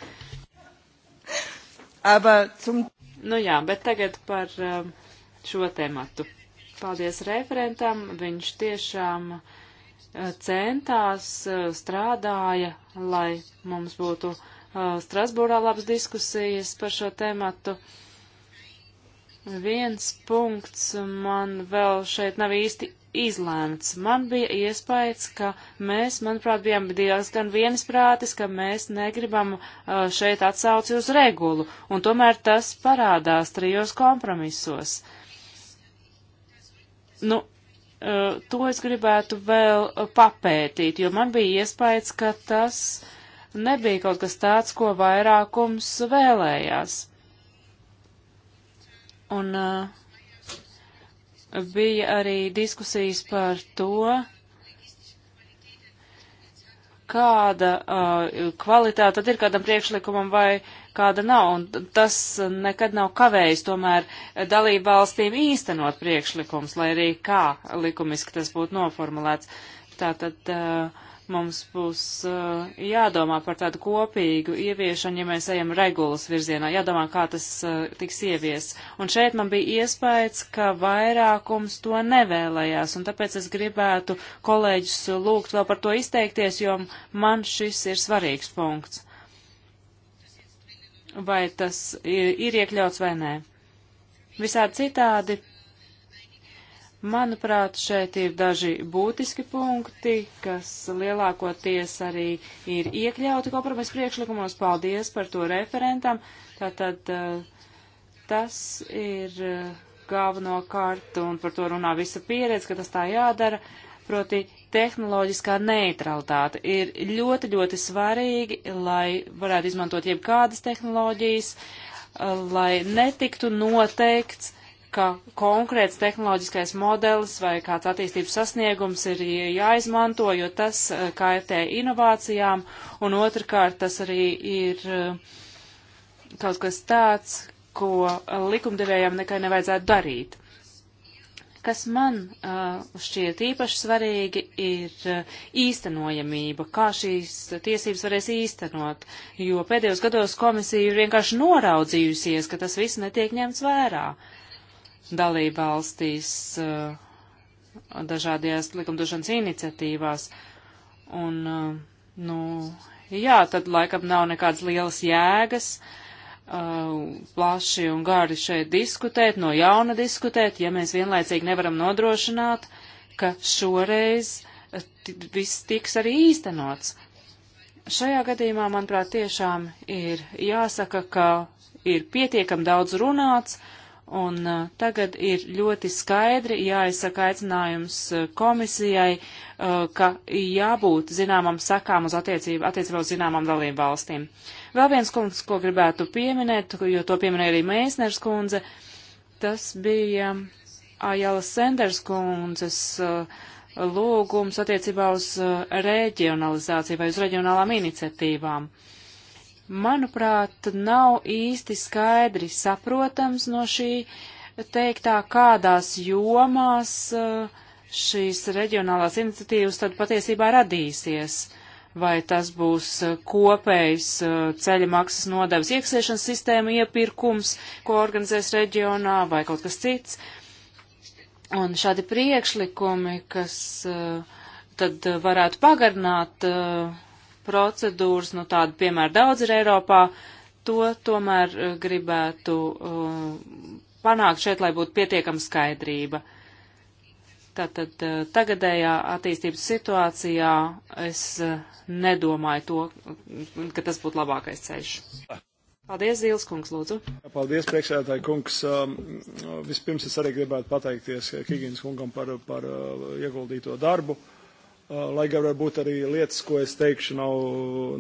Aber zum... Nu jā, bet tagad par um, šo tematu paldies referentam. Viņš tiešām eh, centās, eh, strādāja, lai mums būtu eh, Strasbūrā labas diskusijas par šo tematu. Viens punkts man vēl šeit nav īsti izlēmts. Man bija iespējas, ka mēs, manuprāt, bijām diezgan vienisprātis, ka mēs negribam šeit atsauci uz regulu, un tomēr tas parādās trijos kompromisos. Uh, Nu, eh, to es gribētu vēl eh, papētīt, jo man bija iespējas, ka tas nebija kaut kas tāds, ko vairākums vēlējās. Un uh, bija arī diskusijas par to, kāda uh, kvalitāte tad ir kādam priekšlikumam vai kāda nav. Un tas nekad nav kavējis tomēr dalību valstīm īstenot priekšlikums, lai arī kā likumiski tas būtu noformulēts. Tātad uh, Mums būs uh, jādomā par tādu kopīgu ieviešanu, ja mēs ejam regulas virzienā, jādomā, kā tas uh, tiks ievies. Un šeit man bija iespējas, ka vairākums to nevēlējās, un tāpēc es gribētu kolēģis lūgt vēl par to izteikties, jo man šis ir svarīgs punkts. Vai tas ir, ir iekļauts vai nē? Visādi citādi Manuprāt, šeit ir daži būtiski punkti, kas lielākoties arī ir iekļauti kompromisa priekšlikumos. Paldies par to referentam. Tātad eh, tas ir eh, galvenokārt, un par to runā visa pieredze, ka tas tā jādara, proti tehnoloģiskā neutralitāte ir ļoti, ļoti svarīgi, lai varētu izmantot jebkādas tehnoloģijas, eh, lai netiktu noteikts, ka konkrēts tehnoloģiskais modelis vai kāds attīstības sasniegums ir jāizmanto, jo tas eh, kaitē inovācijām, un otrkārt tas arī ir eh, kaut kas tāds, ko likumdevējiem nekai nevajadzētu darīt. Kas man uh, šķiet īpaši svarīgi, ir uh, īstenojamība, kā šīs tiesības varēs īstenot, jo pēdējos gados komisija ir vienkārši noraudzījusies, ka tas viss netiek ņemts vērā. Uh, dalībvalstīs eh, dažādajās likumdošanas iniciatīvās. Un, eh, nu, jā, tad laikam nav nekādas lielas jēgas eh, plaši un gari šeit diskutēt, no jauna diskutēt, ja mēs vienlaicīgi nevaram nodrošināt, ka šoreiz viss tiks arī īstenots. Šajā gadījumā, manuprāt, tiešām ir jāsaka, ka ir pietiekam daudz runāts, uh, Un uh, tagad ir ļoti skaidri jāizsaka aicinājums uh, komisijai, uh, ka jābūt zināmam sakām uz attiecību, attiecībā uz zināmām dalību valstīm. Vēl viens kungs, ko gribētu pieminēt, jo to pieminēja arī Mēsners kundze, tas bija Ajala Senders kundzes uh, lūgums attiecībā uz uh, reģionalizāciju vai uz reģionālām iniciatīvām. Uh, manuprāt, nav īsti skaidri saprotams no šī teiktā, kādās jomās uh, šīs reģionālās iniciatīvas tad patiesībā radīsies. Vai tas būs uh, kopējs uh, ceļa maksas nodevas iekasēšanas sistēma iepirkums, ko organizēs reģionā, vai kaut kas cits. Un šādi priekšlikumi, kas tad varētu pagarināt uh, procedūras, nu tādu piemēru daudz ir Eiropā, to tomēr eh, gribētu uh, panākt šeit, lai būtu pietiekama skaidrība. Tātad eh, tagadējā attīstības situācijā es nedomāju to, ka tas būtu labākais ceļš. Paldies, Zīles kungs, lūdzu. Paldies, priekšsēdētāji kungs. Um, vispirms es arī gribētu pateikties Kigīnas kungam par, par uh, ieguldīto darbu. Uh, lai gan varbūt arī lietas, ko es teikšu, nav,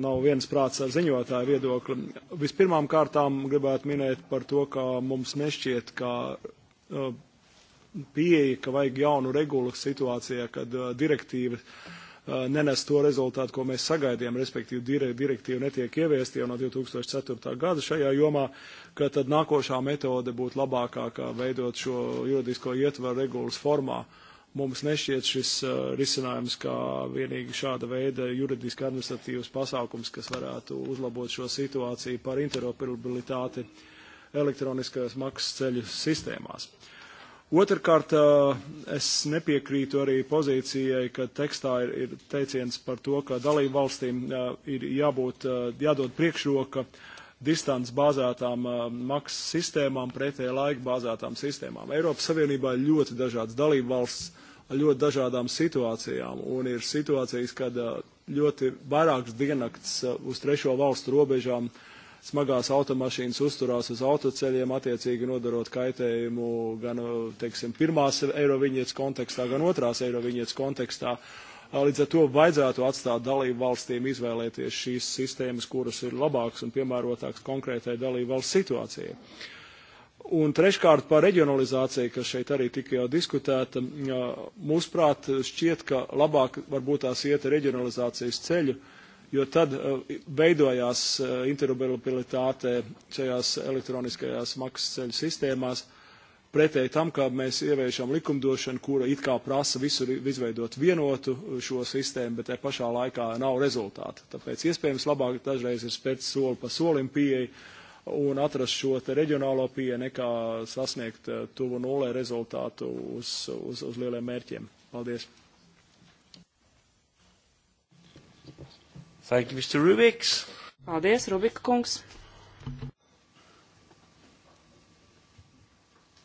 nav viens prāts ar ziņotāju viedokli. Vispirmām kārtām gribētu minēt par to, ka mums nešķiet, ka uh, pieeja, ka vajag jaunu regulu situācijā, kad uh, direktīva nenes to rezultātu, ko mēs sagaidījām, respektīvi direktīva netiek ieviesta jau no 2004. gada šajā jomā, ka tad nākošā metode būtu labākā, kā veidot šo juridisko ietvaru regulas formā. Uh, Mums nešķiet šis uh, risinājums kā vienīgi šāda veida juridiski administratīvas pasākums, kas varētu uzlabot šo situāciju par interoperabilitāti elektroniskajos maksas ceļu sistēmās. Otrakārt, uh, es nepiekrītu arī pozīcijai, ka tekstā ir, ir teiciens par to, ka dalību valstīm uh, ir jābūt, jādod priekšroka uh, distants bāzētām uh, maksas sistēmām, pretēji laika bāzētām sistēmām. Eiropas Savienībā ir ļoti dažādas dalību valsts ar ļoti dažādām situācijām, un ir situācijas, kad uh, ļoti vairākas diennakts uh, uz trešo valstu robežām smagās automašīnas uzturās uz autoceļiem, attiecīgi nodarot kaitējumu gan, uh, teiksim, pirmās eiroviņietas kontekstā, gan otrās eiroviņietas kontekstā. Uh, Līdz ar to vajadzētu atstāt dalību valstīm izvēlēties šīs sistēmas, kuras ir labākas un piemērotākas konkrētai dalību valsts situācijai. Un treškārt par reģionalizāciju, kas šeit arī tika jau diskutēta, mūsuprāt šķiet, ka labāk varbūt tās iet reģionalizācijas ceļu, jo tad veidojās interoperabilitāte šajās elektroniskajās maksas ceļu sistēmās, uh, pretēji tam, kā mēs ieviešam likumdošanu, kura it kā prasa visur izveidot vienotu uh, šo sistēmu, bet te pašā laikā nav rezultāta. Tāpēc iespējams labāk dažreiz ir spērt soli pa solim pieeja un atrast šo te reģionālo pieeja, nekā sasniegt uh, tuvu nulē rezultātu uz, uz, uz lieliem mērķiem. Paldies! Thank you, Mr. Rubiks. Paldies, Rubika kungs.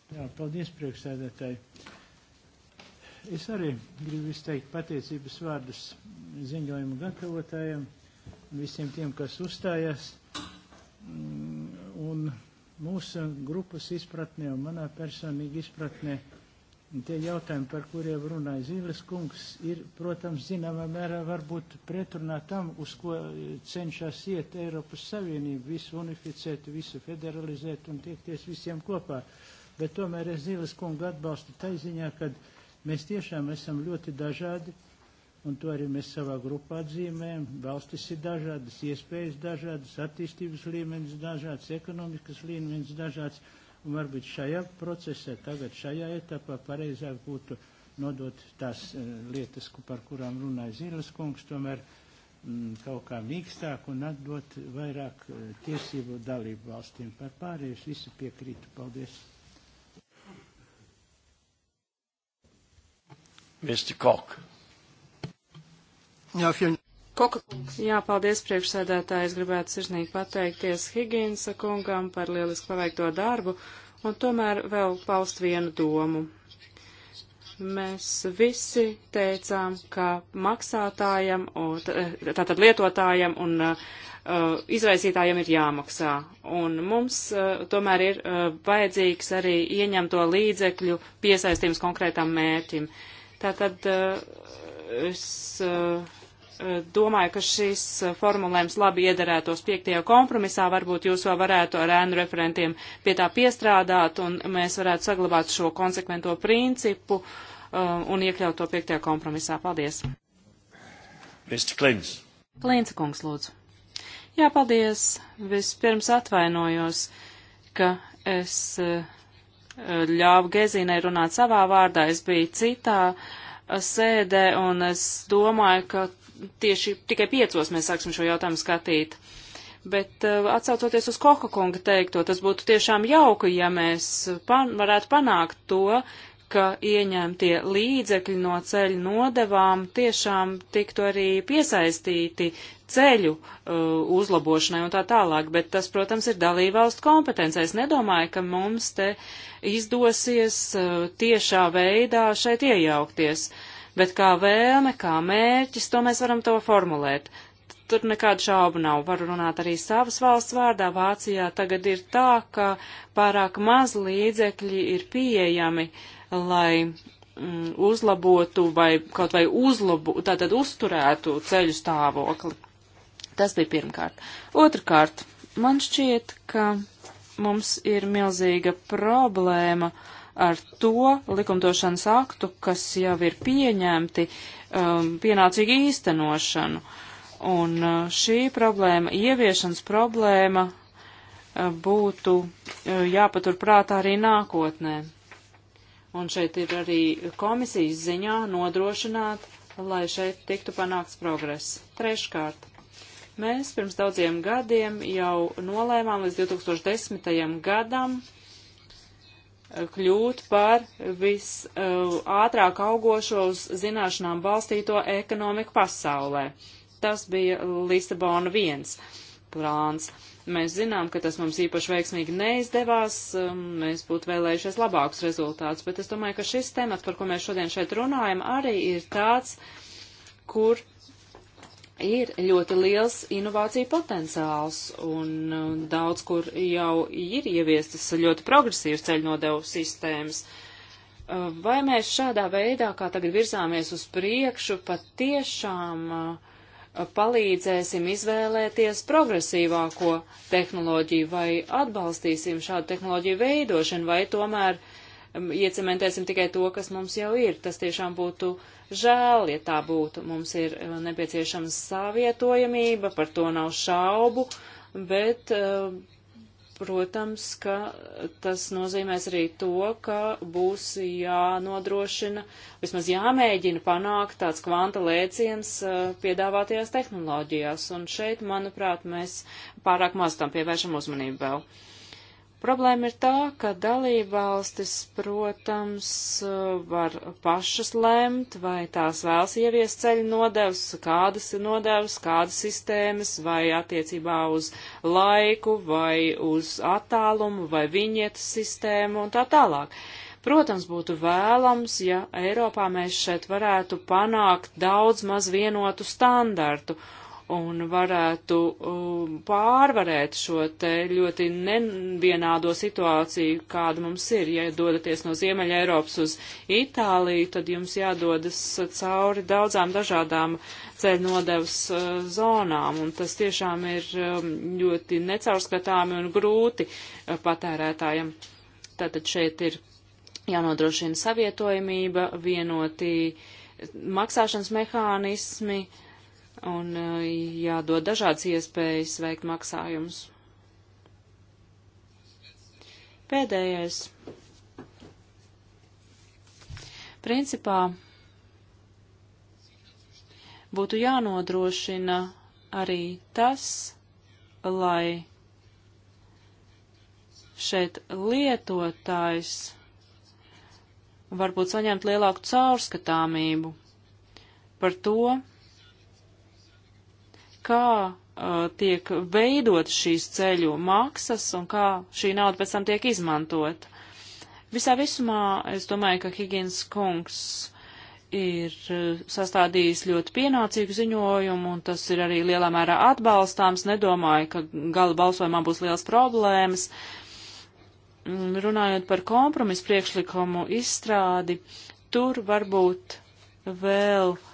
Jā, paldies priekšsēdētāji. Es arī gribu izteikt pateicības vārdus ziņojumu gatavotājiem un visiem tiem, kas uzstājās. Mm, un mūsu grupas izpratnē un manā personīgi izpratnē tie jautājumi, par kuriem runāja Zīles kungs, ir, protams, zināmā mērā varbūt pretrunā tam, uz ko cenšas iet Eiropas Savienība, visu unificēt, visu federalizēt un tiekties visiem kopā. Uh, bet tomēr es Zīles kungu atbalstu tai ziņā, ka mēs tiešām esam ļoti dažādi, un to arī mēs savā grupā atzīmējam. Valstis ir dažādas, iespējas dažādas, attīstības līmenis dažāds, ekonomikas līmenis dažāds, un varbūt šajā procesā, tagad šajā etapā pareizāk būtu nodot tās uh, lietas, par kurām runāja Zīles kungs, tomēr mm, kaut kā mīkstāk un atdot vairāk eh, tiesību dalību valstīm. Par pārējais visu piekrītu. Paldies. Mr. Kok. Jā, fjern. Koka kungs. Jā, paldies priekšsēdētāji. Es gribētu sirsnīgi pateikties Higinsa kungam par lielisku paveikto darbu un tomēr vēl paust vienu domu. Mēs visi teicām, ka maksātājam, eh, tātad lietotājam un uh, eh, eh, izraisītājiem ir jāmaksā. Un mums uh, tomēr ir uh, vajadzīgs arī ieņemto līdzekļu piesaistījums konkrētam mērķim. Uh, Tātad eh, es eh, domāju, ka šis eh, formulējums labi iederētos piektajā kompromisā. Varbūt jūs vēl varētu ar ēnu referentiem pie tā piestrādāt, un mēs varētu saglabāt šo konsekvento principu un iekļaut to piektajā kompromisā. Paldies! Mr. Klins. Klīnca kungs, lūdzu. Jā, paldies. Vispirms atvainojos, ka es uh, ļāvu Gezīnai runāt savā vārdā, es biju citā sēdē, un es domāju, ka tieši tikai piecos mēs sāksim šo jautājumu skatīt. Bet atsaucoties uz Koha kunga teikto, tas būtu tiešām jauki, ja mēs pan varētu panākt to, ka ieņemtie līdzekļi no ceļu nodevām tiešām tiktu arī piesaistīti ceļu uh, uzlabošanai un tā tālāk, bet tas, protams, ir dalībvalstu kompetence. Es nedomāju, ka mums te izdosies uh, tiešā veidā šeit iejaukties, bet kā vēlme, kā mērķis, to mēs varam to formulēt tur nekādu šaubu nav. Varu runāt arī savas valsts vārdā. Vācijā tagad ir tā, ka pārāk maz līdzekļi ir pieejami lai mm, uzlabotu vai kaut vai uzlabu, tātad uzturētu ceļu stāvokli. Tas bija pirmkārt. Otrkārt, man šķiet, ka mums ir milzīga problēma ar to likumdošanas aktu, kas jau ir pieņemti, um, pienācīgi īstenošanu. Un uh, šī problēma, ieviešanas problēma, uh, būtu uh, jāpaturprātā arī nākotnē. Un šeit ir arī komisijas ziņā nodrošināt, lai šeit tiktu panākts progress. Treškārt, mēs pirms daudziem gadiem jau nolēmām līdz 2010. gadam kļūt par visātrāk uh, augošo uz zināšanām balstīto ekonomiku pasaulē. Tas bija Lisabona viens. Uh, plāns. Mēs zinām, ka tas mums īpaši veiksmīgi neizdevās, um, mēs būtu vēlējušies labākus rezultātus, bet es domāju, ka šis temats, par ko mēs šodien šeit runājam, arī ir tāds, kur ir ļoti liels inovāciju potenciāls un um, daudz, kur jau ir ieviestas ļoti progresīvas ceļnodevu sistēmas. Uh, vai mēs šādā veidā, kā tagad virzāmies uz priekšu, pat tiešām uh, palīdzēsim izvēlēties progresīvāko tehnoloģiju vai atbalstīsim šādu tehnoloģiju veidošanu vai tomēr mm, iecementēsim tikai to, kas mums jau ir. Tas tiešām būtu žēl, ja tā būtu. Mums ir eh, nepieciešama savietojamība, par to nav šaubu, bet uh, Protams, ka tas nozīmēs arī to, ka būs jānodrošina, vismaz jāmēģina panākt tāds kvanta lēciens uh, piedāvātajās tehnoloģijās. Un šeit, manuprāt, mēs pārāk maz tam pievēršam uzmanību vēl. Uh, Problēma ir tā, ka dalībvalstis, protams, var pašas lemt, vai tās vēlas ieviest ceļu nodevs, kādas ir nodevs, kādas sistēmas, vai attiecībā uz laiku, vai uz attālumu, vai viņietas sistēmu un tā tālāk. Protams, būtu vēlams, ja Eiropā mēs šeit varētu panākt daudz maz vienotu standartu un varētu uh, pārvarēt šo te ļoti nevienādo situāciju, kāda mums ir. Ja dodaties no Ziemeļa Eiropas uz Itāliju, tad jums jādodas cauri daudzām dažādām ceļu nodevas uh, zonām, un tas tiešām ir um, ļoti necaurskatāmi un grūti uh, patērētājiem. Tātad šeit ir jānodrošina savietojamība, vienotī maksāšanas mehānismi, uh, un eh, jādod dažādas iespējas veikt maksājumus. Pēdējais. Principā būtu jānodrošina arī tas, lai šeit lietotājs varbūt saņemt lielāku caurskatāmību par to, kā uh, tiek veidot šīs ceļu maksas un kā šī nauda pēc tam tiek izmantot. Visā visumā es domāju, ka Higgins kungs ir uh, sastādījis ļoti pienācīgu ziņojumu, un tas ir arī lielā mērā atbalstāms. Nedomāju, ka gala balsojumā būs liels problēmas. Runājot par kompromisu priekšlikumu izstrādi, tur varbūt vēl uh,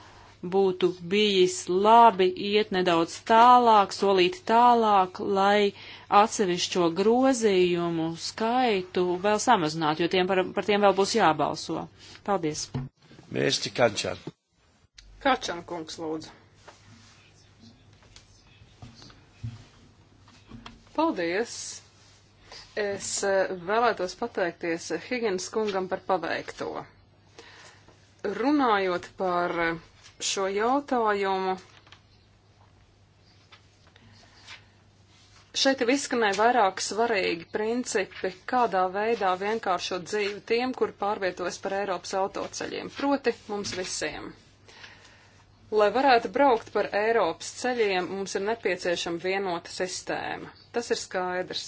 būtu bijis labi iet nedaudz tālāk, solīt tālāk, lai atsevišķo grozījumu skaitu vēl samazinātu, jo tiem par, par tiem vēl būs jābalso. Paldies. Mērķi Kančan. Kančan kungs lūdzu. Paldies. Es eh, vēlētos pateikties Higgins kungam par paveikto. Runājot par eh, šo jautājumu. Šeit jau izskanēja vairāk svarīgi principi, kādā veidā vienkāršot dzīvi tiem, kur pārvietojas par Eiropas autoceļiem, proti mums visiem. Lai varētu braukt par Eiropas ceļiem, mums ir nepieciešama vienota sistēma. Tas ir skaidrs.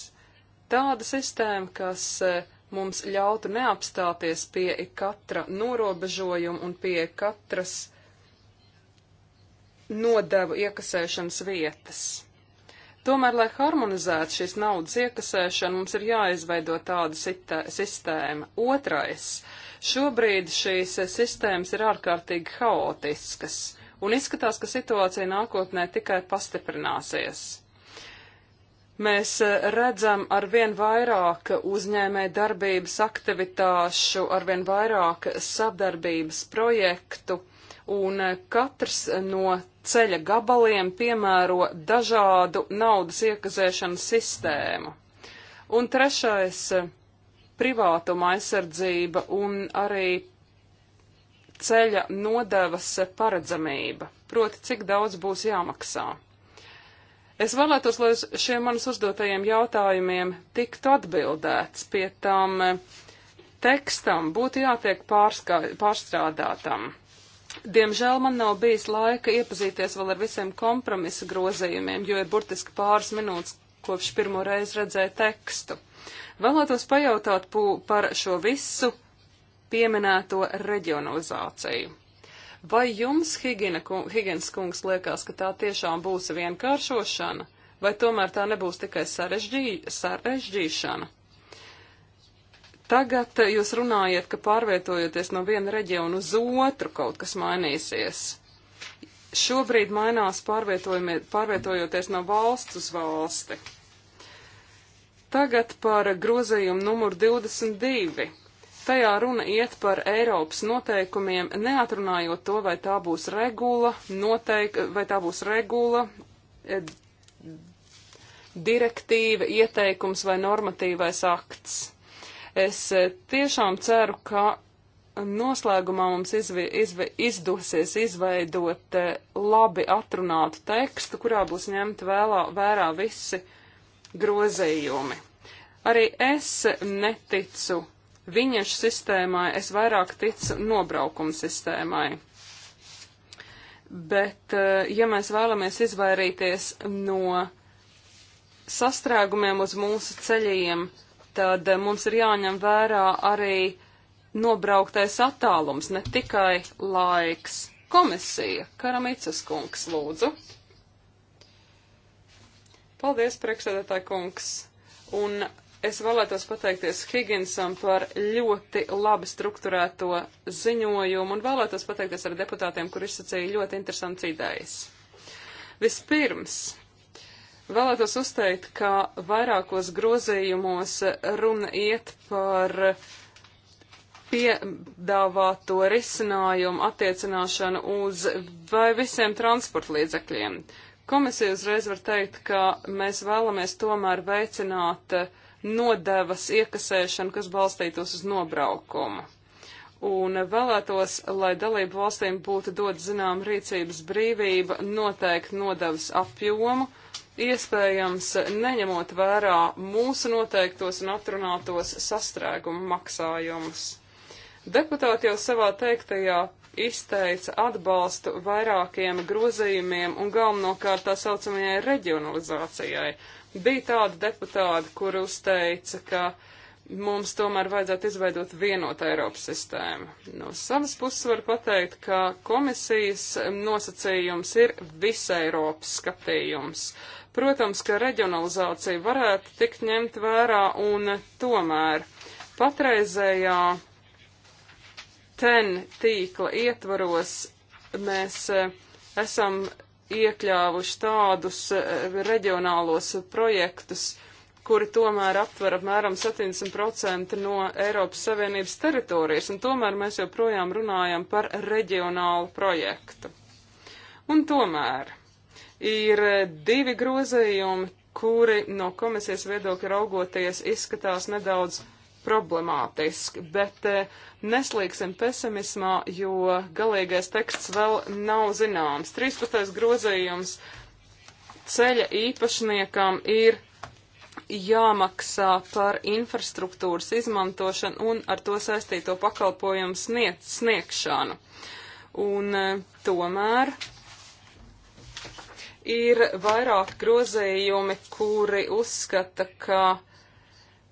Tāda sistēma, kas e, mums ļautu neapstāties pie katra norobežojuma un pie katras nodevu iekasēšanas vietas. Tomēr, lai harmonizētu šīs naudas iekasēšanu, mums ir jāizveido tāda sitē, sistēma. Otrais. Šobrīd šīs sistēmas ir ārkārtīgi haotiskas, un izskatās, ka situācija nākotnē tikai pastiprināsies. Mēs e, redzam arvien vairāk uzņēmē darbības aktivitāšu, arvien vairāk sadarbības projektu, un e, katrs no ceļa gabaliem piemēro dažādu naudas iekazēšanas sistēmu. Un trešais eh, - privātuma aizsardzība un arī ceļa nodevas paredzamība, proti cik daudz būs jāmaksā. Es vēlētos, lai uz šiem manas uzdotajiem jautājumiem tiktu atbildēts, pie tam eh, tekstam būtu jātiek pārstrādātam. Diemžēl man nav bijis laika iepazīties vēl ar visiem kompromisa grozījumiem, jo ir burtiski pāris minūtes kopš pirmo reizi redzēju tekstu. Vēlētos pajautāt par šo visu pieminēto reģionalizāciju. Vai jums, Higina, Higins kungs, liekas, ka tā tiešām būs vienkāršošana, vai tomēr tā nebūs tikai sarežģī, sarežģīšana? Tagad eh, jūs runājat, ka pārvietojoties no viena reģiona uz otru kaut kas mainīsies. Šobrīd mainās pārvietojoties no valsts uz valsti. Tagad par grozījumu numuru 22. Tajā runa iet par Eiropas noteikumiem, neatrunājot to, vai tā būs regula, noteik, vai tā būs regula, eh, direktīva, ieteikums vai normatīvais akts. Es eh, tiešām ceru, ka noslēgumā mums izvi, izvi, izdosies izveidot eh, labi atrunātu tekstu, kurā būs ņemt vēlā, vērā visi grozījumi. Arī es neticu viņiešu sistēmai, es vairāk ticu nobraukuma sistēmai. Bet, eh, ja mēs vēlamies izvairīties no sastrēgumiem uz mūsu ceļiem, tad eh, mums ir jāņem vērā arī nobrauktais attālums, ne tikai laiks. Komisija, Karamicas kungs, lūdzu. Paldies, priekšsēdētāji kungs. Un es vēlētos pateikties Higginsam par ļoti labi strukturēto ziņojumu un vēlētos pateikties arī deputātiem, kur izsacīja ļoti interesants idejas. Vispirms, Vēlētos uzteikt, ka vairākos grozījumos runa iet par piedāvāto risinājumu attiecināšanu uz vai visiem transportlīdzekļiem. Komisija uzreiz var teikt, ka mēs vēlamies tomēr veicināt nodevas iekasēšanu, kas balstītos uz nobraukumu un vēlētos, lai dalību valstīm būtu dot zinām rīcības brīvība noteikt nodevas apjomu iespējams neņemot vērā mūsu noteiktos un atrunātos sastrēgumu maksājumus. Deputāti jau savā teiktajā izteica atbalstu vairākiem grozījumiem un galvenokārt tā saucamajai reģionalizācijai. Bija tāda deputāta, kur uzteica, ka mums tomēr vajadzētu izveidot vienotu Eiropas sistēmu. No savas puses var pateikt, ka komisijas nosacījums ir visa Eiropas skatījums. Protams, ka reģionalizācija varētu tikt ņemt vērā un tomēr patreizējā ten tīkla ietvaros mēs eh, esam iekļāvuši tādus eh, reģionālos projektus, kuri tomēr aptver apmēram 70% no Eiropas Savienības teritorijas, un tomēr mēs joprojām runājam par reģionālu projektu. Un tomēr ir divi grozījumi, kuri no komisijas viedokļa raugoties izskatās nedaudz problemātiski, bet eh, neslīgsim pesimismā, jo galīgais teksts vēl nav zināms. 13. grozījums ceļa īpašniekam ir jāmaksā par infrastruktūras izmantošanu un ar to saistīto pakalpojumu sniegt, sniegšanu. Un e, tomēr ir vairāk grozējumi, kuri uzskata, ka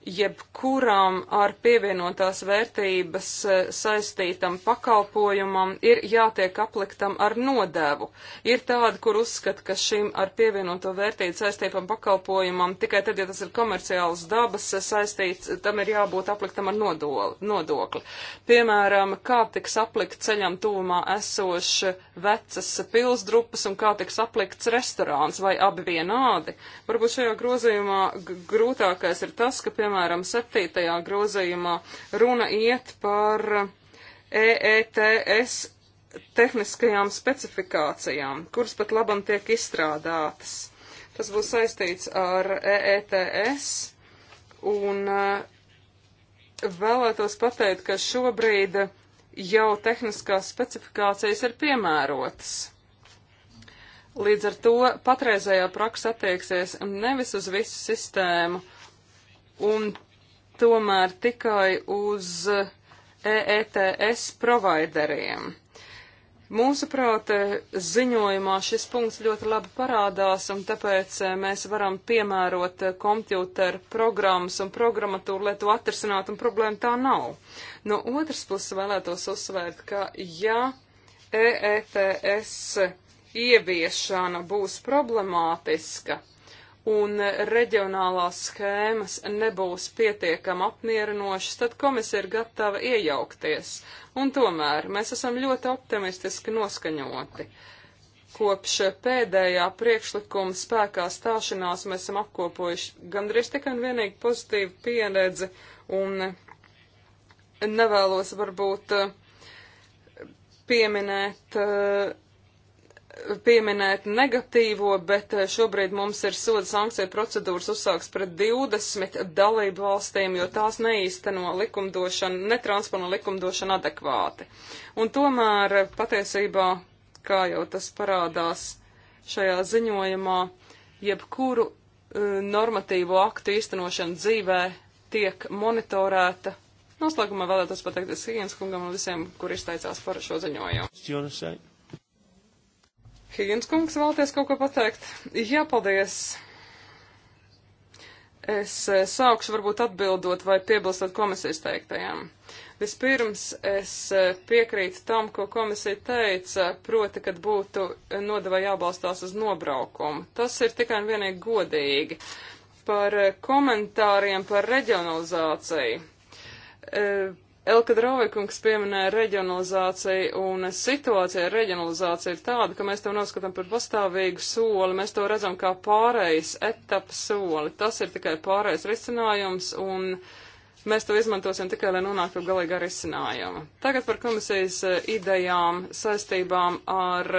jebkuram ar pievienotās vērtības eh, saistītam pakalpojumam ir jātiek apliktam ar nodevu. Ir tādi, kur uzskata, ka šim ar pievienoto vērtību saistītam pakalpojumam tikai tad, ja tas ir komerciāls dabas eh, saistīts, tam ir jābūt apliktam ar nodoli, nodokli. Piemēram, kā tiks aplikt ceļam tūmā esoši vecas pilsdrupas un kā tiks aplikts restorāns vai abi vienādi. Varbūt šajā grozījumā grūtākais ir tas, ka, piemēram, piemēram, septītajā grozījumā runa iet par EETS tehniskajām specifikācijām, kuras pat labam tiek izstrādātas. Tas būs saistīts ar EETS un e, vēlētos pateikt, ka šobrīd jau tehniskās specifikācijas ir piemērotas. Līdz ar to patreizējā praksa attieksies nevis uz visu sistēmu, un tomēr tikai uz EETS provideriem. Mūsuprāt, ziņojumā šis punkts ļoti labi parādās, un tāpēc eh, mēs varam piemērot eh, kompjūteru programmas un programmatūru, lai to atrisinātu, un problēma tā nav. No otras puses vēlētos uzsvērt, ka ja EETS ieviešana būs problemātiska, un reģionālās schēmas nebūs pietiekami apmierinošas, tad komisija ir gatava iejaukties. Un tomēr mēs esam ļoti optimistiski noskaņoti. Kopš pēdējā priekšlikuma spēkā stāšanās mēs esam apkopojuši gandrīz tikai un vienīgi pozitīvu pieredzi un nevēlos varbūt eh, pieminēt uh, pieminēt negatīvo, bet eh, šobrīd mums ir soda sankcija procedūras uzsāks pret 20 dalību valstīm, jo tās neīsteno likumdošanu, netranspono likumdošanu adekvāti. Un tomēr patiesībā, kā jau tas parādās šajā ziņojumā, jebkuru uh, normatīvo aktu īstenošana dzīvē tiek monitorēta. Noslēgumā vēlētos pateikties Higgins kungam un visiem, kur izteicās par šo ziņojumu. Higgins kungs vēlties kaut ko pateikt? Jā, paldies. Es eh, sākšu varbūt atbildot vai piebilstot komisijas teiktajām. Vispirms es eh, piekrītu tam, ko komisija teica, proti, kad būtu nodevai jābalstās uz nobraukumu. Tas ir tikai un vienīgi godīgi. Par eh, komentāriem par reģionalizāciju Elka Drauvekungs pieminēja reģionalizāciju, un situācija ar reģionalizāciju ir tāda, ka mēs to noskatām par pastāvīgu soli, mēs to redzam kā pārējais etapas soli. Tas ir tikai pārējais risinājums, un mēs to izmantosim tikai, lai nonāktu galīgā risinājuma. Tagad par komisijas eh, idejām saistībām ar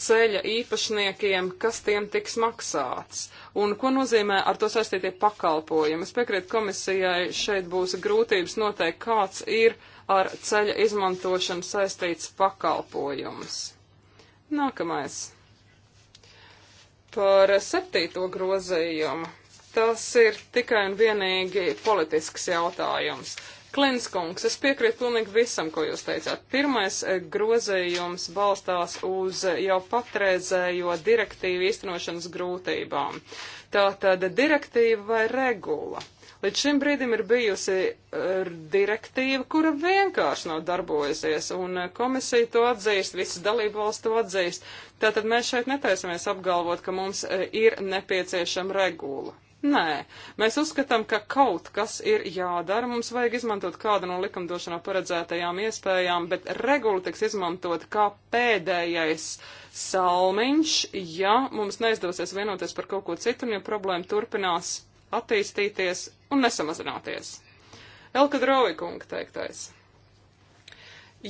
ceļa īpašniekiem, kas tiem tiks maksāts un ko nozīmē ar to saistītie pakalpojumi. Es piekrītu komisijai, šeit būs grūtības noteikt, kāds ir ar ceļa izmantošanu saistīts pakalpojums. Nākamais. Par septīto grozījumu. Tas ir tikai un vienīgi politisks jautājums. Klinskungs, es piekrītu pilnīgi visam, ko jūs teicāt. Pirmais eh, grozījums balstās uz eh, jau patreizējo direktīvu īstenošanas grūtībām. Tātad direktīva vai regula? Līdz šim brīdim ir bijusi eh, direktīva, kura vienkārši nav darbojusies, un komisija to atzīst, visas dalību valsts to atzīst. Tātad mēs šeit netaisamies apgalvot, ka mums ir nepieciešama regula. Nē, mēs uzskatām, ka kaut kas ir jādara, mums vajag izmantot kādu no likumdošanā paredzētajām iespējām, bet regula tiks izmantot kā pēdējais salmiņš, ja mums neizdosies vienoties par kaut ko citu un ja problēma turpinās attīstīties un nesamazināties. Elka Drovikunga teiktais.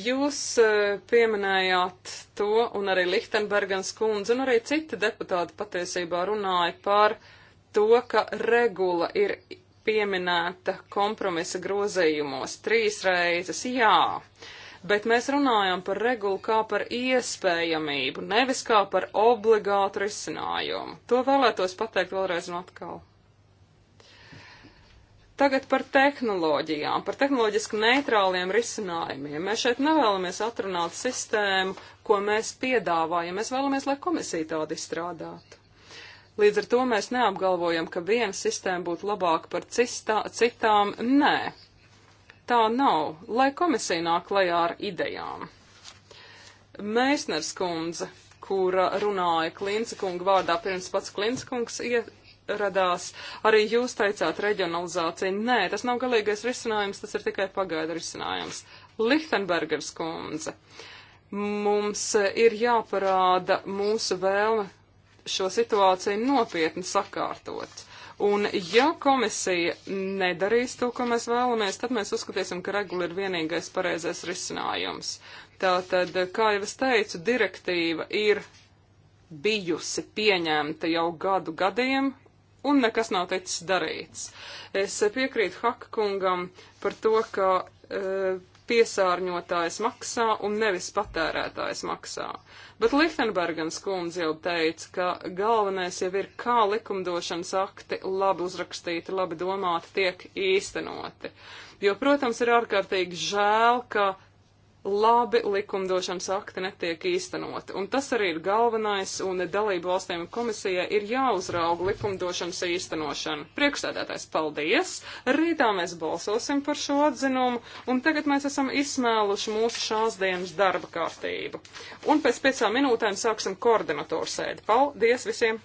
Jūs eh, pieminējāt to, un arī Lichtenbergens kundze, un arī citi deputāti patiesībā runāja par uh, to, ka regula ir pieminēta kompromisa grozījumos trīs reizes, jā, bet mēs runājam par regulu kā par iespējamību, nevis kā par obligātu risinājumu. To vēlētos pateikt vēlreiz un atkal. Tagad par tehnoloģijām, par tehnoloģiski neitrāliem risinājumiem. Mēs šeit nevēlamies atrunāt sistēmu, ko mēs piedāvājam. Mēs vēlamies, lai komisija tādu izstrādātu. Līdz ar to mēs neapgalvojam, ka viena sistēma būtu labāka par cistā, citām. Nē, tā nav. Lai komisija nāk klajā ar idejām. Meisners kundze, kura runāja Klinca kunga vārdā pirms pats Klinca kungs ieradās, arī jūs teicāt reģionalizācija. Nē, tas nav galīgais risinājums, tas ir tikai pagaida risinājums. Lichtenbergers kundze mums ir jāparāda mūsu vēlme šo situāciju nopietni sakārtot. Un ja komisija nedarīs to, ko mēs vēlamies, tad mēs uzskatīsim, ka regula ir vienīgais pareizais risinājums. Tātad, kā jau es teicu, direktīva ir bijusi pieņemta jau gadu gadiem, un nekas nav teicis darīts. Es piekrītu Hakkungam par to, ka e, piesārņotājs maksā un nevis patērētājs maksā. E, Bet Lichtenbergens kundze jau teica, ka galvenais jau ir, kā likumdošanas akti labi uzrakstīti, labi domāti tiek īstenoti. Jo, protams, ir ārkārtīgi žēl, ka labi likumdošanas akti netiek īstenoti. Un tas arī ir galvenais, un dalību valstīm un komisijai ir jāuzrauga likumdošanas īstenošana. Priekšsēdētājs, paldies! Rītā mēs balsosim par šo atzinumu, un tagad mēs esam izsmēluši mūsu šās dienas darba kārtību. Un pēc piecām minūtēm sāksim koordinatoru sēdi. Paldies visiem!